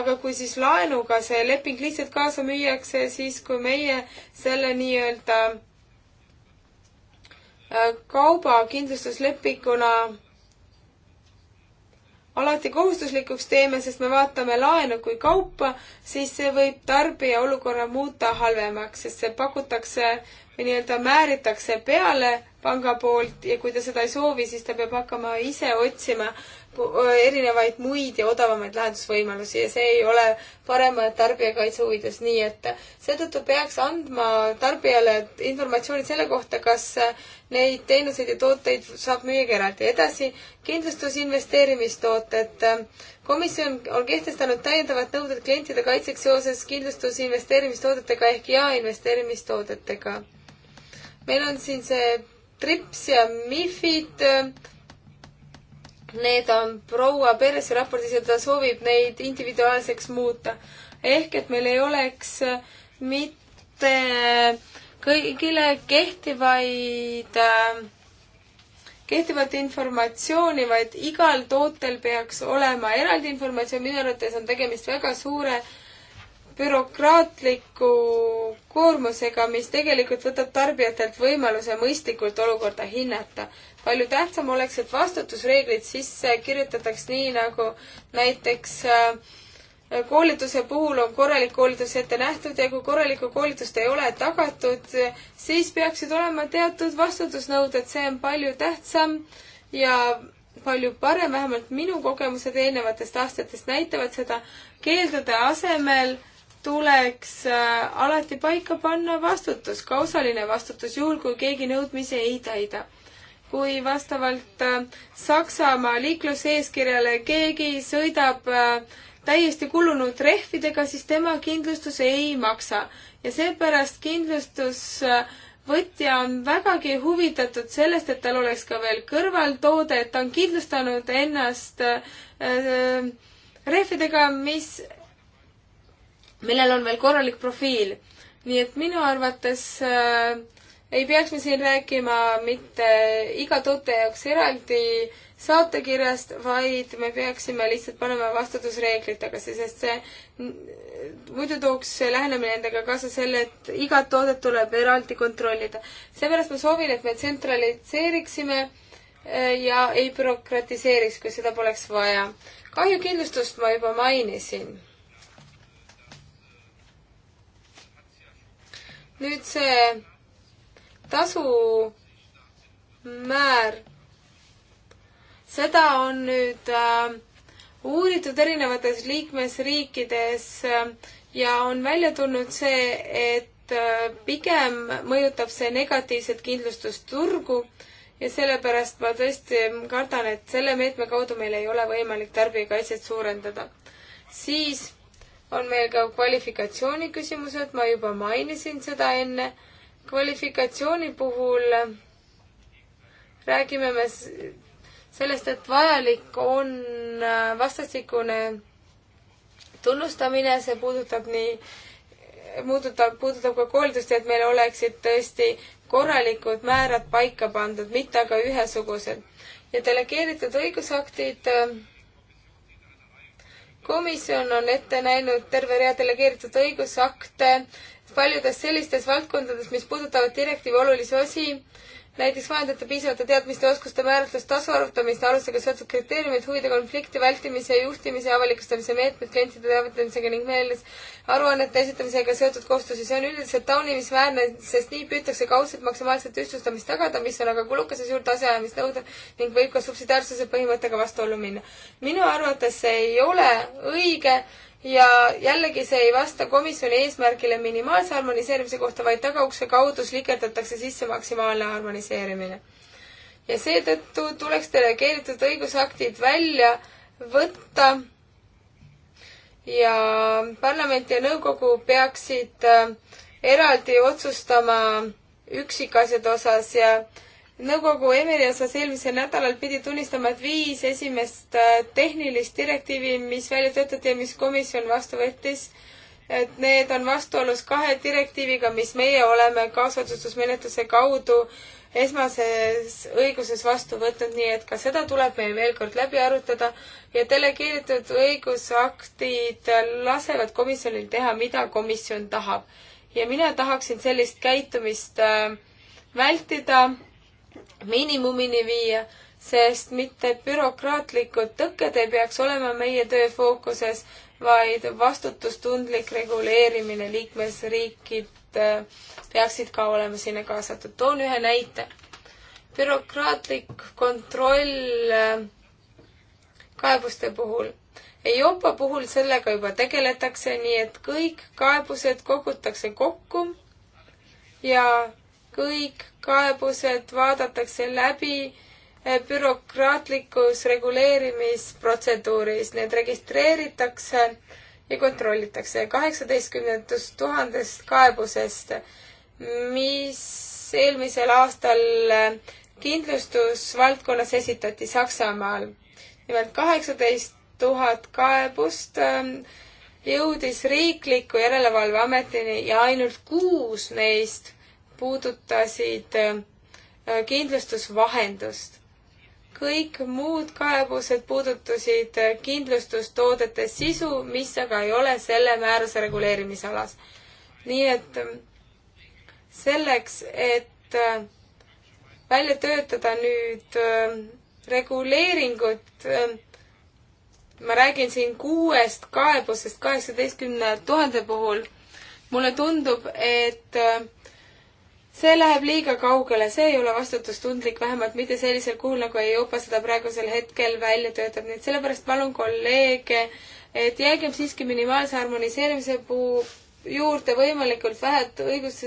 aga kui siis laenuga see leping lihtsalt kaasa müüakse, siis kui meie selle nii-öelda äh, kaubakindlustuslepinguna alati kohustuslikuks teeme, sest me vaatame laenu kui kaupa, siis see võib tarbija olukorra muuta halvemaks, sest see pakutakse või nii-öelda määritakse peale panga poolt ja kui ta seda ei soovi, siis ta peab hakkama ise otsima erinevaid muid ja odavamaid lahendusvõimalusi ja see ei ole parema tarbijakaitse huvides, nii et seetõttu peaks andma tarbijale informatsiooni selle kohta, kas neid teenuseid ja tooteid saab müüagi eraldi. edasi, kindlustusinvesteerimistooted. komisjon on kehtestanud täiendavad nõuded klientide kaitseks seoses kindlustusinvesteerimistoodetega ehk jaeinvesteerimistoodetega. meil on siin see TRIPS ja MIFID. Need on proua Peresi raportis ja ta soovib neid individuaalseks muuta. ehk et meil ei oleks mitte kõigile kehtivaid äh, kehtivat informatsiooni, vaid igal tootel peaks olema eraldi informatsioon, minu arvates on tegemist väga suure bürokraatliku koormusega, mis tegelikult võtab tarbijatelt võimaluse mõistlikult olukorda hinnata. palju tähtsam oleks, et vastutusreeglid sisse kirjutataks nii, nagu näiteks äh, koolituse puhul on korralik koolitus ette nähtud ja kui korralikku koolitust ei ole tagatud, siis peaksid olema teatud vastutusnõuded, see on palju tähtsam ja palju parem, vähemalt minu kogemused eelnevatest aastatest näitavad seda. keeldude asemel tuleks äh, alati paika panna vastutus, ka osaline vastutus, juhul kui keegi nõudmisi ei täida kui vastavalt äh, Saksamaa liikluseeskirjale keegi sõidab äh, täiesti kulunud rehvidega, siis tema kindlustus ei maksa. ja seepärast kindlustusvõtja on vägagi huvitatud sellest, et tal oleks ka veel kõrvaltoode, et ta on kindlustanud ennast äh, rehvidega, mis, millel on veel korralik profiil. nii et minu arvates äh, ei peaks me siin rääkima mitte iga toote jaoks eraldi äh, saatekirjast, vaid me peaksime lihtsalt panema vastutusreeglitega, sest see muidu tooks see lähenemine endaga kaasa selle, et igat toodet tuleb eraldi kontrollida. seepärast ma soovin, et me tsentraliseeriksime äh, ja ei bürokratiseeriks, kui seda poleks vaja. kahjukindlustust ma juba mainisin. nüüd see tasu määr seda on nüüd äh, uuritud erinevates liikmesriikides äh, ja on välja tulnud see, et äh, pigem mõjutab see negatiivset kindlustusturgu ja sellepärast ma tõesti kardan, et selle meetme kaudu meil ei ole võimalik tarbijakaitset suurendada. siis on meil ka kvalifikatsiooni küsimused, ma juba mainisin seda enne. kvalifikatsiooni puhul räägime me sellest, et vajalik on äh, vastastikune tunnustamine, see puudutab nii, puudutab, puudutab ka koolitust, et meil oleksid tõesti korralikud määrad paika pandud, mitte aga ühesugused. ja delegeeritud õigusaktid äh, komisjon on ette näinud terve rea delegeeritud õigusakte paljudes sellistes valdkondades, mis puudutavad direktiivi olulisi osi näiteks vahendate piisavate teadmiste ja oskuste määratlust, tasu arvutamist, alusega seotud kriteeriumid, huvide konflikti vältimise ja juhtimise avalikustamise meetmed klientide teavitamisega ning meeles aruannete esitamisega seotud kohustusi. see on üldiselt taunimisväärne, sest nii püütakse kaudselt maksimaalset ühtlustamist tagada, mis on aga kulukas ja suurt asjaajamist nõuda ning võib ka subsidiaarsuse põhimõttega vastuollu minna. minu arvates see ei ole õige ja jällegi see ei vasta komisjoni eesmärgile minimaalse harmoniseerimise kohta, vaid tagaukse kaudu slikerdatakse sisse maksimaalne harmoniseerimine. ja seetõttu tuleks delegeeritud õigusaktid välja võtta ja parlament ja nõukogu peaksid äh, eraldi otsustama üksikasjade osas ja äh, nõukogu emeriosas eelmisel nädalal pidi tunnistama, et viis esimest äh, tehnilist direktiivi, mis välja töötati ja mis komisjon vastu võttis, et need on vastuolus kahe direktiiviga, mis meie oleme kaasotsustusmenetluse kaudu esmases õiguses vastu võtnud, nii et ka seda tuleb meil veel kord läbi arutada ja delegeeritud õigusaktid lasevad komisjonil teha, mida komisjon tahab. ja mina tahaksin sellist käitumist äh, vältida miinimumini viia, sest mitte bürokraatlikud tõkked ei peaks olema meie töö fookuses, vaid vastutustundlik reguleerimine liikmesriigid äh, peaksid ka olema sinna kaasatud. toon ühe näite. bürokraatlik kontroll äh, kaebuste puhul. EIOPA puhul sellega juba tegeletakse, nii et kõik kaebused kogutakse kokku ja kõik kaebused vaadatakse läbi eh, bürokraatlikus reguleerimisprotseduuris, need registreeritakse ja kontrollitakse. kaheksateistkümnendast tuhandest kaebusest, mis eelmisel aastal eh, kindlustusvaldkonnas esitati Saksamaal. nimelt kaheksateist tuhat kaebust eh, jõudis riikliku järelevalveametini ja ainult kuus neist puudutasid äh, kindlustusvahendust. kõik muud kaebused puudutasid äh, kindlustustoodete sisu, mis aga ei ole selle määruse reguleerimisalas. nii et äh, selleks, et välja töötada nüüd reguleeringut, ma räägin siin kuuest kaebusest kaheksateistkümne tuhande puhul, mulle tundub, et see läheb liiga kaugele, see ei ole vastutustundlik, vähemalt mitte sellisel kuhul, nagu Euroopa seda praegusel hetkel välja töötab, nii et sellepärast palun kolleege, et jäägem siiski minimaalse harmoniseerimise puu juurde võimalikult vähe õigus,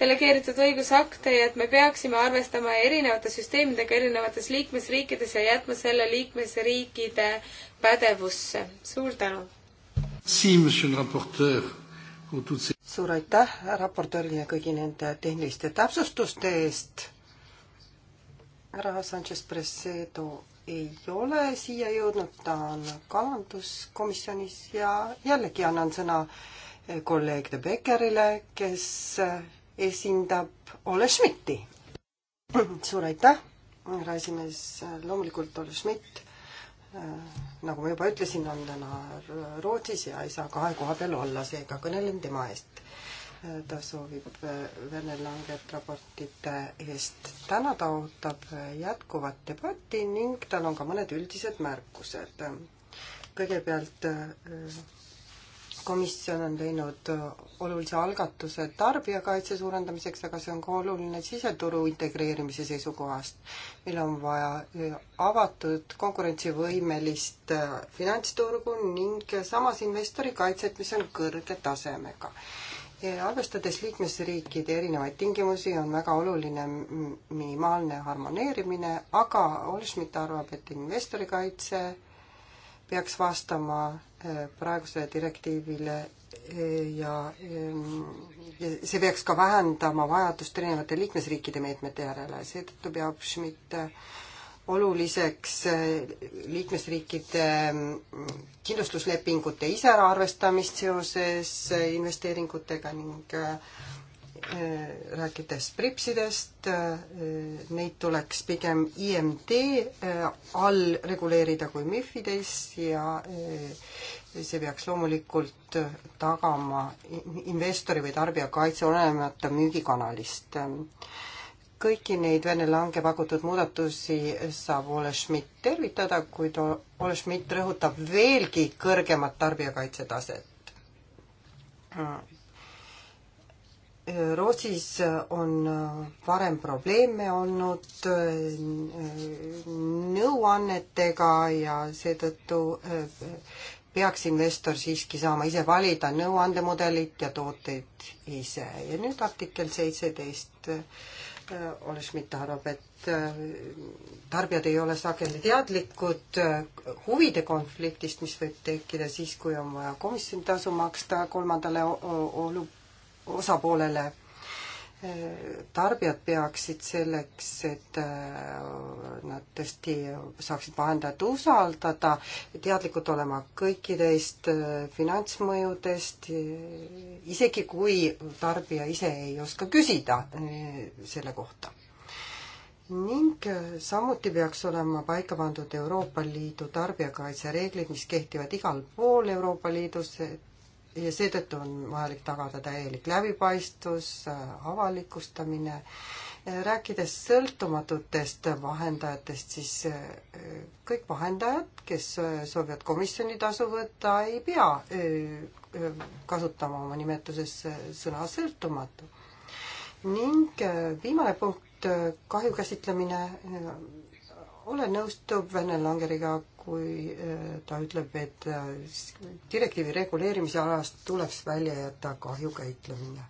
delegeeritud õigusakte ja et me peaksime arvestama erinevate süsteemidega erinevates liikmesriikides ja jätma selle liikmesriikide pädevusse. suur tänu! suur aitäh raportöörile kõigi nende tehniliste täpsustuste eest. härra Sanchez Presedo ei ole siia jõudnud, ta on kalanduskomisjonis ja jällegi annan sõna kolleeg De Beckerile, kes esindab Olle Schmidti. suur aitäh, härra esimees, loomulikult Olle Schmidt Äh, nagu ma juba ütlesin, on täna Rootsis ja ei saa kahe koha peal olla, seega kõnelen tema eest. Äh, ta soovib Vene äh, langet raportite eest täna, ta ootab jätkuvat debatti ning tal on ka mõned üldised märkused. kõigepealt komisjon on teinud äh, olulise algatuse tarbijakaitse suurendamiseks, aga see on ka oluline siseturu integreerimise seisukohast. meil on vaja äh, avatud konkurentsivõimelist äh, finantsturgu ning samas investori kaitset, mis on kõrge tasemega. arvestades liikmesriikide erinevaid tingimusi, on väga oluline minimaalne harmoneerimine, aga Olschmidt arvab, et investori kaitse peaks vastama Äh, praegusele direktiivile äh, äh, ja see peaks ka vähendama vajadust erinevate liikmesriikide meetmete järele, seetõttu peab Schmidt oluliseks liikmesriikide mm, kindlustuslepingute isearvestamist seoses investeeringutega ning Äh, rääkides pripsidest, äh, neid tuleks pigem IMD äh, all reguleerida kui MIFIDes ja see peaks loomulikult tagama investori või tarbija kaitse olenemata müügikanalist. kõiki neid Vene Lange pakutud muudatusi saab Ole Schmidt tervitada, kuid Ole Schmidt rõhutab veelgi kõrgemat tarbijakaitse taset Rootsis on varem probleeme olnud nõuannetega ja seetõttu eh, peaks investor siiski saama ise valida nõuandemudelit ja tooteid ise. ja nüüd artikkel seitseteist. Eh, Olle Schmidt arvab, et eh, tarbijad ei ole sageli teadlikud huvide konfliktist, mis võib tekkida siis, kui on vaja komisjoni tasu maksta kolmandale olu-, osapoolele. tarbijad peaksid selleks, et äh, nad tõesti saaksid vahendajat usaldada, teadlikud olema kõikidest äh, finantsmõjudest, äh, isegi kui tarbija ise ei oska küsida selle kohta ning samuti peaks olema paika pandud Euroopa Liidu tarbijakaitsereeglid, mis kehtivad igal pool Euroopa Liidus, et ja seetõttu on vajalik tagada täielik läbipaistvus, avalikustamine. rääkides sõltumatutest vahendajatest, siis eh, kõik vahendajad, kes eh, soovivad komisjoni tasu võtta, ei pea eh, kasutama oma nimetuses sõna sõltumatu. ning viimane punkt, kahju käsitlemine. olen nõustuv Vene Langeriga kui äh, ta ütleb, et äh, direktiivi reguleerimise alast tuleks välja jätta kahju käitlemine.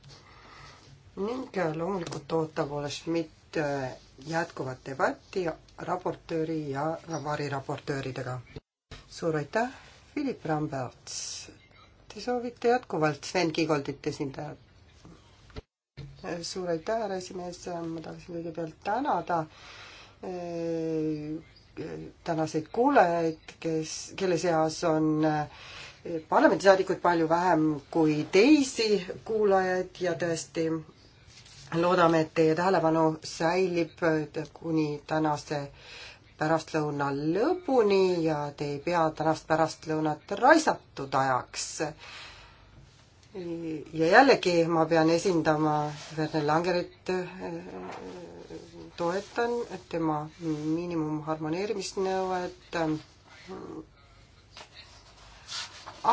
ning äh, loomulikult ootab Ole Schmidt jätkuvat debatti raportööri ja variraportööridega. suur aitäh, Philip Ramberts. Te soovite jätkuvalt Sven Kiigoldit esindajat? suur aitäh, härra esimees, ma tahaksin kõigepealt tänada tänaseid kuulajaid, kes, kelle seas on eh, parlamendisaadikuid palju vähem kui teisi kuulajaid ja tõesti loodame, et teie tähelepanu säilib eh, kuni tänase pärastlõuna lõpuni ja te ei pea tänast pärastlõunat raisatud ajaks. ja jällegi ma pean esindama Werner Langerit eh, toetan tema miinimumharmoneerimisnõuet.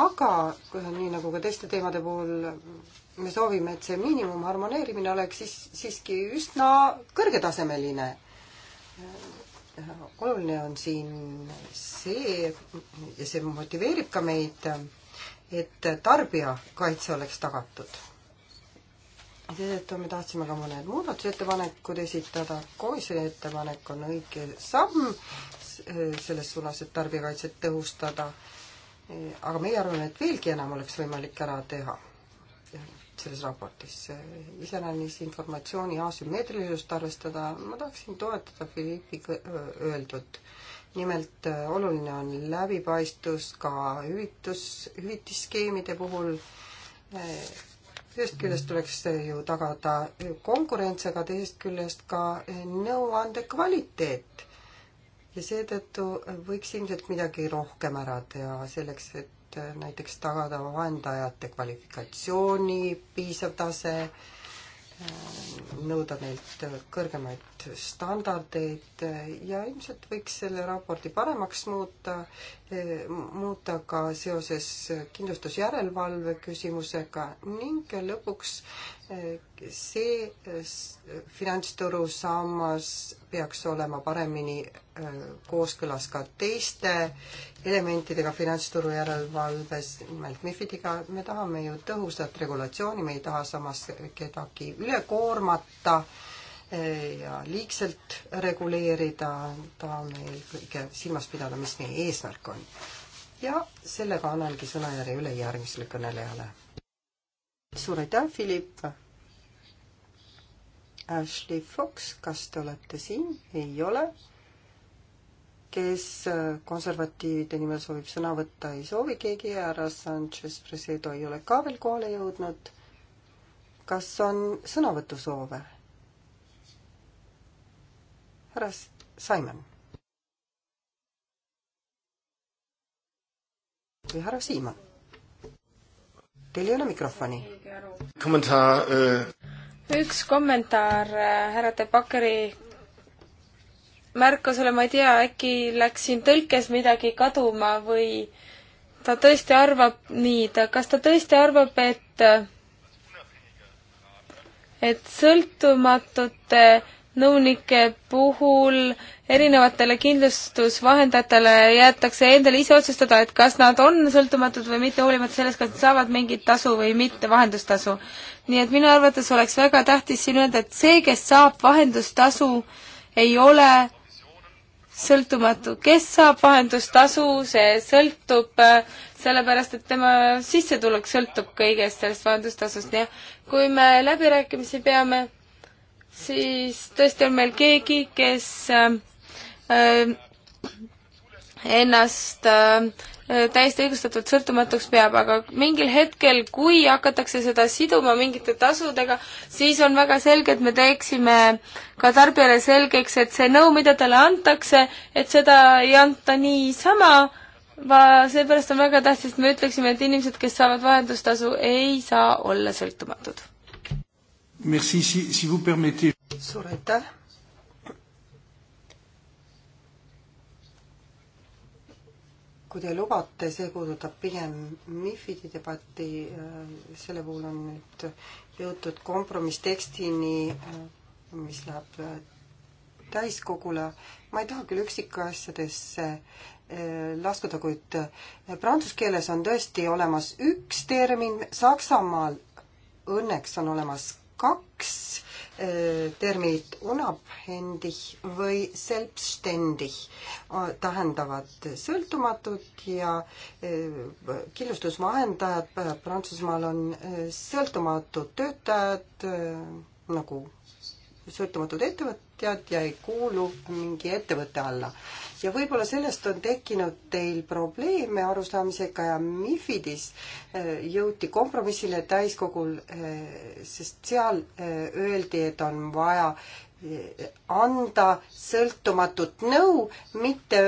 aga nii nagu ka teiste teemade puhul me soovime, et see miinimumharmoneerimine oleks siis siiski üsna kõrgetasemeline. oluline on siin see ja see motiveerib ka meid, et tarbijakaitse oleks tagatud seetõttu me tahtsime ka mõned muudatusettepanekud esitada, komisjoni ettepanek on õige samm selles suunas, et tarbijakaitset tõhustada, aga meie arvame, et veelgi enam oleks võimalik ära teha selles raportis. iseäranis informatsiooni asümmeetrilisust arvestada, ma tahaksin toetada Philippi öeldut. nimelt äh, oluline on läbipaistvus ka hüvitus, hüvitisskeemide puhul äh, ühest küljest tuleks ju tagada konkurents, aga teisest küljest ka nõuande kvaliteet. ja seetõttu võiks ilmselt midagi rohkem ära teha selleks, et näiteks tagada vahendajate kvalifikatsiooni piisav tase, nõuda neilt kõrgemaid standardeid ja ilmselt võiks selle raporti paremaks muuta, muuta ka seoses kindlustusjärelevalve küsimusega ning lõpuks see äh, äh, finantsturu sammas peaks olema paremini äh, kooskõlas ka teiste elementidega finantsturu järelevalves, nimelt MIFIDiga, me tahame ju tõhusat regulatsiooni, me ei taha samas kedagi üle koormata ja liigselt reguleerida, tahame eelkõige silmas pidada, mis meie eesmärk on. ja sellega annangi sõnajärje üle järgmisele kõnelejale suur aitäh, Philipp. Ashley Fox, kas te olete siin? ei ole. kes äh, konservatiivide nimel soovib sõna võtta, ei soovi keegi, härra Sanchez Presedo ei ole ka veel kohale jõudnud. kas on sõnavõtusoove? härra Simon. või härra Siimann? Teil ei ole mikrofoni. kommentaar äh.... üks kommentaar äh, härra De Bakkeri märkusele, ma ei tea, äkki läks siin tõlkes midagi kaduma või ta tõesti arvab nii, ta, kas ta tõesti arvab, et et sõltumatute nõunike puhul erinevatele kindlustusvahendajatele jäetakse endale ise otsustada, et kas nad on sõltumatud või mitte, hoolimata sellest, kas nad saavad mingit tasu või mitte, vahendustasu. nii et minu arvates oleks väga tähtis siin öelda, et see, kes saab vahendustasu, ei ole sõltumatu, kes saab vahendustasu, see sõltub äh, sellepärast, et tema sissetulek sõltub kõigest sellest vahendustasust ja kui me läbirääkimisi peame, siis tõesti on meil keegi, kes äh, äh, ennast äh, täiesti õigustatult sõltumatuks peab, aga mingil hetkel, kui hakatakse seda siduma mingite tasudega, siis on väga selge, et me teeksime ka tarbijale selgeks, et see nõu, mida talle antakse, et seda ei anta niisama, va-, seepärast on väga tähtis, et me ütleksime, et inimesed, kes saavad vahendustasu, ei saa olla sõltumatud Merci, si, si vous permettez. suur aitäh. kui te lubate, see puudutab pigem MIFID-i debatti, äh, selle puhul on nüüd jõutud kompromisstekstini, äh, mis läheb äh, täiskogule. ma ei taha küll üksikasjadesse laskuda, kuid prantsuse keeles on tõesti olemas üks termin, Saksamaal õnneks on olemas kaks äh, terminit unabhändih või selbstständig äh, tähendavad sõltumatut ja äh, killustusvahendajad Prantsusmaal on sõltumatud töötajad nagu sõltumatud ettevõtted, ettevõtjad ja ei kuulu mingi ettevõtte alla. ja võib-olla sellest on tekkinud teil probleeme arusaamisega ja MIFIDis äh, jõuti kompromissile täiskogul, äh, sest seal äh, öeldi, et on vaja anda sõltumatut nõu, mitte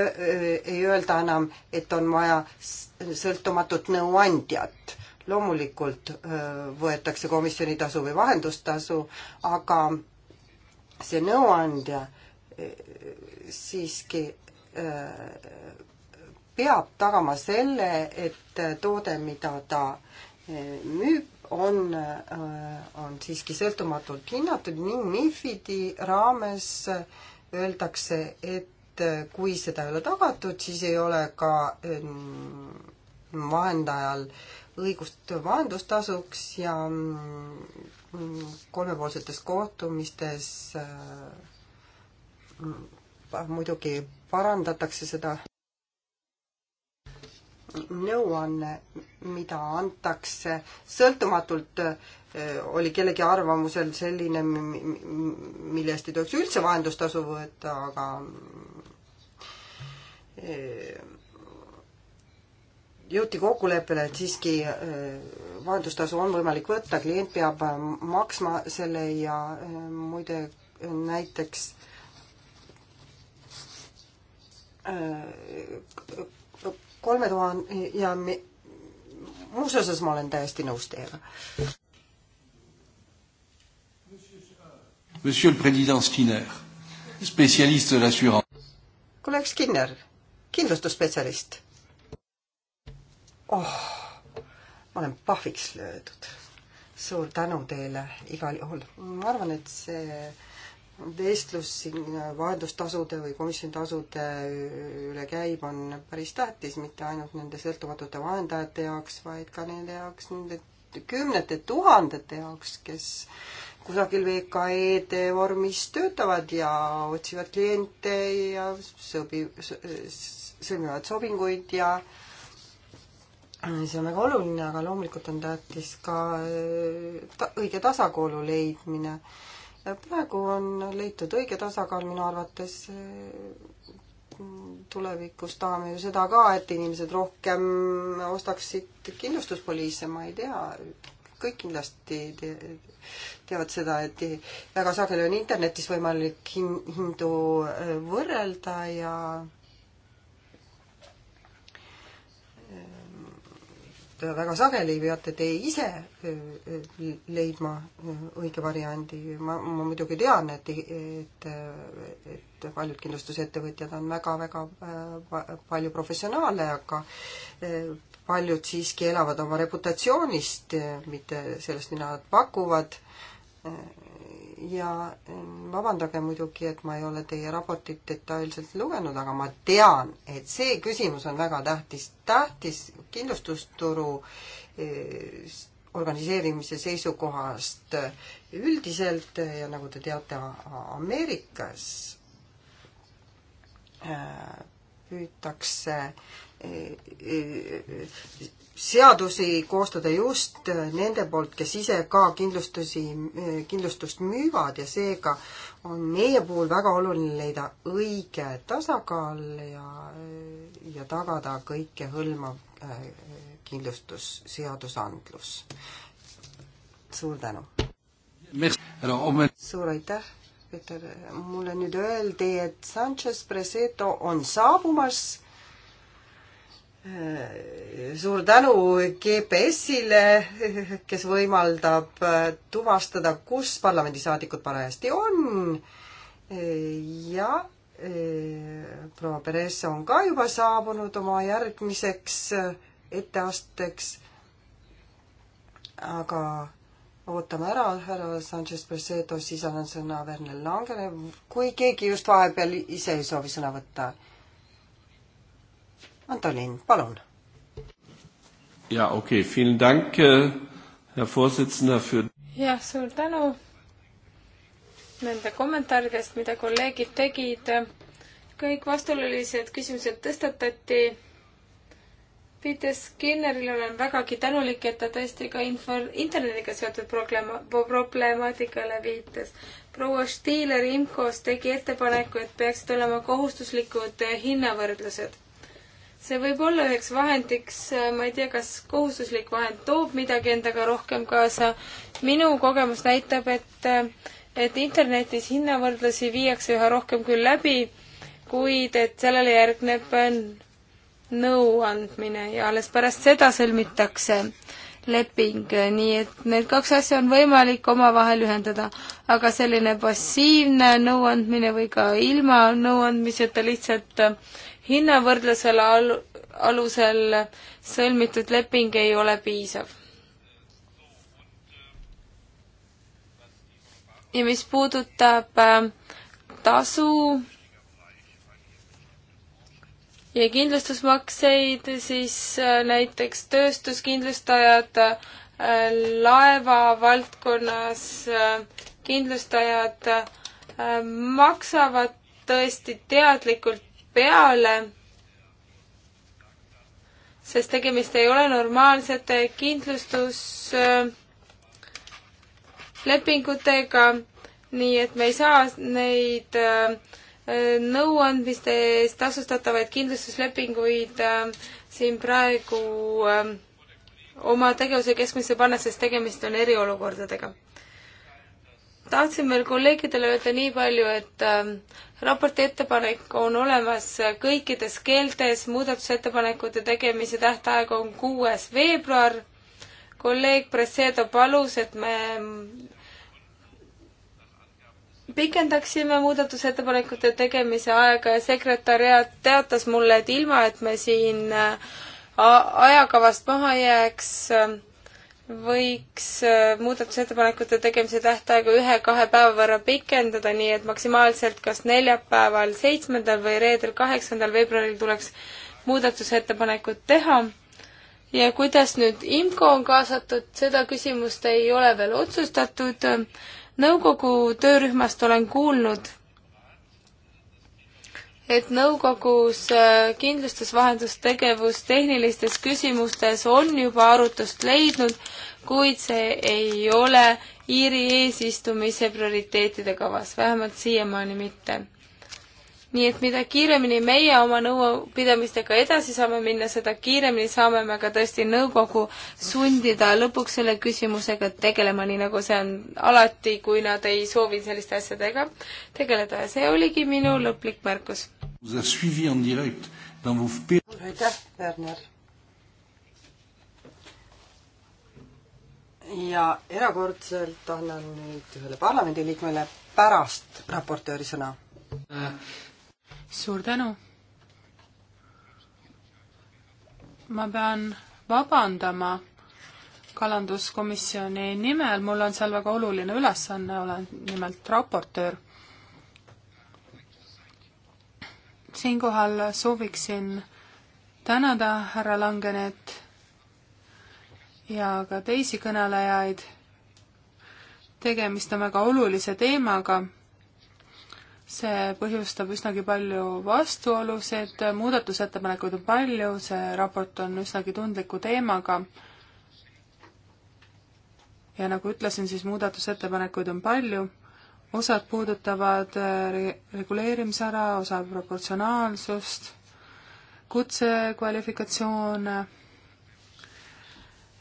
ei öelda enam, et on vaja sõltumatut nõuandjat. loomulikult võetakse komisjonitasu või vahendustasu, aga see nõuandja eh, siiski eh, peab tagama selle, et toode, mida ta eh, müüb, on, on siiski sõltumatult hinnatud ning MIFID-i raames öeldakse, et kui seda ei ole tagatud, siis ei ole ka vahendajal õigust vahendustasuks ja mm, kolmepoolsetes kohtumistes äh, muidugi parandatakse seda nõuanne, mida antakse, sõltumatult äh, oli kellegi arvamusel selline, mille eest ei tohiks üldse vahendustasu võtta, aga äh, jõuti kokkuleppele, et siiski äh, vahendustasu on võimalik võtta, klient peab äh, maksma selle ja äh, muide näiteks kolme tuhande ja me, muus osas ma olen täiesti nõus teiega. Monsieur le Président Skinner, spetsialist de l'assurance. kolleeg Skinner, kindlustusspetsialist oh, ma olen pahviks löödud. suur tänu teile igal juhul. ma arvan, et see vestlus siin vahendustasude või komisjonitasude üle käib, on päris tähtis, mitte ainult nende sõltumatute vahendajate jaoks, vaid ka nende jaoks, nende kümnete tuhandete jaoks, kes kusagil VKE-de vormis töötavad ja otsivad kliente ja sobi-, sõlmivad sobinguid ja äh, see on väga oluline, aga loomulikult on tähtis ka äh, ta-, õige tasakaalu leidmine. praegu on leitud õige tasakaal minu arvates, äh, tulevikus tahame ju seda ka, et inimesed rohkem ostaksid kindlustuspoliise, ma ei tea, kõik kindlasti te teavad seda, et väga sageli on internetis võimalik hin hindu äh, võrrelda ja et väga sageli peate te ise leidma õige variandi. ma, ma muidugi tean, et, et, et paljud kindlustusettevõtjad on väga-väga äh, palju professionaale, aga äh, paljud siiski elavad oma reputatsioonist, äh, mitte sellest, mida nad pakuvad. ja vabandage muidugi, et ma ei ole teie raportit detailselt lugenud, aga ma tean, et see küsimus on väga tähtis, tähtis kindlustusturu eh, organiseerimise seisukohast üldiselt ja nagu te teate, Ameerikas eh, püütakse eh, seadusi koostada just nende poolt, kes ise ka kindlustusi, kindlustust müüvad ja seega on meie puhul väga oluline leida õige tasakaal ja, ja tagada kõike hõlmav äh, kindlustusseadusandlus. suur tänu! suur aitäh, Peeter, mulle nüüd öeldi, et Sanchez Preseto on saabumas Äh, suur tänu GPS-ile, kes võimaldab äh, tuvastada, kus parlamendisaadikud parajasti on. Äh, ja proua Perez on ka juba saabunud oma järgmiseks etteasteks. aga ootame ära härra Sanchez Presedo, siis annan sõna Verne Langele, kui keegi just vahepeal ise ei soovi sõna võtta Antolin, palun. ja okei okay., vielen dank, härra äh, Vorsitzender für. jah, suur tänu nende kommentaaridest, mida kolleegid tegid. kõik vastuolulised küsimused tõstatati. Peter Skinnerile olen vägagi tänulik, et ta tõesti ka info, internetiga seotud problema-, problemaatikale viitas proua Stiiler IMCO-s tegi ettepaneku, et peaksid olema kohustuslikud hinnavõrdlused see võib olla üheks vahendiks, ma ei tea, kas kohustuslik vahend toob midagi endaga rohkem kaasa. minu kogemus näitab, et, et internetis hinnavõrdlusi viiakse üha rohkem küll läbi, kuid et sellele järgneb nõuandmine ja alles pärast seda sõlmitakse leping, nii et need kaks asja on võimalik omavahel ühendada. aga selline passiivne nõuandmine või ka ilma nõuandmiseta lihtsalt äh, hinnavõrdlusele al-, alusel sõlmitud leping ei ole piisav. ja mis puudutab äh, tasu ja kindlustusmakseid, siis äh, näiteks tööstuskindlustajad, äh, laevavaldkonnas äh, kindlustajad maksavad tõesti teadlikult peale, sest tegemist ei ole normaalsete kindlustuslepingutega, nii et me ei saa neid äh, nõuandmiste eest tasustatavaid kindlustuslepinguid ähm, siin praegu ähm, oma tegevuse keskmisse panna, sest tegemist on eriolukordadega. tahtsin veel kolleegidele öelda nii palju, et ähm, raporti ettepanek on olemas kõikides keeltes, muudatusettepanekute tegemise tähtaeg on kuues veebruar kolleeg Presedo palus, et me pikendaksime muudatusettepanekute tegemise aega ja sekretäriaat teatas mulle, et ilma, et me siin äh, ajakavast maha jääks, äh, võiks äh, muudatusettepanekute tegemise tähtaega ühe-kahe päeva võrra pikendada, nii et maksimaalselt kas neljapäeval, seitsmendal või reedel, kaheksandal veebruaril tuleks muudatusettepanekud teha. ja kuidas nüüd IMCO on kaasatud, seda küsimust ei ole veel otsustatud nõukogu töörühmast olen kuulnud, et nõukogus äh, kindlustusvahendustegevus tehnilistes küsimustes on juba arutust leidnud, kuid see ei ole Iiri eesistumise prioriteetide kavas, vähemalt siiamaani mitte nii et mida kiiremini meie oma nõupidamistega edasi saame minna, seda kiiremini saame me ka tõesti nõukogu sundida lõpuks selle küsimusega tegelema, nii nagu see on alati, kui nad ei soovi selliste asjadega tegeleda ja see oligi minu lõplik märkus. aitäh, Werner! ja erakordselt annan nüüd ühele parlamendiliikmele pärast raportööri sõna äh, suur tänu. ma pean vabandama kalanduskomisjoni nimel, mul on seal väga oluline ülesanne, olen nimelt raportöör. siinkohal sooviksin tänada härra Langenet ja ka teisi kõnelejaid. tegemist on väga olulise teemaga see põhjustab üsnagi palju vastuolusid, muudatusettepanekuid on palju, see raport on üsnagi tundliku teemaga. ja nagu ütlesin, siis muudatusettepanekuid on palju, osad puudutavad äh, reguleerimisala, osa proportsionaalsust, kutsekvalifikatsioone,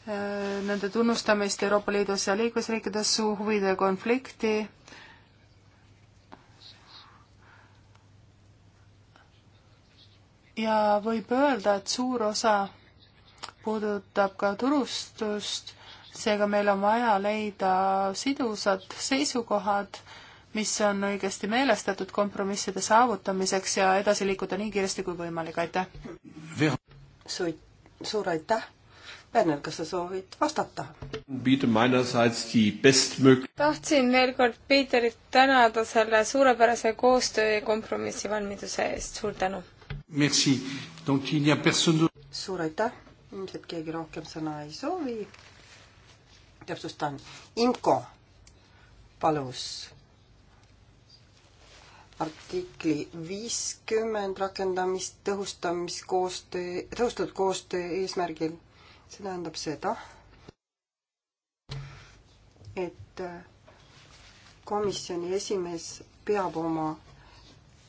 äh, nende tunnustamist Euroopa Liidus ja liikmesriikides, huvide konflikti, ja võib öelda, et suur osa puudutab ka turustust, seega meil on vaja leida sidusad seisukohad, mis on õigesti meelestatud kompromisside saavutamiseks ja edasi liikuda nii kiiresti kui võimalik, aitäh! Su-, suur aitäh! Werner, kas sa soovid vastata? tahtsin veel kord Peeterit tänada selle suurepärase koostöö ja kompromissivalmiduse eest, suur tänu! suur aitäh, ilmselt keegi rohkem sõna ei soovi. täpsustan, IMCO palus artikli viiskümmend rakendamist tõhustamiskoostöö, tõhustatud koostöö eesmärgil. see tähendab seda, et komisjoni esimees peab oma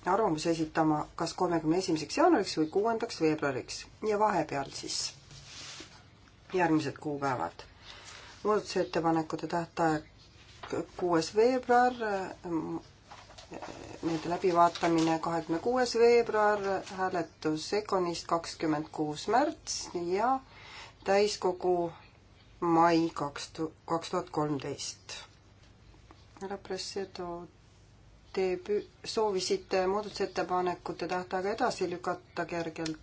arvamuse esitama kas kolmekümne esimeseks jaanuariks või kuuendaks veebruariks ja vahepeal siis järgmised kuupäevad. muudatusettepanekute tähtaeg kuues veebruar, nende läbivaatamine kahekümne kuues veebruar, hääletus Econist kakskümmend kuus märts ja täiskogu mai kaks, kaks tuhat kolmteist. härra Pressedo te soovisite muudatusettepanekute tähtaega edasi lükata kergelt.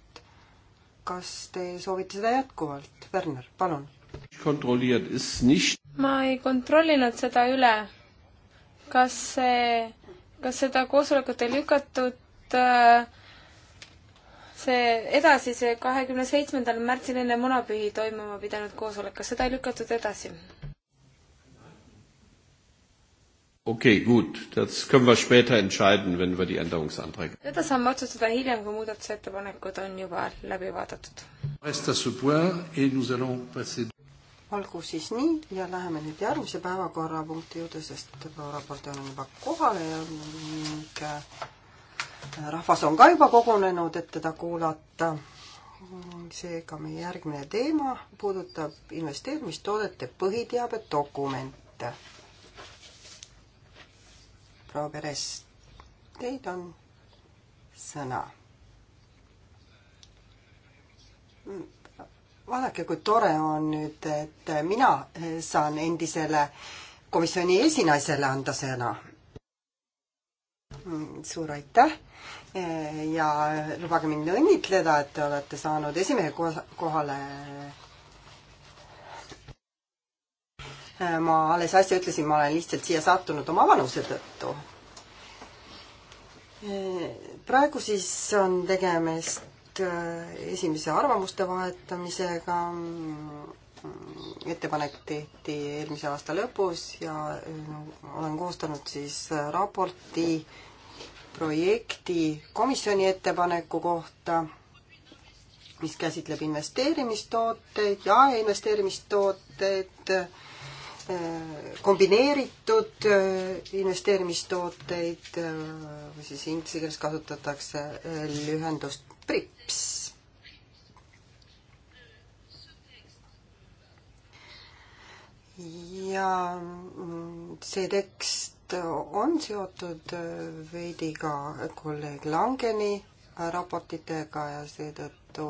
kas te soovite seda jätkuvalt? Werner, palun. ma ei kontrollinud seda üle. kas see, kas seda koosolekut ei lükatud äh, see edasi, see kahekümne seitsmendal märtsil enne munapühi toimuma pidanud koosolek, kas seda ei lükatud edasi? okei okay,, gut, das können wir später entscheiden, wenn wir die Änderungsanträge. seda saame otsustada hiljem, kui muudatusettepanekud on juba läbi vaadatud. olgu siis nii ja läheme nüüd järgmise päevakorrapunkti juurde, sest proua raportöör on juba kohal ja ning äh, rahvas on ka juba kogunenud, et teda kuulata. seega meie järgmine teema puudutab investeerimistoodete põhiteabedokumente proua Peres, teid on sõna. vaadake, kui tore on nüüd, et mina saan endisele komisjoni esinaisele anda sõna. suur aitäh ja lubage mind õnnitleda, et te olete saanud esimehe kohale ma alles äsja ütlesin, ma olen lihtsalt siia sattunud oma vanuse tõttu. praegu siis on tegemist äh, esimese arvamuste vahetamisega. ettepanek tehti eelmise aasta lõpus ja äh, olen koostanud siis raporti projekti komisjoni ettepaneku kohta mis käsitleb investeerimistooteid ja investeerimistooteid Äh, kombineeritud äh, investeerimistooteid, äh, siis inglise keeles kasutatakse lühendust PRIPS. ja mm, see tekst on seotud veidi ka kolleeg Langeni raportitega ja seetõttu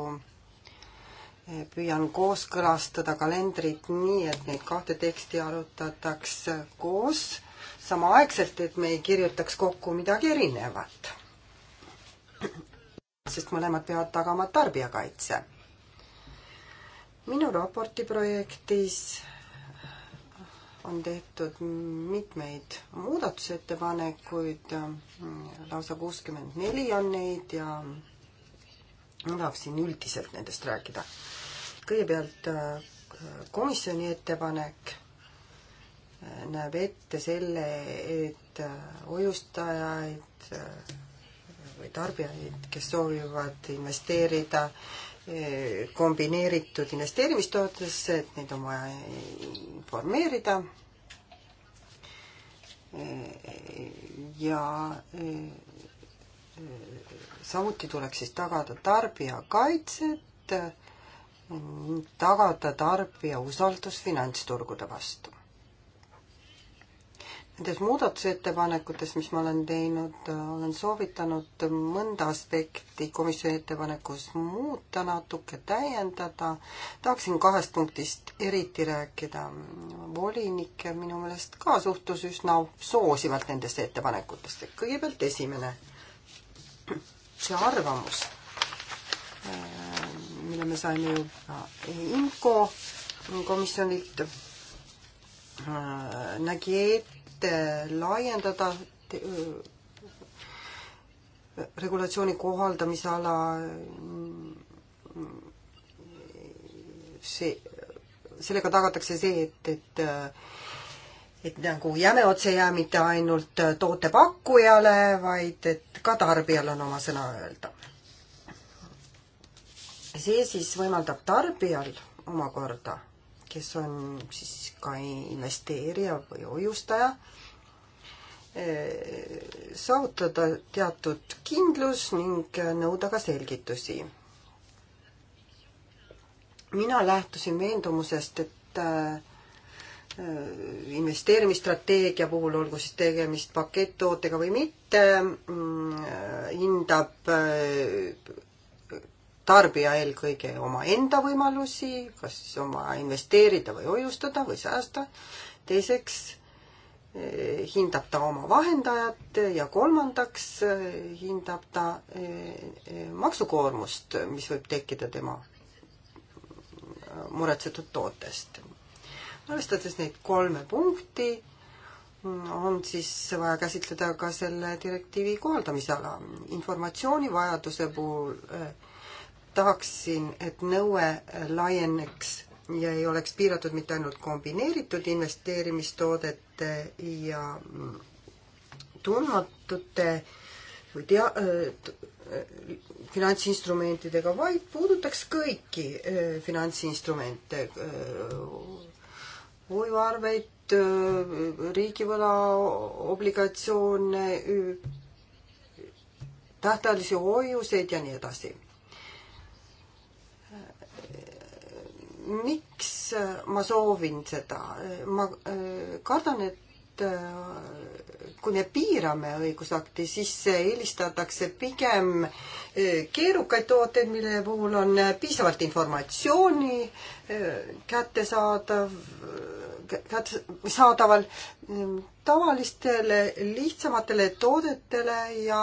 püüan kooskõlastada kalendrit nii, et neid kahte teksti arutataks koos samaaegselt, et me ei kirjutaks kokku midagi erinevat. sest mõlemad peavad tagama tarbijakaitse. minu raporti projektis on tehtud mitmeid muudatusettepanekuid, lausa kuuskümmend neli on neid ja ma tahaksin üldiselt nendest rääkida. kõigepealt äh, komisjoni ettepanek äh, näeb ette selle, et hoiustajaid äh, või tarbijaid, kes soovivad investeerida kombineeritud investeerimistootesse, et neid on vaja informeerida. ja samuti tuleks siis tagada tarbijakaitset, tagada tarbija usaldus finantsturgude vastu. Nendes muudatusettepanekutes, mis ma olen teinud, olen soovitanud mõnda aspekti komisjoni ettepanekus muuta, natuke täiendada. tahaksin kahest punktist eriti rääkida. volinik minu meelest ka suhtus üsna soosivalt nendesse ettepanekutesse. kõigepealt esimene see arvamus, mille me saime ju IMCO komisjonilt, nägi ette laiendada regulatsiooni kohaldamise ala see, sellega tagatakse see, et, et et nagu jäme otse ei jää mitte ainult tootepakkujale, vaid et ka tarbijal on oma sõna öelda. see siis võimaldab tarbijal omakorda, kes on siis ka investeerija või hoiustaja, eh, saavutada teatud kindlus ning nõuda ka selgitusi. mina lähtusin veendumusest, et äh, Äh, investeerimisstrateegia puhul, olgu siis tegemist paketttootega või mitte, mm, äh, hindab äh, tarbija eelkõige omaenda võimalusi, kas oma investeerida või hoiustada või säästa. teiseks hindab ta oma vahendajat ja kolmandaks hindab ta maksukoormust, mis võib tekkida tema muretsetud tootest arvestades neid kolme punkti, on siis vaja käsitleda ka selle direktiivi kohaldamisala. informatsioonivajaduse puhul eh, tahaksin, et nõue laieneks ja ei oleks piiratud mitte ainult kombineeritud investeerimistoodete ja mm, tundmatute või tea-, eh, finantsinstrumentidega, vaid puudutaks kõiki eh, finantsinstrumente, hoiuarveid, äh, riigivõla obligatsioone, tähtajalisi hoiuseid ja nii edasi. miks ma soovin seda? ma äh, kardan, et Äh, kui me piirame õigusakti, siis eelistatakse pigem äh, keerukaid tooteid, mille puhul on äh, piisavalt informatsiooni kättesaadav, kättesaadaval tavalistele lihtsamatele toodetele ja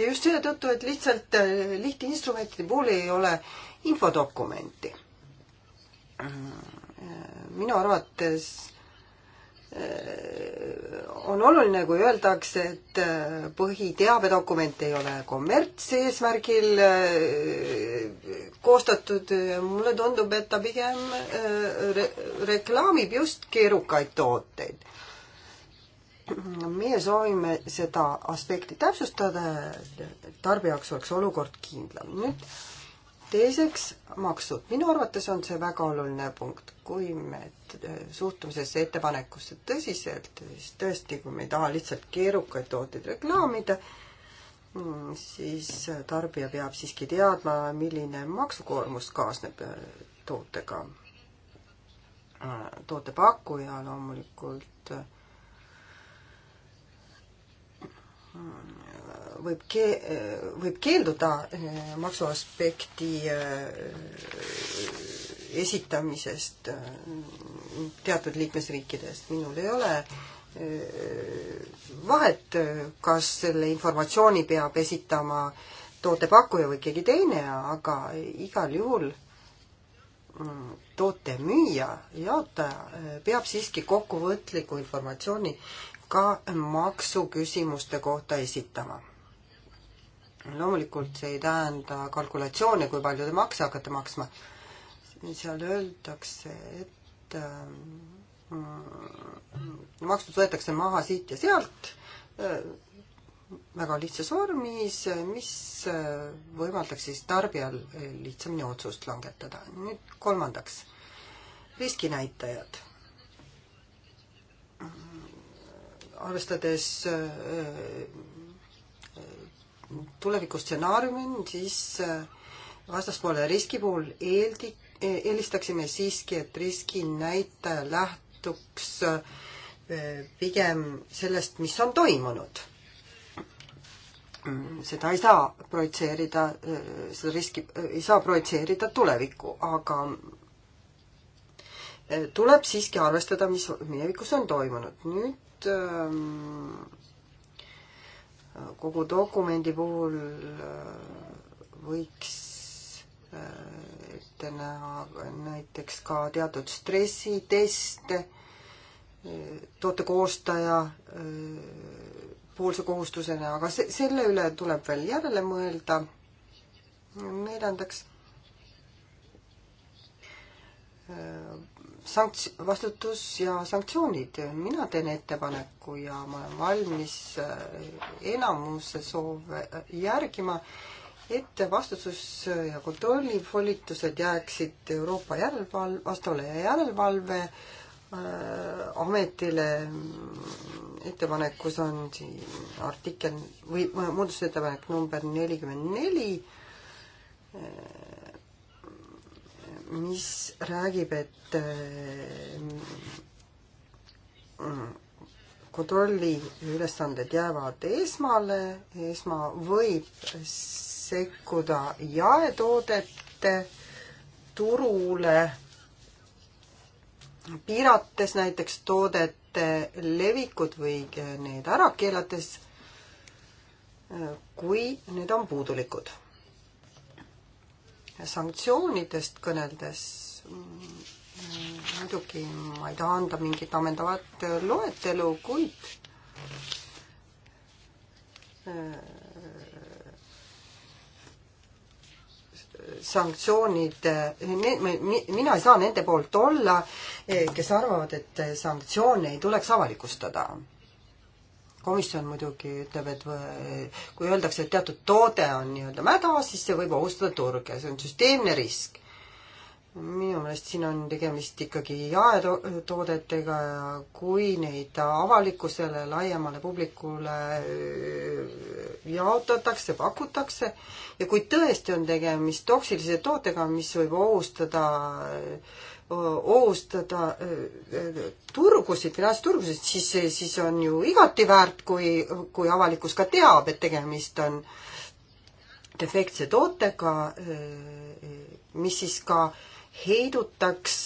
ja just selle tõttu, et lihtsalt lihtinstrumentide puhul ei ole infodokumenti. minu arvates on oluline, kui öeldakse, et põhiteabedokument ei ole kommertseesmärgil äh, koostatud. mulle tundub, et ta pigem äh, re reklaamib just keerukaid tooteid. meie soovime seda aspekti täpsustada, et tarbija jaoks oleks olukord kindlam. nüüd teiseks, maksud. minu arvates on see väga oluline punkt. kui me äh, suhtume sellesse ettepanekusse tõsiselt, siis tõesti, kui me ei taha lihtsalt keerukaid tooteid reklaamida, mm, siis äh, tarbija peab siiski teadma, milline maksukoormus kaasneb äh, tootega. tootepakkuja loomulikult mm, võib ke-, võib keelduda eh, maksuaspekti eh, esitamisest eh, teatud liikmesriikidest. minul ei ole vahet, kas selle informatsiooni peab esitama tootepakkuja või keegi teine, aga igal juhul mm, toote müüja, jaotaja peab siiski kokkuvõtliku informatsiooni ka maksuküsimuste kohta esitama loomulikult see ei tähenda kalkulatsioone, kui palju te makse hakkate maksma. seal öeldakse, et äh, maksud võetakse maha siit ja sealt äh, väga lihtsas vormis, mis äh, võimaldaks siis tarbijal lihtsamini otsust langetada. nüüd kolmandaks, riskinäitajad. arvestades tulevikustsenaariumi, siis äh, vastaspoole riski puhul eeldi, eh, eelistaksime siiski, et riskinäitaja lähtuks äh, pigem sellest, mis on toimunud. Mm, seda ei saa projitseerida, äh, seda riski ei saa projitseerida tulevikku, aga tuleb siiski arvestada, mis minevikus on toimunud. nüüd ähm, kogu dokumendi puhul äh, võiks äh, ette näha näiteks ka teatud stressiteste, äh, toote koostaja poolse kohustusena, aga se-, selle üle tuleb veel järele mõelda. neljandaks sankts-, vastutus ja sanktsioonid. mina teen ettepaneku ja ma olen valmis äh, enamuse soove äh, järgima, et vastutus- ja kontrollivolitused jääksid Euroopa järelevalve, vastavale äh, järelevalve ametile ettepanekus on siin artikkel või muudatusettepanek number nelikümmend neli, mis räägib, et äh, kontrolli ülesanded jäävad esmale, esma võib sekkuda jaetoodete turule, piirates näiteks toodete levikut või need ära keelates, äh, kui need on puudulikud sanktsioonidest kõneldes mm, muidugi ma ei taha anda mingit ammendavat loetelu, kuid äh, sanktsioonid, mina ei saa nende poolt olla, eh, kes arvavad, et sanktsioone ei tuleks avalikustada komisjon muidugi ütleb, et kui öeldakse, et teatud toode on nii-öelda mäda, siis see võib ohustada turge, see on süsteemne risk. minu meelest siin on tegemist ikkagi jaetoodetega ja kui neid avalikkusele, laiemale publikule äh, jaotatakse, pakutakse ja kui tõesti on tegemist toksilise tootega, mis võib ohustada äh, ohustada äh, äh, turgusid, finantsturgusid, siis, siis on ju igati väärt, kui, kui avalikkus ka teab, et tegemist on defektse tootega, äh, mis siis ka heidutaks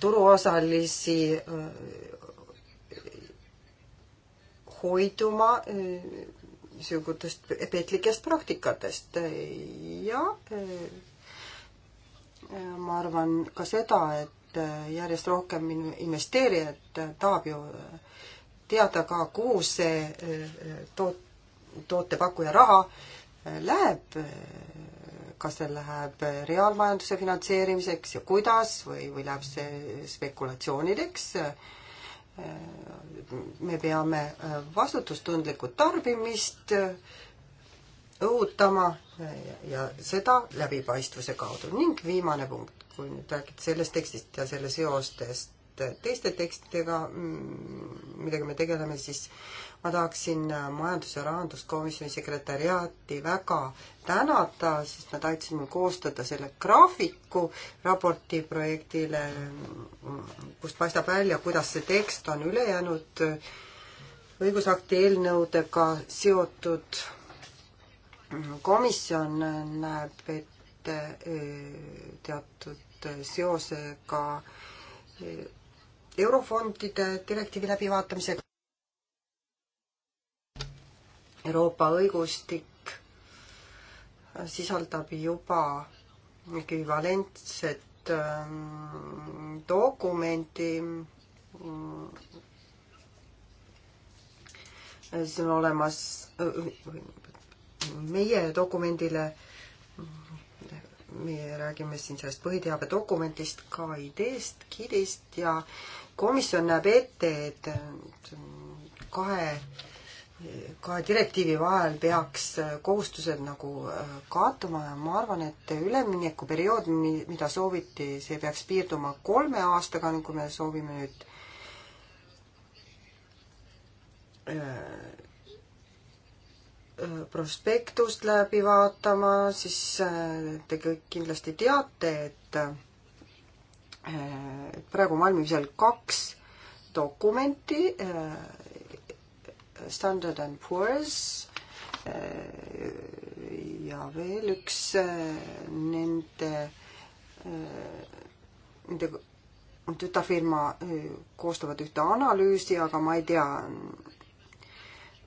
turuosalisi hoiduma niisugustest petlikest praktikatest ja ma arvan ka seda, et järjest rohkem investeerijaid tahab ju teada ka, kuhu see eh, toot-, tootepakkuja raha eh, läheb, kas see läheb reaalmajanduse finantseerimiseks ja kuidas või, või läheb see spekulatsioonideks. Eh, me peame vastutustundlikku tarbimist äh, õhutama ja seda läbipaistvuse kaudu. ning viimane punkt, kui nüüd räägid sellest tekstist ja selle seostest teiste tekstidega, mm, millega me tegeleme, siis ma tahaksin Majandus- ja Rahanduskomisjoni sekretäriaati väga tänada, sest nad aitasid mul koostada selle graafiku raporti projektile, kust paistab välja, kuidas see tekst on ülejäänud õigusakti eelnõudega seotud komisjon näeb ette eh, teatud seose ka eh, eurofondide direktiivi läbivaatamisega. Euroopa õigustik sisaldab juba ekvivalentset ehm, dokumenti. siis on olemas eh, meie dokumendile, meie räägime siin sellest põhiteabedokumentist, KID-st, KID-ist ja komisjon näeb ette, et kahe, kahe direktiivi vahel peaks kohustused nagu äh, kaotuma ja ma arvan, et üleminekuperiood, mida sooviti, see peaks piirduma kolme aastaga, nagu me soovime nüüd äh, prospektust läbi vaatama, siis äh, te kõik kindlasti teate, äh, et praegu on valmimisel kaks dokumenti, äh, Standard and Poor's ja veel üks nende, nende tütarfirma koostavad ühte analüüsi, aga ma ei tea,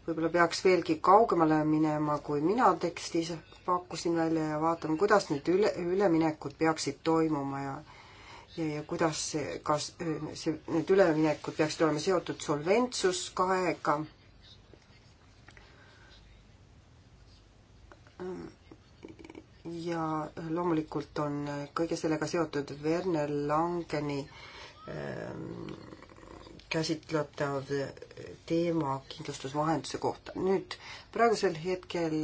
võib-olla peaks veelgi kaugemale minema, kui mina tekstis pakkusin välja ja vaatame, kuidas need üle, üleminekud peaksid toimuma ja ja, ja kuidas see, kas see, need üleminekud peaksid olema seotud solventsus kahega. ja loomulikult on kõige sellega seotud Werner Langeni ähm, käsitletav teema kindlustusvahenduse kohta. nüüd praegusel hetkel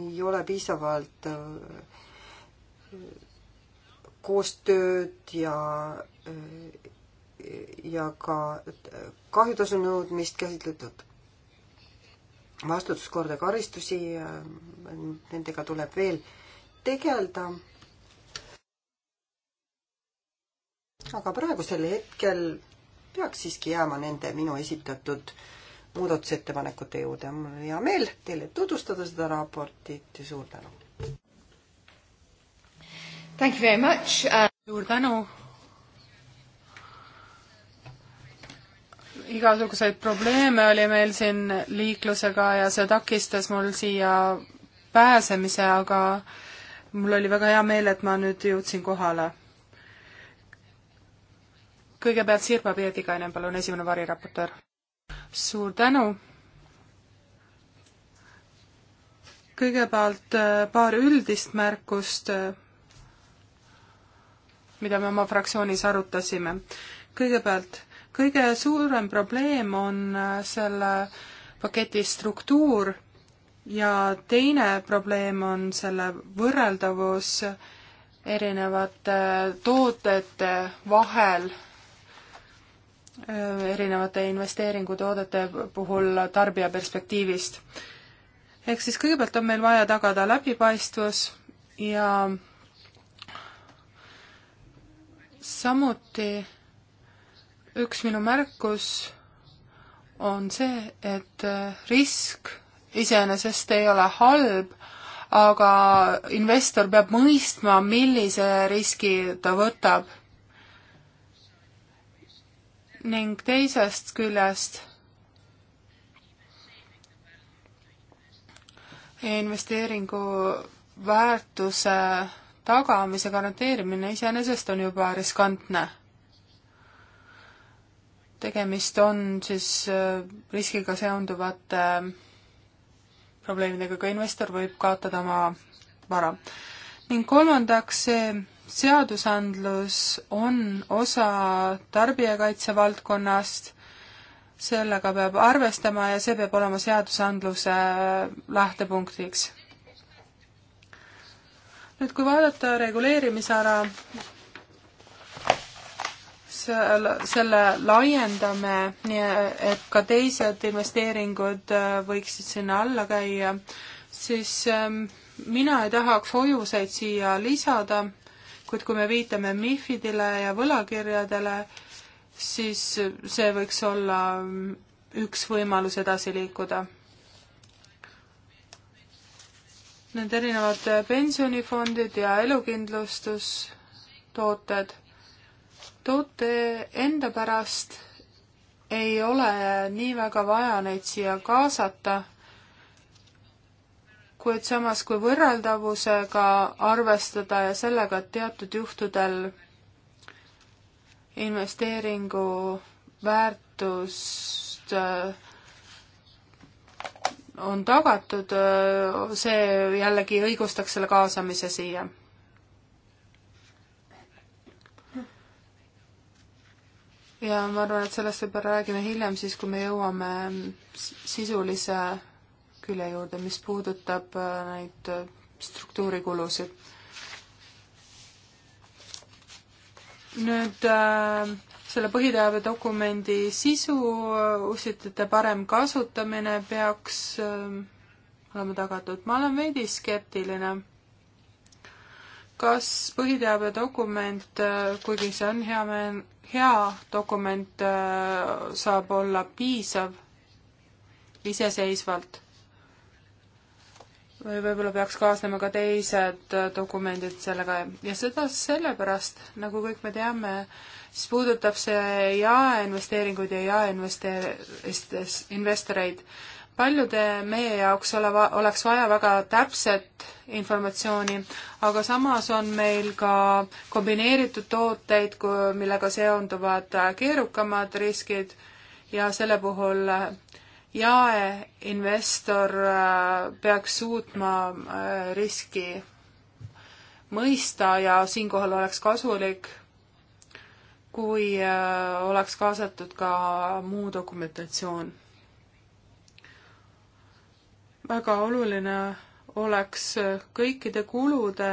ei ole piisavalt äh, koostööd ja äh, ja ka äh, kahjutasu nõudmist käsitletud vastutuskorda karistusi, nendega tuleb veel tegeleda aga praegusel hetkel peaks siiski jääma nende minu esitatud muudatusettepanekute juurde. mul on hea meel teile tutvustada seda raportit ja suur tänu. Thank you very much uh.... suur tänu. igasuguseid probleeme oli meil siin liiklusega ja see takistas mul siia pääsemise, aga mul oli väga hea meel, et ma nüüd jõudsin kohale kõigepealt Sirpa Peetikainen, palun, esimene variraportöör. suur tänu. kõigepealt äh, paar üldist märkust, äh, mida me oma fraktsioonis arutasime. kõigepealt, kõige suurem probleem on äh, selle paketi struktuur ja teine probleem on selle võrreldavus erinevate toodete vahel erinevate investeeringutoodete puhul tarbija perspektiivist. ehk siis kõigepealt on meil vaja tagada läbipaistvus ja samuti üks minu märkus on see, et risk iseenesest ei ole halb, aga investor peab mõistma, millise riski ta võtab ning teisest küljest investeeringu väärtuse tagamise garanteerimine iseenesest on juba riskantne. tegemist on siis äh, riskiga seonduvate äh, probleemidega, ka investor võib kaotada oma vara. ning kolmandaks see seadusandlus on osa tarbijakaitse valdkonnast, sellega peab arvestama ja see peab olema seadusandluse lähtepunktiks. nüüd, kui vaadata reguleerimisala, selle laiendame, nii et ka teised investeeringud äh, võiksid sinna alla käia, siis ähm, mina ei tahaks hoiuseid siia lisada kuid kui me viitame MIFIDile ja võlakirjadele, siis see võiks olla üks võimalus edasi liikuda. Need erinevad pensionifondid ja elukindlustustooted, toote enda pärast ei ole nii väga vaja neid siia kaasata kuid samas kui võrreldavusega arvestada ja sellega, et teatud juhtudel investeeringu väärtust äh, on tagatud, äh, see jällegi õigustaks selle kaasamise siia. ja ma arvan, et sellest võib-olla räägime hiljem siis, kui me jõuame sisulise külje juurde, mis puudutab äh, neid äh, struktuurikulusid. nüüd äh, selle põhiteabedokumendi sisu, äh, ussitajate parem kasutamine peaks äh, olema tagatud. ma olen veidi skeptiline. kas põhiteabedokument äh,, kuigi see on hea me-, hea dokument, saab olla piisav iseseisvalt? võib-olla peaks kaasnema ka teised äh, dokumendid sellega ja seda sellepärast, nagu kõik me teame, siis puudutab see jaeinvesteeringuid ja jaeinvesteerinvestoreid. paljude meie jaoks oleva, oleks vaja väga täpset informatsiooni, aga samas on meil ka kombineeritud tooteid, millega seonduvad äh, keerukamad riskid ja selle puhul äh, jaeinvestor äh, peaks suutma äh, riski mõista ja siinkohal oleks kasulik, kui äh, oleks kaasatud ka muu dokumentatsioon. väga oluline oleks kõikide kulude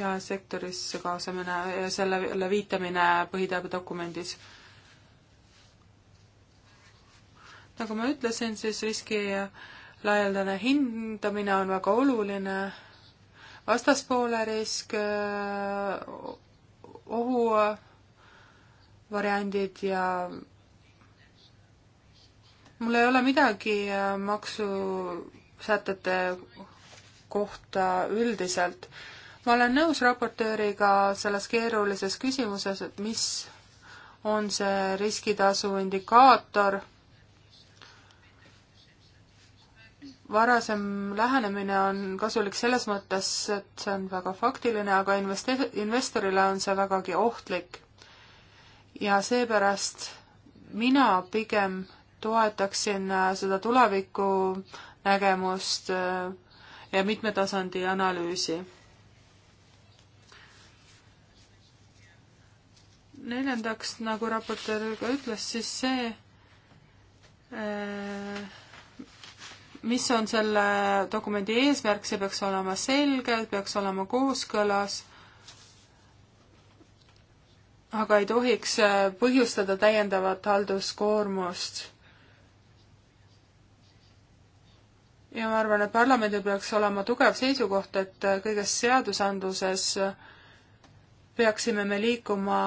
ja sektorisse kaasamine ja sellele viitamine põhiteabedokumendis nagu ma ütlesin, siis riski laialdane hindamine on väga oluline, vastaspoole risk, eh, ohuvariandid ja mul ei ole midagi eh, maksusätete kohta üldiselt. ma olen nõus raportööriga selles keerulises küsimuses, et mis on see riskitasu indikaator varasem lähenemine on kasulik selles mõttes, et see on väga faktiline, aga investe-, investorile on see vägagi ohtlik. ja seepärast mina pigem toetaksin äh, seda tuleviku nägemust äh, ja mitme tasandi analüüsi. neljandaks, nagu raportöör ka ütles, siis see äh, mis on selle dokumendi eesmärk, see peaks olema selge, peaks olema kooskõlas, aga ei tohiks äh, põhjustada täiendavat halduskoormust. ja ma arvan, et parlamendil peaks olema tugev seisukoht, et äh, kõiges seadusandluses äh, peaksime me liikuma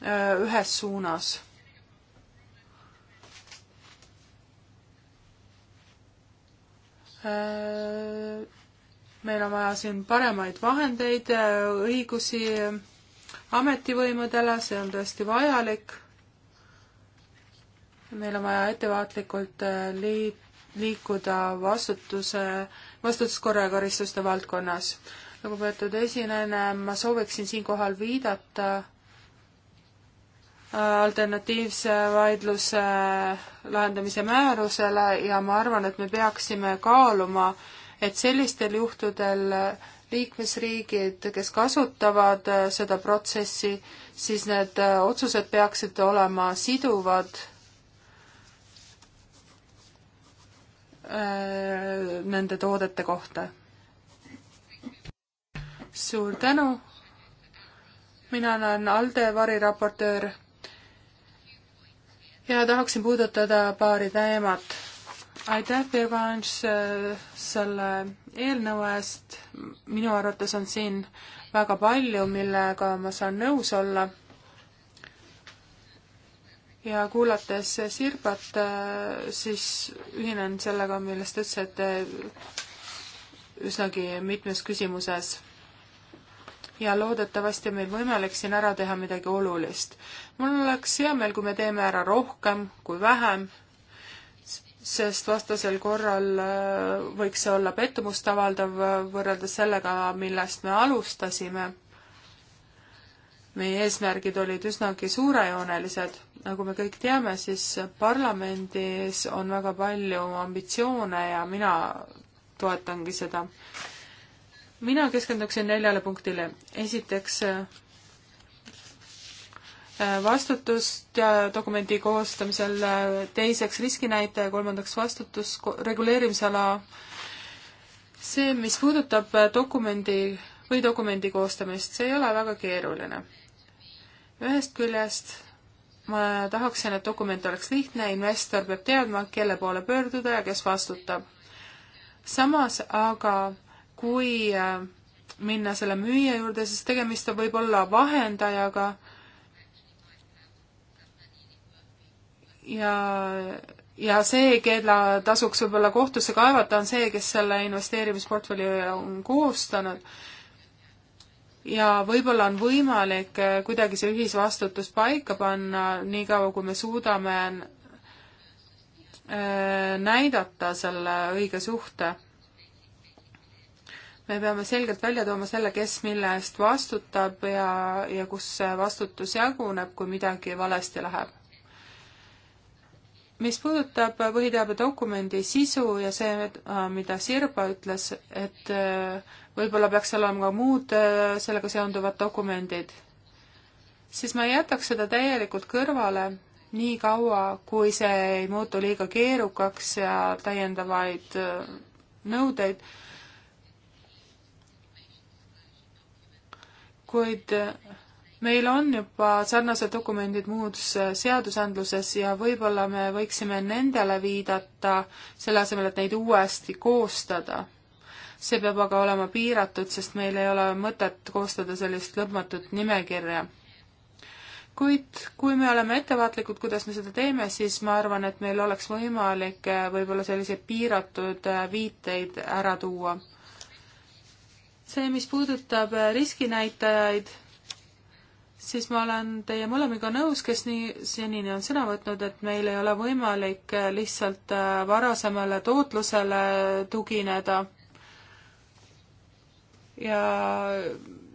ühes suunas Äh, meil on vaja siin paremaid vahendeid, äh, õigusi ametivõimudele, see on tõesti vajalik. meil on vaja ettevaatlikult äh, liit-, liikuda vastutuse, vastutuskorra karistuste valdkonnas. lugupeetud esinejana ma sooviksin siinkohal viidata alternatiivse vaidluse lahendamise määrusele ja ma arvan, et me peaksime kaaluma, et sellistel juhtudel liikmesriigid, kes kasutavad äh, seda protsessi, siis need äh, otsused peaksid olema siduvad äh, nende toodete kohta. suur tänu! mina olen Alde variraportöör ja tahaksin puudutada paari teemat. aitäh, Birvanš, selle eelnõu eest. minu arvates on siin väga palju, millega ma saan nõus olla. ja kuulates Sirbat, siis ühinen sellega, millest ta ütles, et üsnagi mitmes küsimuses ja loodetavasti on meil võimalik siin ära teha midagi olulist. mul oleks hea meel, kui me teeme ära rohkem kui vähem, sest vastasel korral äh, võiks see olla pettumust avaldav äh, võrreldes sellega, millest me alustasime. meie eesmärgid olid üsnagi suurejoonelised, nagu me kõik teame, siis parlamendis on väga palju ambitsioone ja mina toetangi seda mina keskenduksin neljale punktile. esiteks äh, vastutust dokumendi koostamisel, äh, teiseks riskinäitaja, kolmandaks vastutus, reguleerimisala. see, mis puudutab äh, dokumendi või dokumendi koostamist, see ei ole väga keeruline. ühest küljest ma tahaksin, et dokument oleks lihtne, investor peab teadma, kelle poole pöörduda ja kes vastutab. samas aga kui äh, minna selle müüja juurde, siis tegemist võib olla vahendajaga ja, ja see, keda tasuks võib-olla kohtusse kaevata, on see, kes selle investeerimisportfelli on koostanud ja võib-olla on võimalik äh, kuidagi see ühisvastutus paika panna, niikaua kui me suudame äh, näidata selle õige suhte me peame selgelt välja tooma selle, kes mille eest vastutab ja, ja kus see vastutus jaguneb, kui midagi valesti läheb. mis puudutab põhiteabedokumendi sisu ja see, äh, mida Sirba ütles, et äh, võib-olla peaks seal olema ka muud äh, sellega seonduvad dokumendid, siis ma ei jätaks seda täielikult kõrvale nii kaua, kui see ei muutu liiga keerukaks ja täiendavaid nõudeid kuid äh, meil on juba sarnased dokumendid muus äh, seadusandluses ja võib-olla me võiksime nendele viidata, selle asemel, et neid uuesti koostada. see peab aga olema piiratud, sest meil ei ole mõtet koostada sellist lõpmatut nimekirja. kuid kui me oleme ettevaatlikud, kuidas me seda teeme, siis ma arvan, et meil oleks võimalik äh, võib-olla selliseid piiratud viiteid ära tuua see, mis puudutab äh, riskinäitajaid, siis ma olen teie mõlemiga nõus, kes nii senini on sõna võtnud, et meil ei ole võimalik äh, lihtsalt äh, varasemale tootlusele tugineda. ja,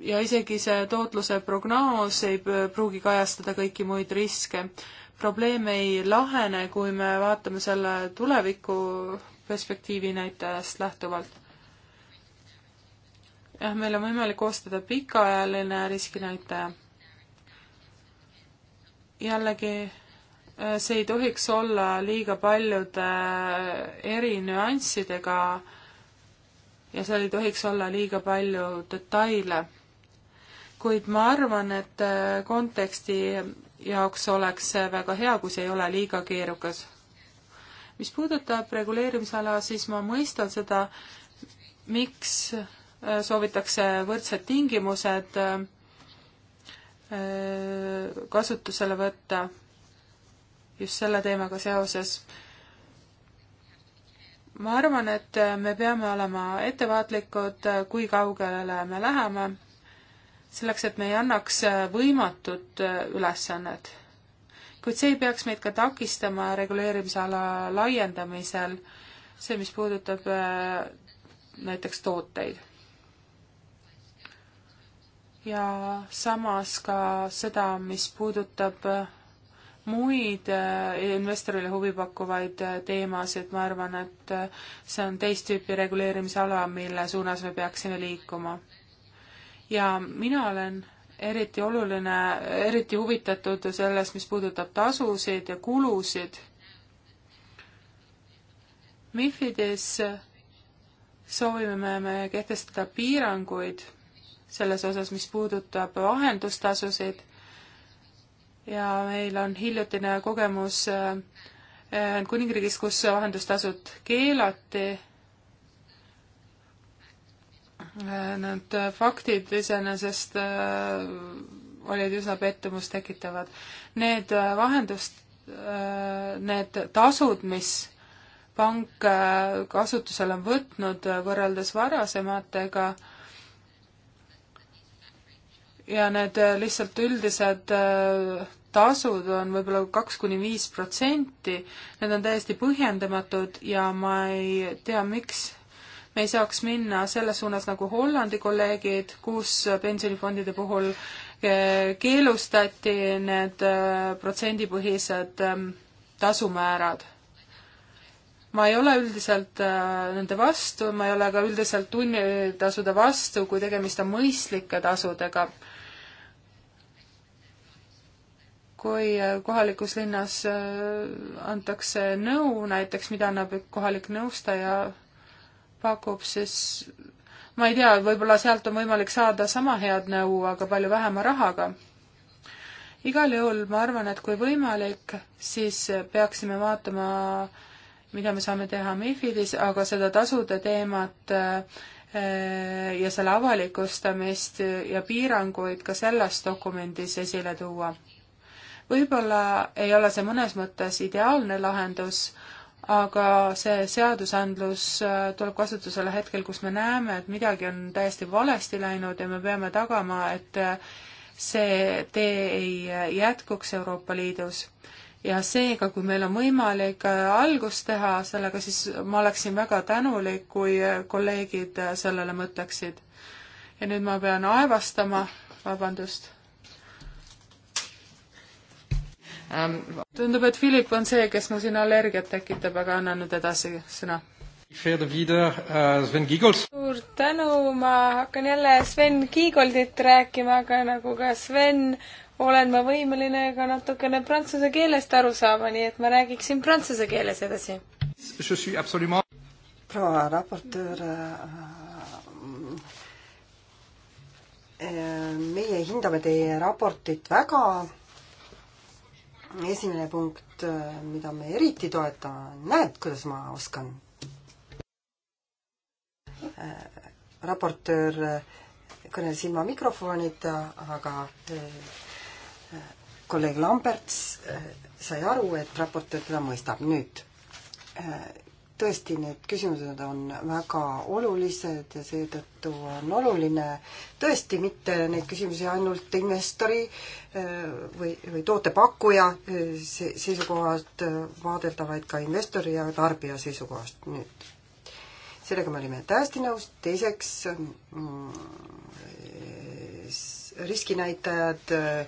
ja isegi see tootluse prognoos ei pruugi kajastada kõiki muid riske. probleem ei lahene, kui me vaatame selle tuleviku perspektiivi näitajast lähtuvalt jah, meil on võimalik koostada pikaajaline riskinäitaja. jällegi, äh, see ei tohiks olla liiga paljude äh, erinüanssidega ja seal ei tohiks olla liiga palju detaile. kuid ma arvan, et äh, konteksti jaoks oleks see väga hea, kui see ei ole liiga keerukas. mis puudutab reguleerimisala, siis ma mõistan seda, miks soovitakse võrdsed tingimused äh, kasutusele võtta just selle teemaga seoses. ma arvan, et me peame olema ettevaatlikud, kui kaugele me läheme, selleks et me ei annaks võimatut ülesannet. kuid see ei peaks meid ka takistama reguleerimisala laiendamisel, see, mis puudutab äh, näiteks tooteid ja samas ka seda, mis puudutab äh, muid äh, investorile huvipakkuvaid äh, teemasid, ma arvan, et see on teist tüüpi reguleerimise ala, mille suunas me peaksime liikuma. ja mina olen eriti oluline, eriti huvitatud sellest, mis puudutab tasusid ja kulusid. MIFIDis soovime me kehtestada piiranguid selles osas, mis puudutab vahendustasusid ja meil on hiljutine kogemus äh, Ühendkuningriigis, kus vahendustasud keelati. Äh, need faktid iseenesest äh, olid üsna pettumust tekitavad. Need vahendust, need tasud, mis pank kasutusele on võtnud võrreldes varasematega, ja need äh, lihtsalt üldised äh, tasud on võib-olla kaks kuni viis protsenti, need on täiesti põhjendamatud ja ma ei tea, miks me ei saaks minna selles suunas nagu Hollandi kolleegid, kus pensionifondide puhul äh, keelustati need protsendipõhised ähm, tasumäärad. ma ei ole üldiselt nende vastu, ma ei ole ka üldiselt tunnitasude vastu, kui tegemist on mõistlike tasudega kui äh, kohalikus linnas äh, antakse nõu näiteks, mida annab kohalik nõustaja, pakub, siis ma ei tea, võib-olla sealt on võimalik saada sama head nõu, aga palju vähema rahaga. igal juhul ma arvan, et kui võimalik, siis peaksime vaatama, mida me saame teha MIFIDis, aga seda tasude teemat äh, ja selle avalikustamist ja piiranguid ka selles dokumendis esile tuua võib-olla ei ole see mõnes mõttes ideaalne lahendus, aga see seadusandlus äh, tuleb kasutusele hetkel, kus me näeme, et midagi on täiesti valesti läinud ja me peame tagama, et äh, see tee ei äh, jätkuks Euroopa Liidus. ja seega, kui meil on võimalik algust teha sellega, siis ma oleksin väga tänulik, kui kolleegid sellele mõtleksid. ja nüüd ma pean aevastama, vabandust Ähm, tundub, et Philip on see, kes mul siin allergiat tekitab, aga annan nüüd edasi sõna. Äh, suur tänu, ma hakkan jälle Sven Kiigoldit rääkima, aga nagu ka Sven, olen ma võimeline ka natukene prantsuse keelest aru saama, nii et ma räägiksin prantsuse keeles edasi. proua raportöör äh, äh, meie hindame teie raportit väga esimene punkt, äh, mida me eriti toetame, näed, kuidas ma oskan. Äh, raportöör äh, kõneles ilma mikrofonita, aga kolleeg Lamberts sai aru, et raportöör teda mõistab. nüüd tõesti, need küsimused on väga olulised ja seetõttu on oluline tõesti mitte neid küsimusi ainult investori äh, või, või tootepakkuja äh, seisukohast äh, vaadelda, vaid ka investori ja tarbija seisukohast. nüüd, sellega me olime täiesti nõus, teiseks mm, riskinäitajad, eh,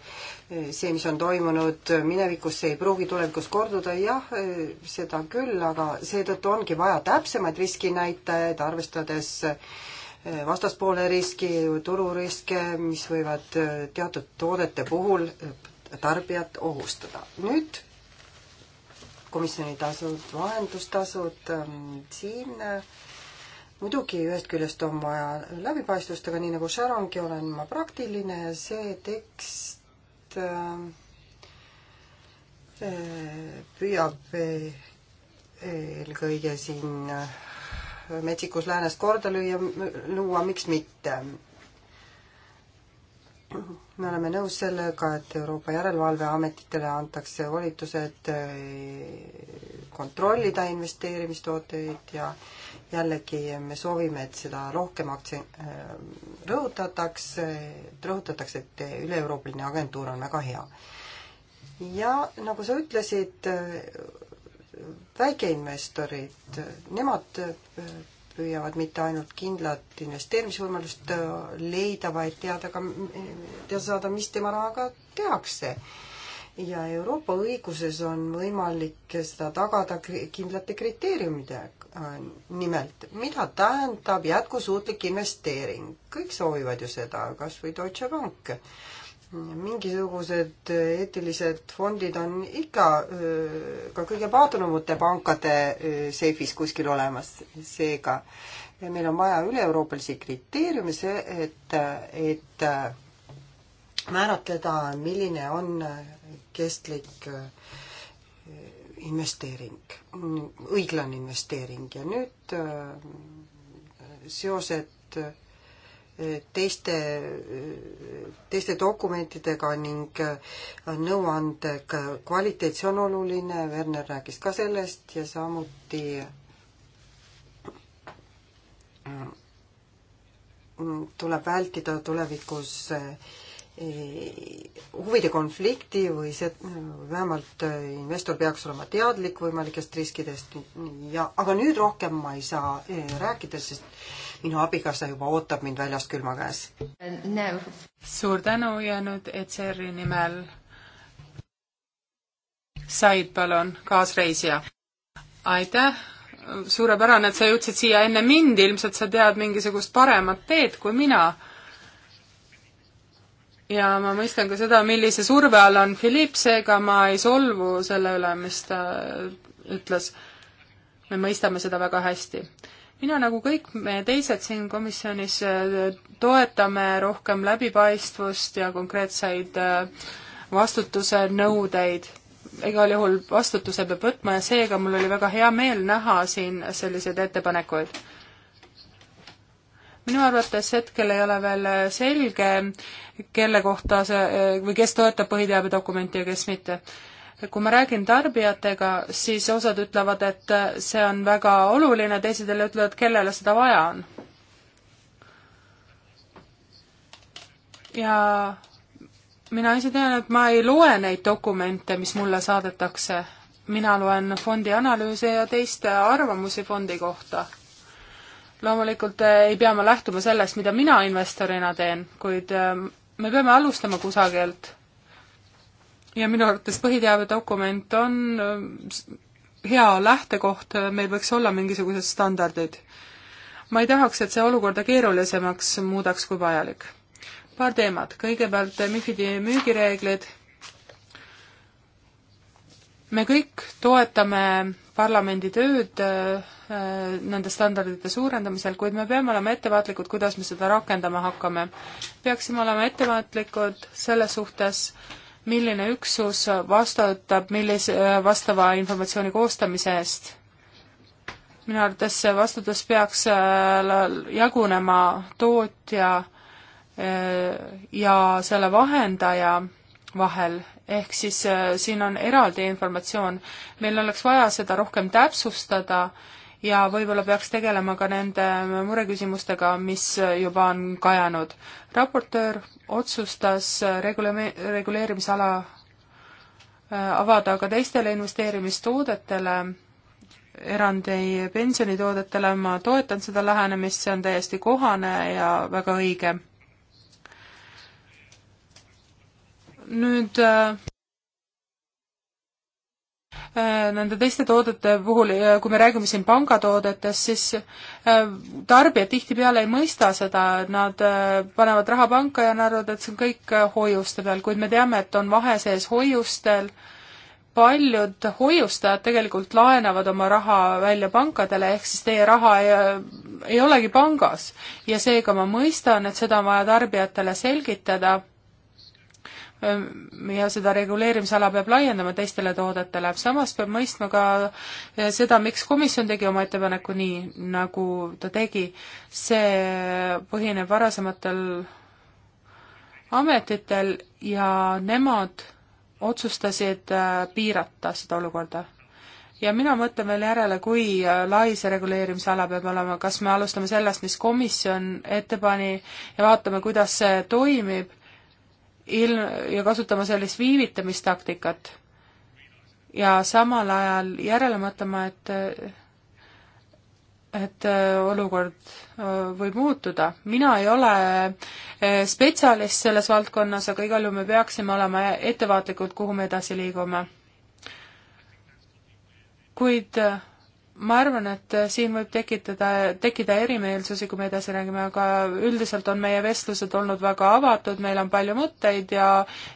see, mis on toimunud minevikus, see ei pruugi tulevikus korduda, jah, eh, seda küll, aga seetõttu ongi vaja täpsemaid riskinäitajaid, arvestades eh, vastaspoole riski, tururiske, mis võivad teatud toodete puhul tarbijat ohustada. nüüd komisjoni tasud, vahendustasud, ehm, siin äh, muidugi ühest küljest on vaja läbipaistvust, aga nii nagu Sharongi olen ma praktiline ja see tekst äh, äh, püüab eelkõige siin äh, metsikus läänest korda lüüa, luua, miks mitte. me oleme nõus sellega, et Euroopa Järelevalveametitele antakse volitused kontrollida investeerimistooteid ja äh, jällegi me soovime, et seda rohkem aktsent-, äh, rõhutatakse, et rõhutatakse, et üle-Euroopaline agentuur on väga hea. ja nagu sa ütlesid, äh, väikeinvestorid, nemad äh, püüavad mitte ainult kindlat investeerimisvõimalust leida, vaid teada ka, teada saada, mis tema rahaga tehakse ja Euroopa õiguses on võimalik seda tagada kindlate kriteeriumidega. Äh, nimelt, mida tähendab jätkusuutlik investeering? kõik soovivad ju seda, kas või Deutsche Bank. mingisugused eetilised fondid on ikka äh, ka kõige paadunumate pankade äh, seifis kuskil olemas, seega meil on vaja üle-euroopalisi kriteeriume, see, et, et määratleda, milline on kestlik äh, investeering, õiglane investeering ja nüüd äh, seosed äh, teiste, teiste dokumentidega ning nõuande kvaliteet, see on oluline, Werner rääkis ka sellest ja samuti mm, tuleb vältida tulevikus äh, huvide konflikti või see, vähemalt äh, investor peaks olema teadlik võimalikest riskidest ja, aga nüüd rohkem ma ei saa äh, rääkida, sest minu abikaasa juba ootab mind väljas külma käes no.. suur tänu ja nüüd ECR-i nimel Said, palun, kaasreisija. aitäh, suurepärane, et sa jõudsid siia enne mind, ilmselt sa tead mingisugust paremat teed kui mina ja ma mõistan ka seda, millise surve all on Philipp, seega ma ei solvu selle üle, mis ta ütles. me mõistame seda väga hästi. mina nagu kõik me teised siin komisjonis äh, toetame rohkem läbipaistvust ja konkreetseid äh, vastutuse nõudeid. igal juhul vastutuse peab võtma ja seega mul oli väga hea meel näha siin selliseid ettepanekuid minu arvates hetkel ei ole veel selge, kelle kohta see või kes toetab põhiteabedokumenti ja kes mitte kui ma räägin tarbijatega, siis osad ütlevad, et see on väga oluline, teised jälle ütlevad, kellele seda vaja on. ja mina ise tean, et ma ei loe neid dokumente, mis mulle saadetakse. mina loen fondi analüüse ja teiste arvamusi fondi kohta. loomulikult eh, ei pea ma lähtuma sellest, mida mina investorina teen, kuid eh, me peame alustama kusagilt. ja minu arvates põhiteabedokument on äh, hea lähtekoht, äh, meil võiks olla mingisugused standardid. ma ei tahaks, et see olukorda keerulisemaks muudaks kui vajalik. paar teemat, kõigepealt äh, MIFID-i müügireeglid. me kõik toetame parlamendi tööd äh, nende standardite suurendamisel, kuid me peame olema ettevaatlikud, kuidas me seda rakendama hakkame. peaksime olema ettevaatlikud selles suhtes, milline üksus vastutab millise, äh, vastava informatsiooni koostamise eest. minu arvates see vastutus peaks äh, jagunema tootja ja selle vahendaja vahel ehk siis äh, siin on eraldi informatsioon. meil oleks vaja seda rohkem täpsustada ja võib-olla peaks tegelema ka nende mureküsimustega, mis äh, juba on kajanud. raportöör otsustas äh, reguleerime, reguleerimisala avada ka teistele investeerimistoodetele, erandi pensionitoodetele, ma toetan seda lähenemist, see on täiesti kohane ja väga õige nüüd äh, nende teiste toodete puhul, äh, kui me räägime siin pangatoodetest, siis äh, tarbijad tihtipeale ei mõista seda, et nad panevad raha panka ja nad arvavad, et see on kõik hoiuste peal, kuid me teame, et on vahe sees hoiustel, paljud hoiustajad tegelikult laenavad oma raha välja pankadele, ehk siis teie raha ei, ei olegi pangas. ja seega ma mõistan, et seda on vaja tarbijatele selgitada ja seda reguleerimisala peab laiendama teistele toodetele, samas peab mõistma ka seda, miks komisjon tegi oma ettepaneku nii, nagu ta tegi. see põhineb varasematel ametitel ja nemad otsustasid piirata seda olukorda ja mina mõtlen veel järele, kui lai see reguleerimisala peab olema, kas me alustame sellest, mis komisjon ette pani ja vaatame, kuidas see toimib, il- ja kasutama sellist viivitamistaktikat ja samal ajal järele mõtlema, et et äh, olukord äh, võib muutuda. mina ei ole äh, spetsialist selles valdkonnas, aga igal juhul me peaksime olema ettevaatlikud, kuhu me edasi liigume. kuid ma arvan, et äh, siin võib tekitada, tekkida erimeelsusi, kui me edasi räägime, aga üldiselt on meie vestlused olnud väga avatud, meil on palju mõtteid ja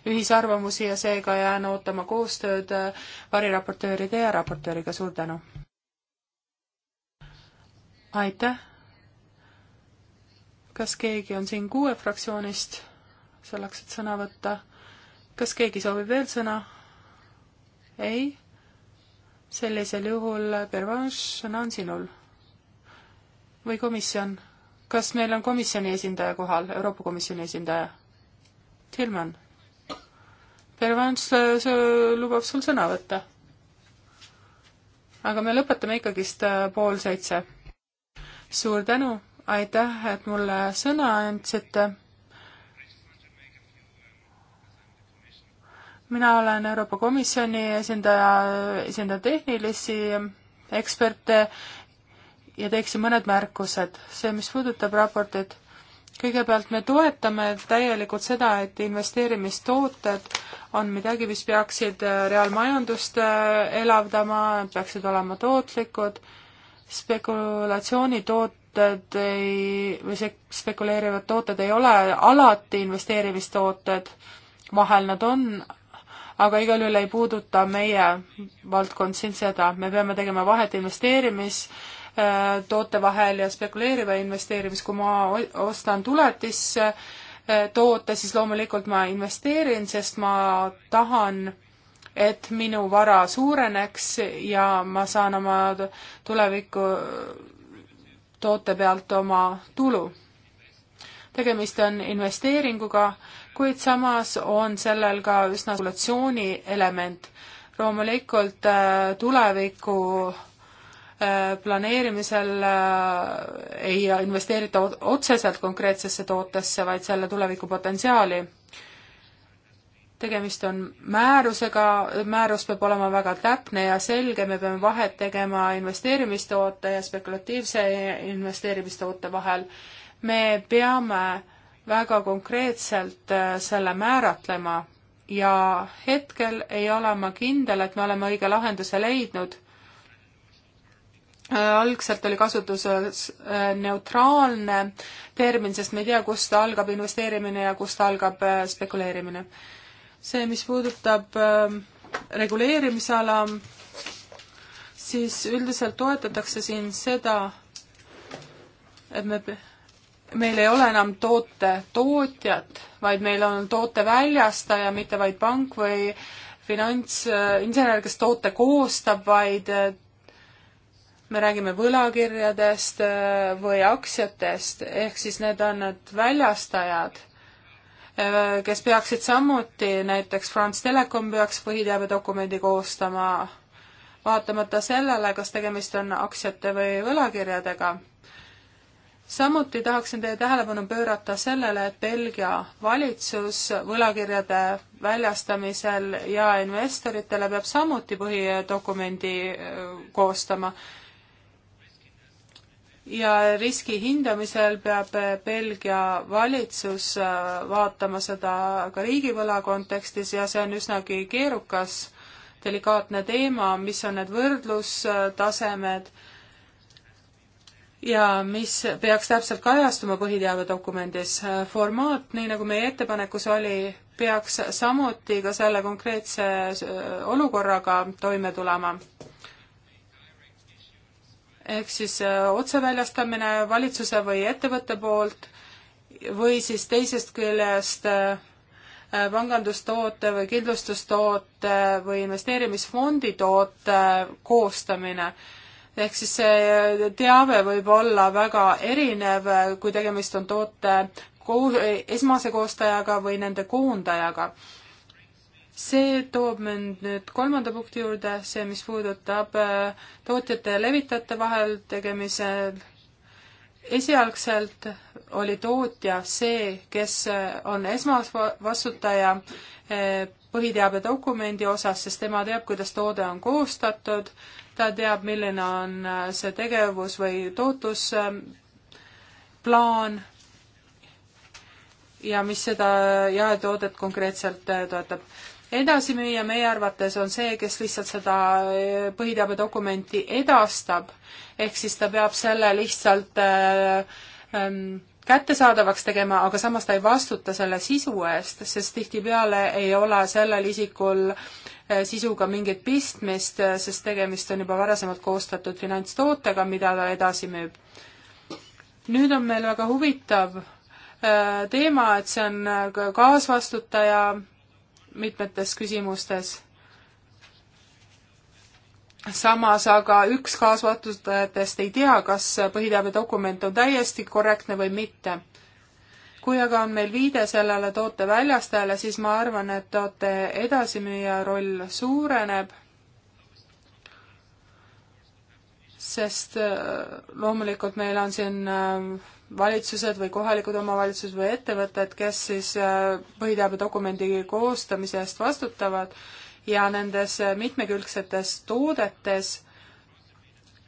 ühisarvamusi ja seega jään ootama koostööd äh, variraportööride ja raportööriga, suur tänu! aitäh! kas keegi on siin kuue fraktsioonist selleks, et sõna võtta? kas keegi soovib veel sõna? ei? sellisel juhul, Pervanš, sõna on sinul. või komisjon? kas meil on komisjoni esindaja kohal, Euroopa Komisjoni esindaja? Tilman. Pervanš, see lubab sul sõna võtta. aga me lõpetame ikkagist äh, pool seitse. suur tänu, aitäh, et mulle sõna andsite mina olen Euroopa Komisjoni esindaja, esindan tehnilisi eksperte ja teeksin mõned märkused. see, mis puudutab raportit, kõigepealt me toetame täielikult seda, et investeerimistooted on midagi, mis peaksid reaalmajandust äh, elavdama, peaksid olema tootlikud, spekulatsioonitooted ei, või see spekuleerivad tooted ei ole alati investeerimistooted, vahel nad on, aga igal juhul ei puuduta meie valdkond siin seda, me peame tegema vahet investeerimis, äh, toote vahel ja spekuleeriva investeerimis, kui ma ostan tuletisse äh, toote, siis loomulikult ma investeerin, sest ma tahan, et minu vara suureneks ja ma saan oma tuleviku toote pealt oma tulu. tegemist on investeeringuga kuid samas on sellel ka üsna regulatsiooni element. loomulikult äh, tuleviku äh, planeerimisel äh, ei investeerita otseselt konkreetsesse tootesse, vaid selle tulevikupotentsiaali. tegemist on määrusega, määrus peab olema väga täpne ja selge, me peame vahet tegema investeerimistoote ja spekulatiivse investeerimistoote vahel. me peame väga konkreetselt äh, selle määratlema ja hetkel ei ole ma kindel, et me oleme õige lahenduse leidnud. Äh, algselt oli kasutuses äh, neutraalne termin, sest me ei tea, kust algab investeerimine ja kust algab spekuleerimine. see, mis puudutab ähm, reguleerimisala, siis üldiselt toetatakse siin seda, et me meil ei ole enam toote tootjat, vaid meil on toote väljastaja, mitte vaid pank või finantsinsener, äh, kes toote koostab, vaid äh, me räägime võlakirjadest äh, või aktsiatest, ehk siis need on need väljastajad, kes peaksid samuti, näiteks France Telecom peaks põhiteabedokumendi koostama, vaatamata sellele, kas tegemist on aktsiate või võlakirjadega samuti tahaksin teie tähelepanu pöörata sellele, et Belgia valitsus võlakirjade väljastamisel ja investoritele peab samuti põhidokumendi äh, koostama. ja riski hindamisel peab äh, Belgia valitsus äh, vaatama seda ka riigivõla kontekstis ja see on üsnagi keerukas delikaatne teema, mis on need võrdlustasemed ja mis peaks täpselt kajastuma põhiteabedokumendis. formaat, nii nagu meie ettepanekus oli, peaks samuti ka selle konkreetse äh, olukorraga toime tulema. ehk siis äh, otseväljastamine valitsuse või ettevõtte poolt või siis teisest küljest äh, pangandustoote või kindlustustoote või investeerimisfondi toote koostamine ehk siis see äh, teave võib olla väga erinev, äh, kui tegemist on toote koo-, äh, esmase koostajaga või nende koondajaga. see toob mind nüüd kolmanda punkti juurde, see, mis puudutab tootjate ja levitajate vahel tegemisel. esialgselt oli tootja see, kes on esmasvastutaja põhiteabedokumendi osas, sest tema teab, kuidas toode on koostatud ta teab, milline on äh, see tegevus või tootlusplaan ähm, ja mis seda jaetoodet konkreetselt äh, toetab. edasimüüja meie arvates on see, kes lihtsalt seda äh, põhiteabedokumenti edastab, ehk siis ta peab selle lihtsalt ähm, kättesaadavaks tegema, aga samas ta ei vastuta selle sisu eest, sest tihtipeale ei ole sellel isikul Äh, sisuga mingit pistmist, äh, sest tegemist on juba varasemalt koostatud finantstootega, mida ta edasi müüb. nüüd on meil väga huvitav äh, teema, et see on kaasvastutaja mitmetes küsimustes. samas aga üks kaasvastutajatest ei tea, kas põhiteabedokument on täiesti korrektne või mitte kui aga on meil viide sellele toote väljastajale, siis ma arvan, et toote edasimüüja roll suureneb, sest äh, loomulikult meil on siin äh, valitsused või kohalikud omavalitsused või ettevõtted, kes siis äh, põhiteabedokumendi koostamise eest vastutavad ja nendes mitmekülgsetes toodetes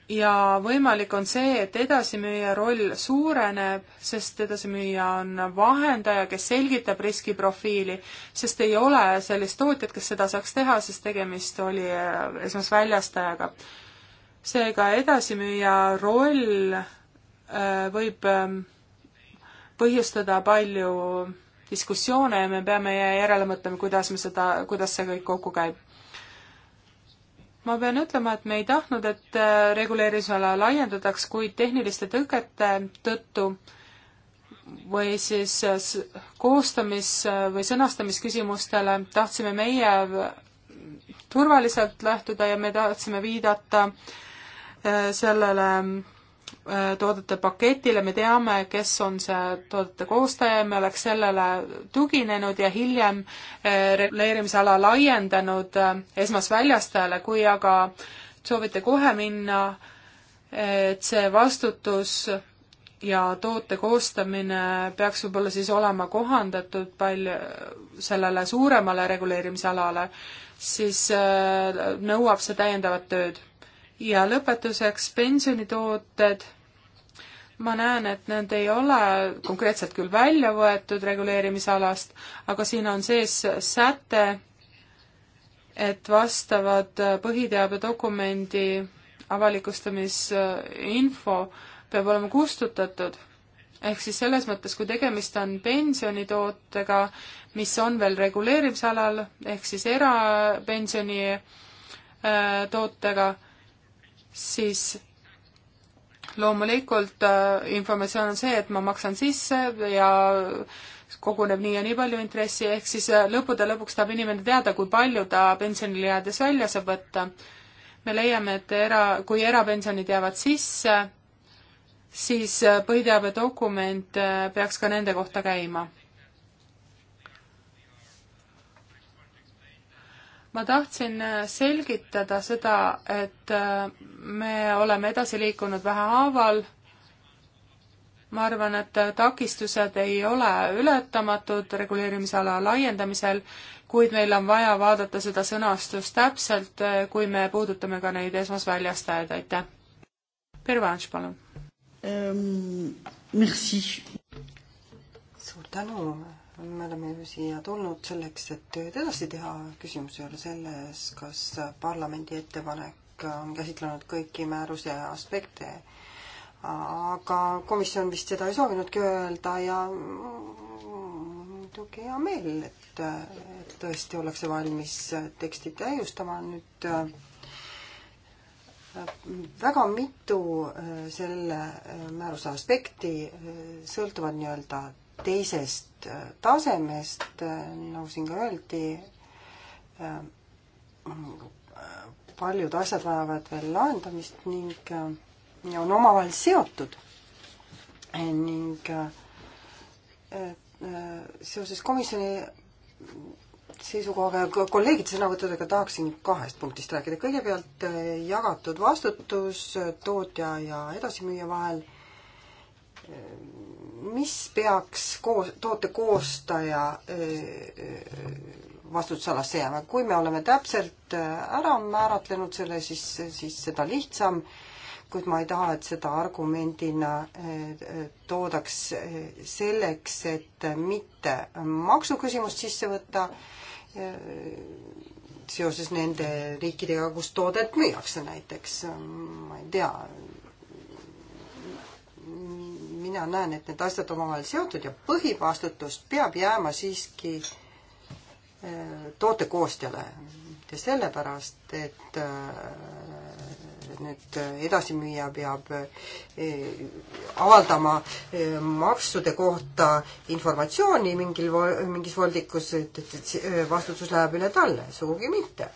ja võimalik on see, et edasimüüja roll suureneb, sest edasimüüja on vahendaja, kes selgitab riskiprofiili, sest ei ole sellist tootjat, kes seda saaks teha, sest tegemist oli äh, esmas väljastajaga. seega edasimüüja roll äh, võib ähm, põhjustada palju diskussioone ja me peame järele mõtlema, kuidas me seda, kuidas see kõik kokku käib ma pean ütlema, et me ei tahtnud, et äh, reguleerimisala laiendataks, kuid tehniliste tõkete tõttu või siis äh, koostamis- äh, või sõnastamisküsimustele tahtsime meie turvaliselt lähtuda ja me tahtsime viidata sellele Äh, toodete paketile, me teame, kes on see toodete koostaja ja me oleks sellele tuginenud ja hiljem äh, reguleerimisala laiendanud äh, esmasväljastajale, kui aga soovite kohe minna, et see vastutus ja toote koostamine peaks võib-olla siis olema kohandatud palju sellele suuremale reguleerimisalale, siis nõuab see täiendavat tööd ja lõpetuseks pensionitooted. ma näen, et need ei ole konkreetselt küll välja võetud reguleerimisalast, aga siin on sees säte, et vastavad põhiteabedokumendi avalikustamisinfo peab olema kustutatud. ehk siis selles mõttes, kui tegemist on pensionitootega, mis on veel reguleerimisalal, ehk siis erapensioni äh, tootega, siis loomulikult äh, informatsioon on see, et ma maksan sisse ja koguneb nii ja nii palju intressi, ehk siis äh, lõppude lõpuks tahab inimene teada, kui palju ta pensionile jäädes välja saab võtta. me leiame, et era, kui erapensionid jäävad sisse, siis äh, põhiteabedokument peaks ka nende kohta käima ma tahtsin äh, selgitada seda, et äh, me oleme edasi liikunud vähehaaval. ma arvan, et äh, takistused ei ole ületamatud reguleerimisala laiendamisel, kuid meil on vaja vaadata seda sõnastust täpselt, kui me puudutame ka neid esmasväljastajaid, aitäh. Pervanš, palun um,. Merci. suur tänu me oleme ju siia tulnud selleks, et tööd edasi teha. küsimus ei ole selles, kas parlamendi ettepanek on käsitlenud kõiki määruse aspekte. aga komisjon vist seda ei soovinudki öelda ja muidugi hea meel, et, et tõesti ollakse valmis teksti täiustama nüüd väga mitu selle määruse aspekti sõltuvad nii-öelda teisest äh, tasemest, äh, nagu siin ka öeldi, äh, paljud asjad vajavad veel lahendamist ning on omavahel seotud. ning seoses komisjoni seisukohaga ja kolleegide sõnavõttudega tahaksin kahest punktist rääkida. kõigepealt jagatud vastutus tootja ja edasimüüja vahel mis peaks koos, toote koostaja vastutusalasse jääma, kui me oleme täpselt ära määratlenud selle, siis, siis seda lihtsam, kuid ma ei taha, et seda argumendina toodaks selleks, et mitte maksuküsimust sisse võtta seoses nende riikidega, kus toodet müüakse näiteks, ma ei tea, mina näen, et need asjad omavahel seotud ja põhivastutus peab jääma siiski äh, toote koostjale. mitte sellepärast, et äh, nüüd edasimüüja peab äh, avaldama maksude kohta informatsiooni mingil, mingis voldikus, et, et vastutus läheb üle talle, sugugi mitte.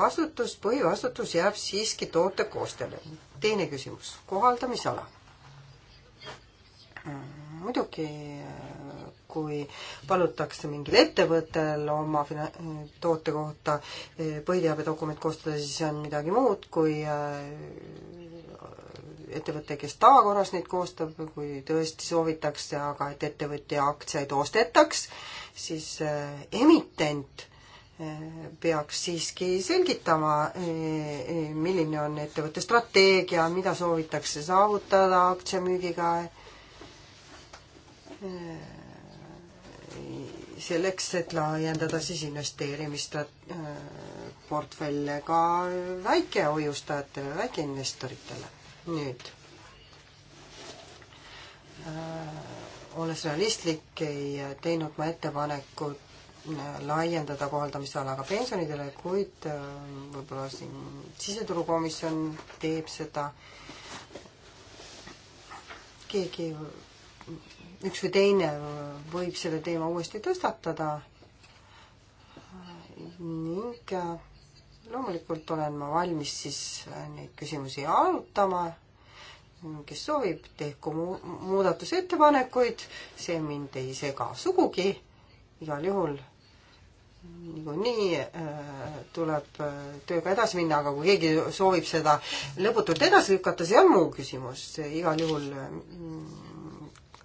vastutus, põhivastutus jääb siiski toote koostjale. teine küsimus, kohaldamisala Mm, muidugi, kui palutakse mingil ettevõttel oma fina-, toote kohta e, põhiteabedokument koostada, siis see on midagi muud, kui e, ettevõte, kes tavakorras neid koostab, kui tõesti soovitakse, aga et ettevõtja aktsiaid ostetaks, siis e, emitent peaks siiski selgitama, milline on ettevõtte strateegia, mida soovitakse saavutada aktsiamüügiga Äh, selleks, et laiendada siis investeerimisportfelle äh, ka väikehoiustajatele, väikeinvestoritele. nüüd äh, olles realistlik, ei teinud ma ettepanekut laiendada kohaldamisala ka pensionidele, kuid võib-olla siin siseturukomisjon teeb seda. keegi üks või teine võib selle teema uuesti tõstatada ning äh, loomulikult olen ma valmis siis äh, neid küsimusi arutama. kes soovib, tehku muudatusettepanekuid, see mind ei sega sugugi. igal juhul niikuinii äh, tuleb tööga edasi minna, aga kui keegi soovib seda lõputult edasi lükata, see on muu küsimus. igal juhul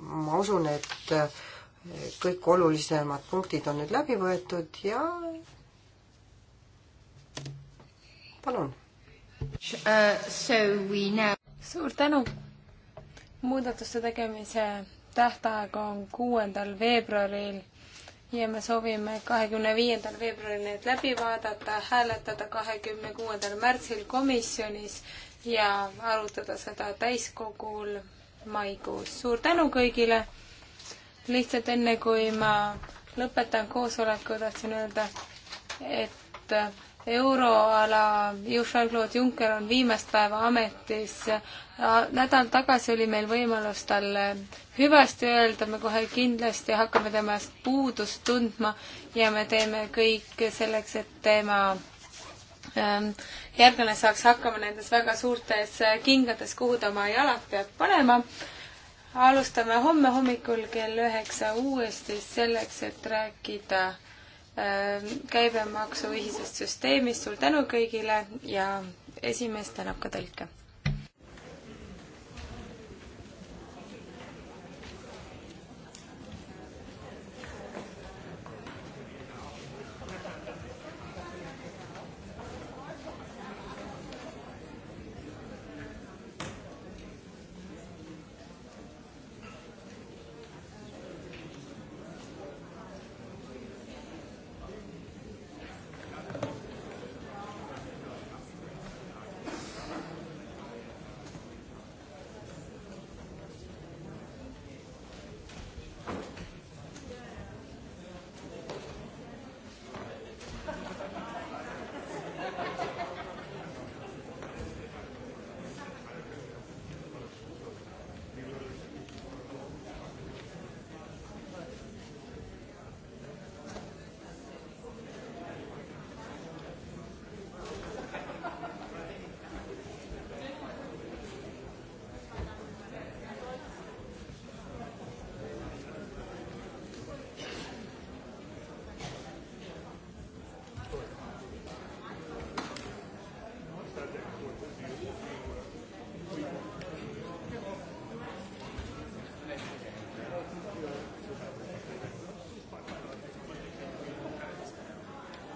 ma usun, et eh, kõik olulisemad punktid on nüüd läbi võetud ja palun. suur tänu. muudatuste tegemise tähtaeg on kuuendal veebruaril ja me soovime kahekümne viiendal veebruaril need läbi vaadata, hääletada kahekümne kuuendal märtsil komisjonis ja arutada seda täiskogul maikuus. suur tänu kõigile. lihtsalt enne, kui ma lõpetan koosoleku, tahtsin öelda, et euroala Jean-Claude Juncker on viimast päeva ametis. nädal tagasi oli meil võimalus talle hüvasti öelda, me kohe kindlasti hakkame temast puudust tundma ja me teeme kõik selleks, et tema Ähm, järglane saaks hakkama nendes väga suurtes äh, kingades, kuhu ta oma jalad peab panema. alustame homme hommikul kell üheksa uuesti selleks, et rääkida ähm, käibemaksu ühisest süsteemist. suur tänu kõigile ja esimees tänab ka tõlke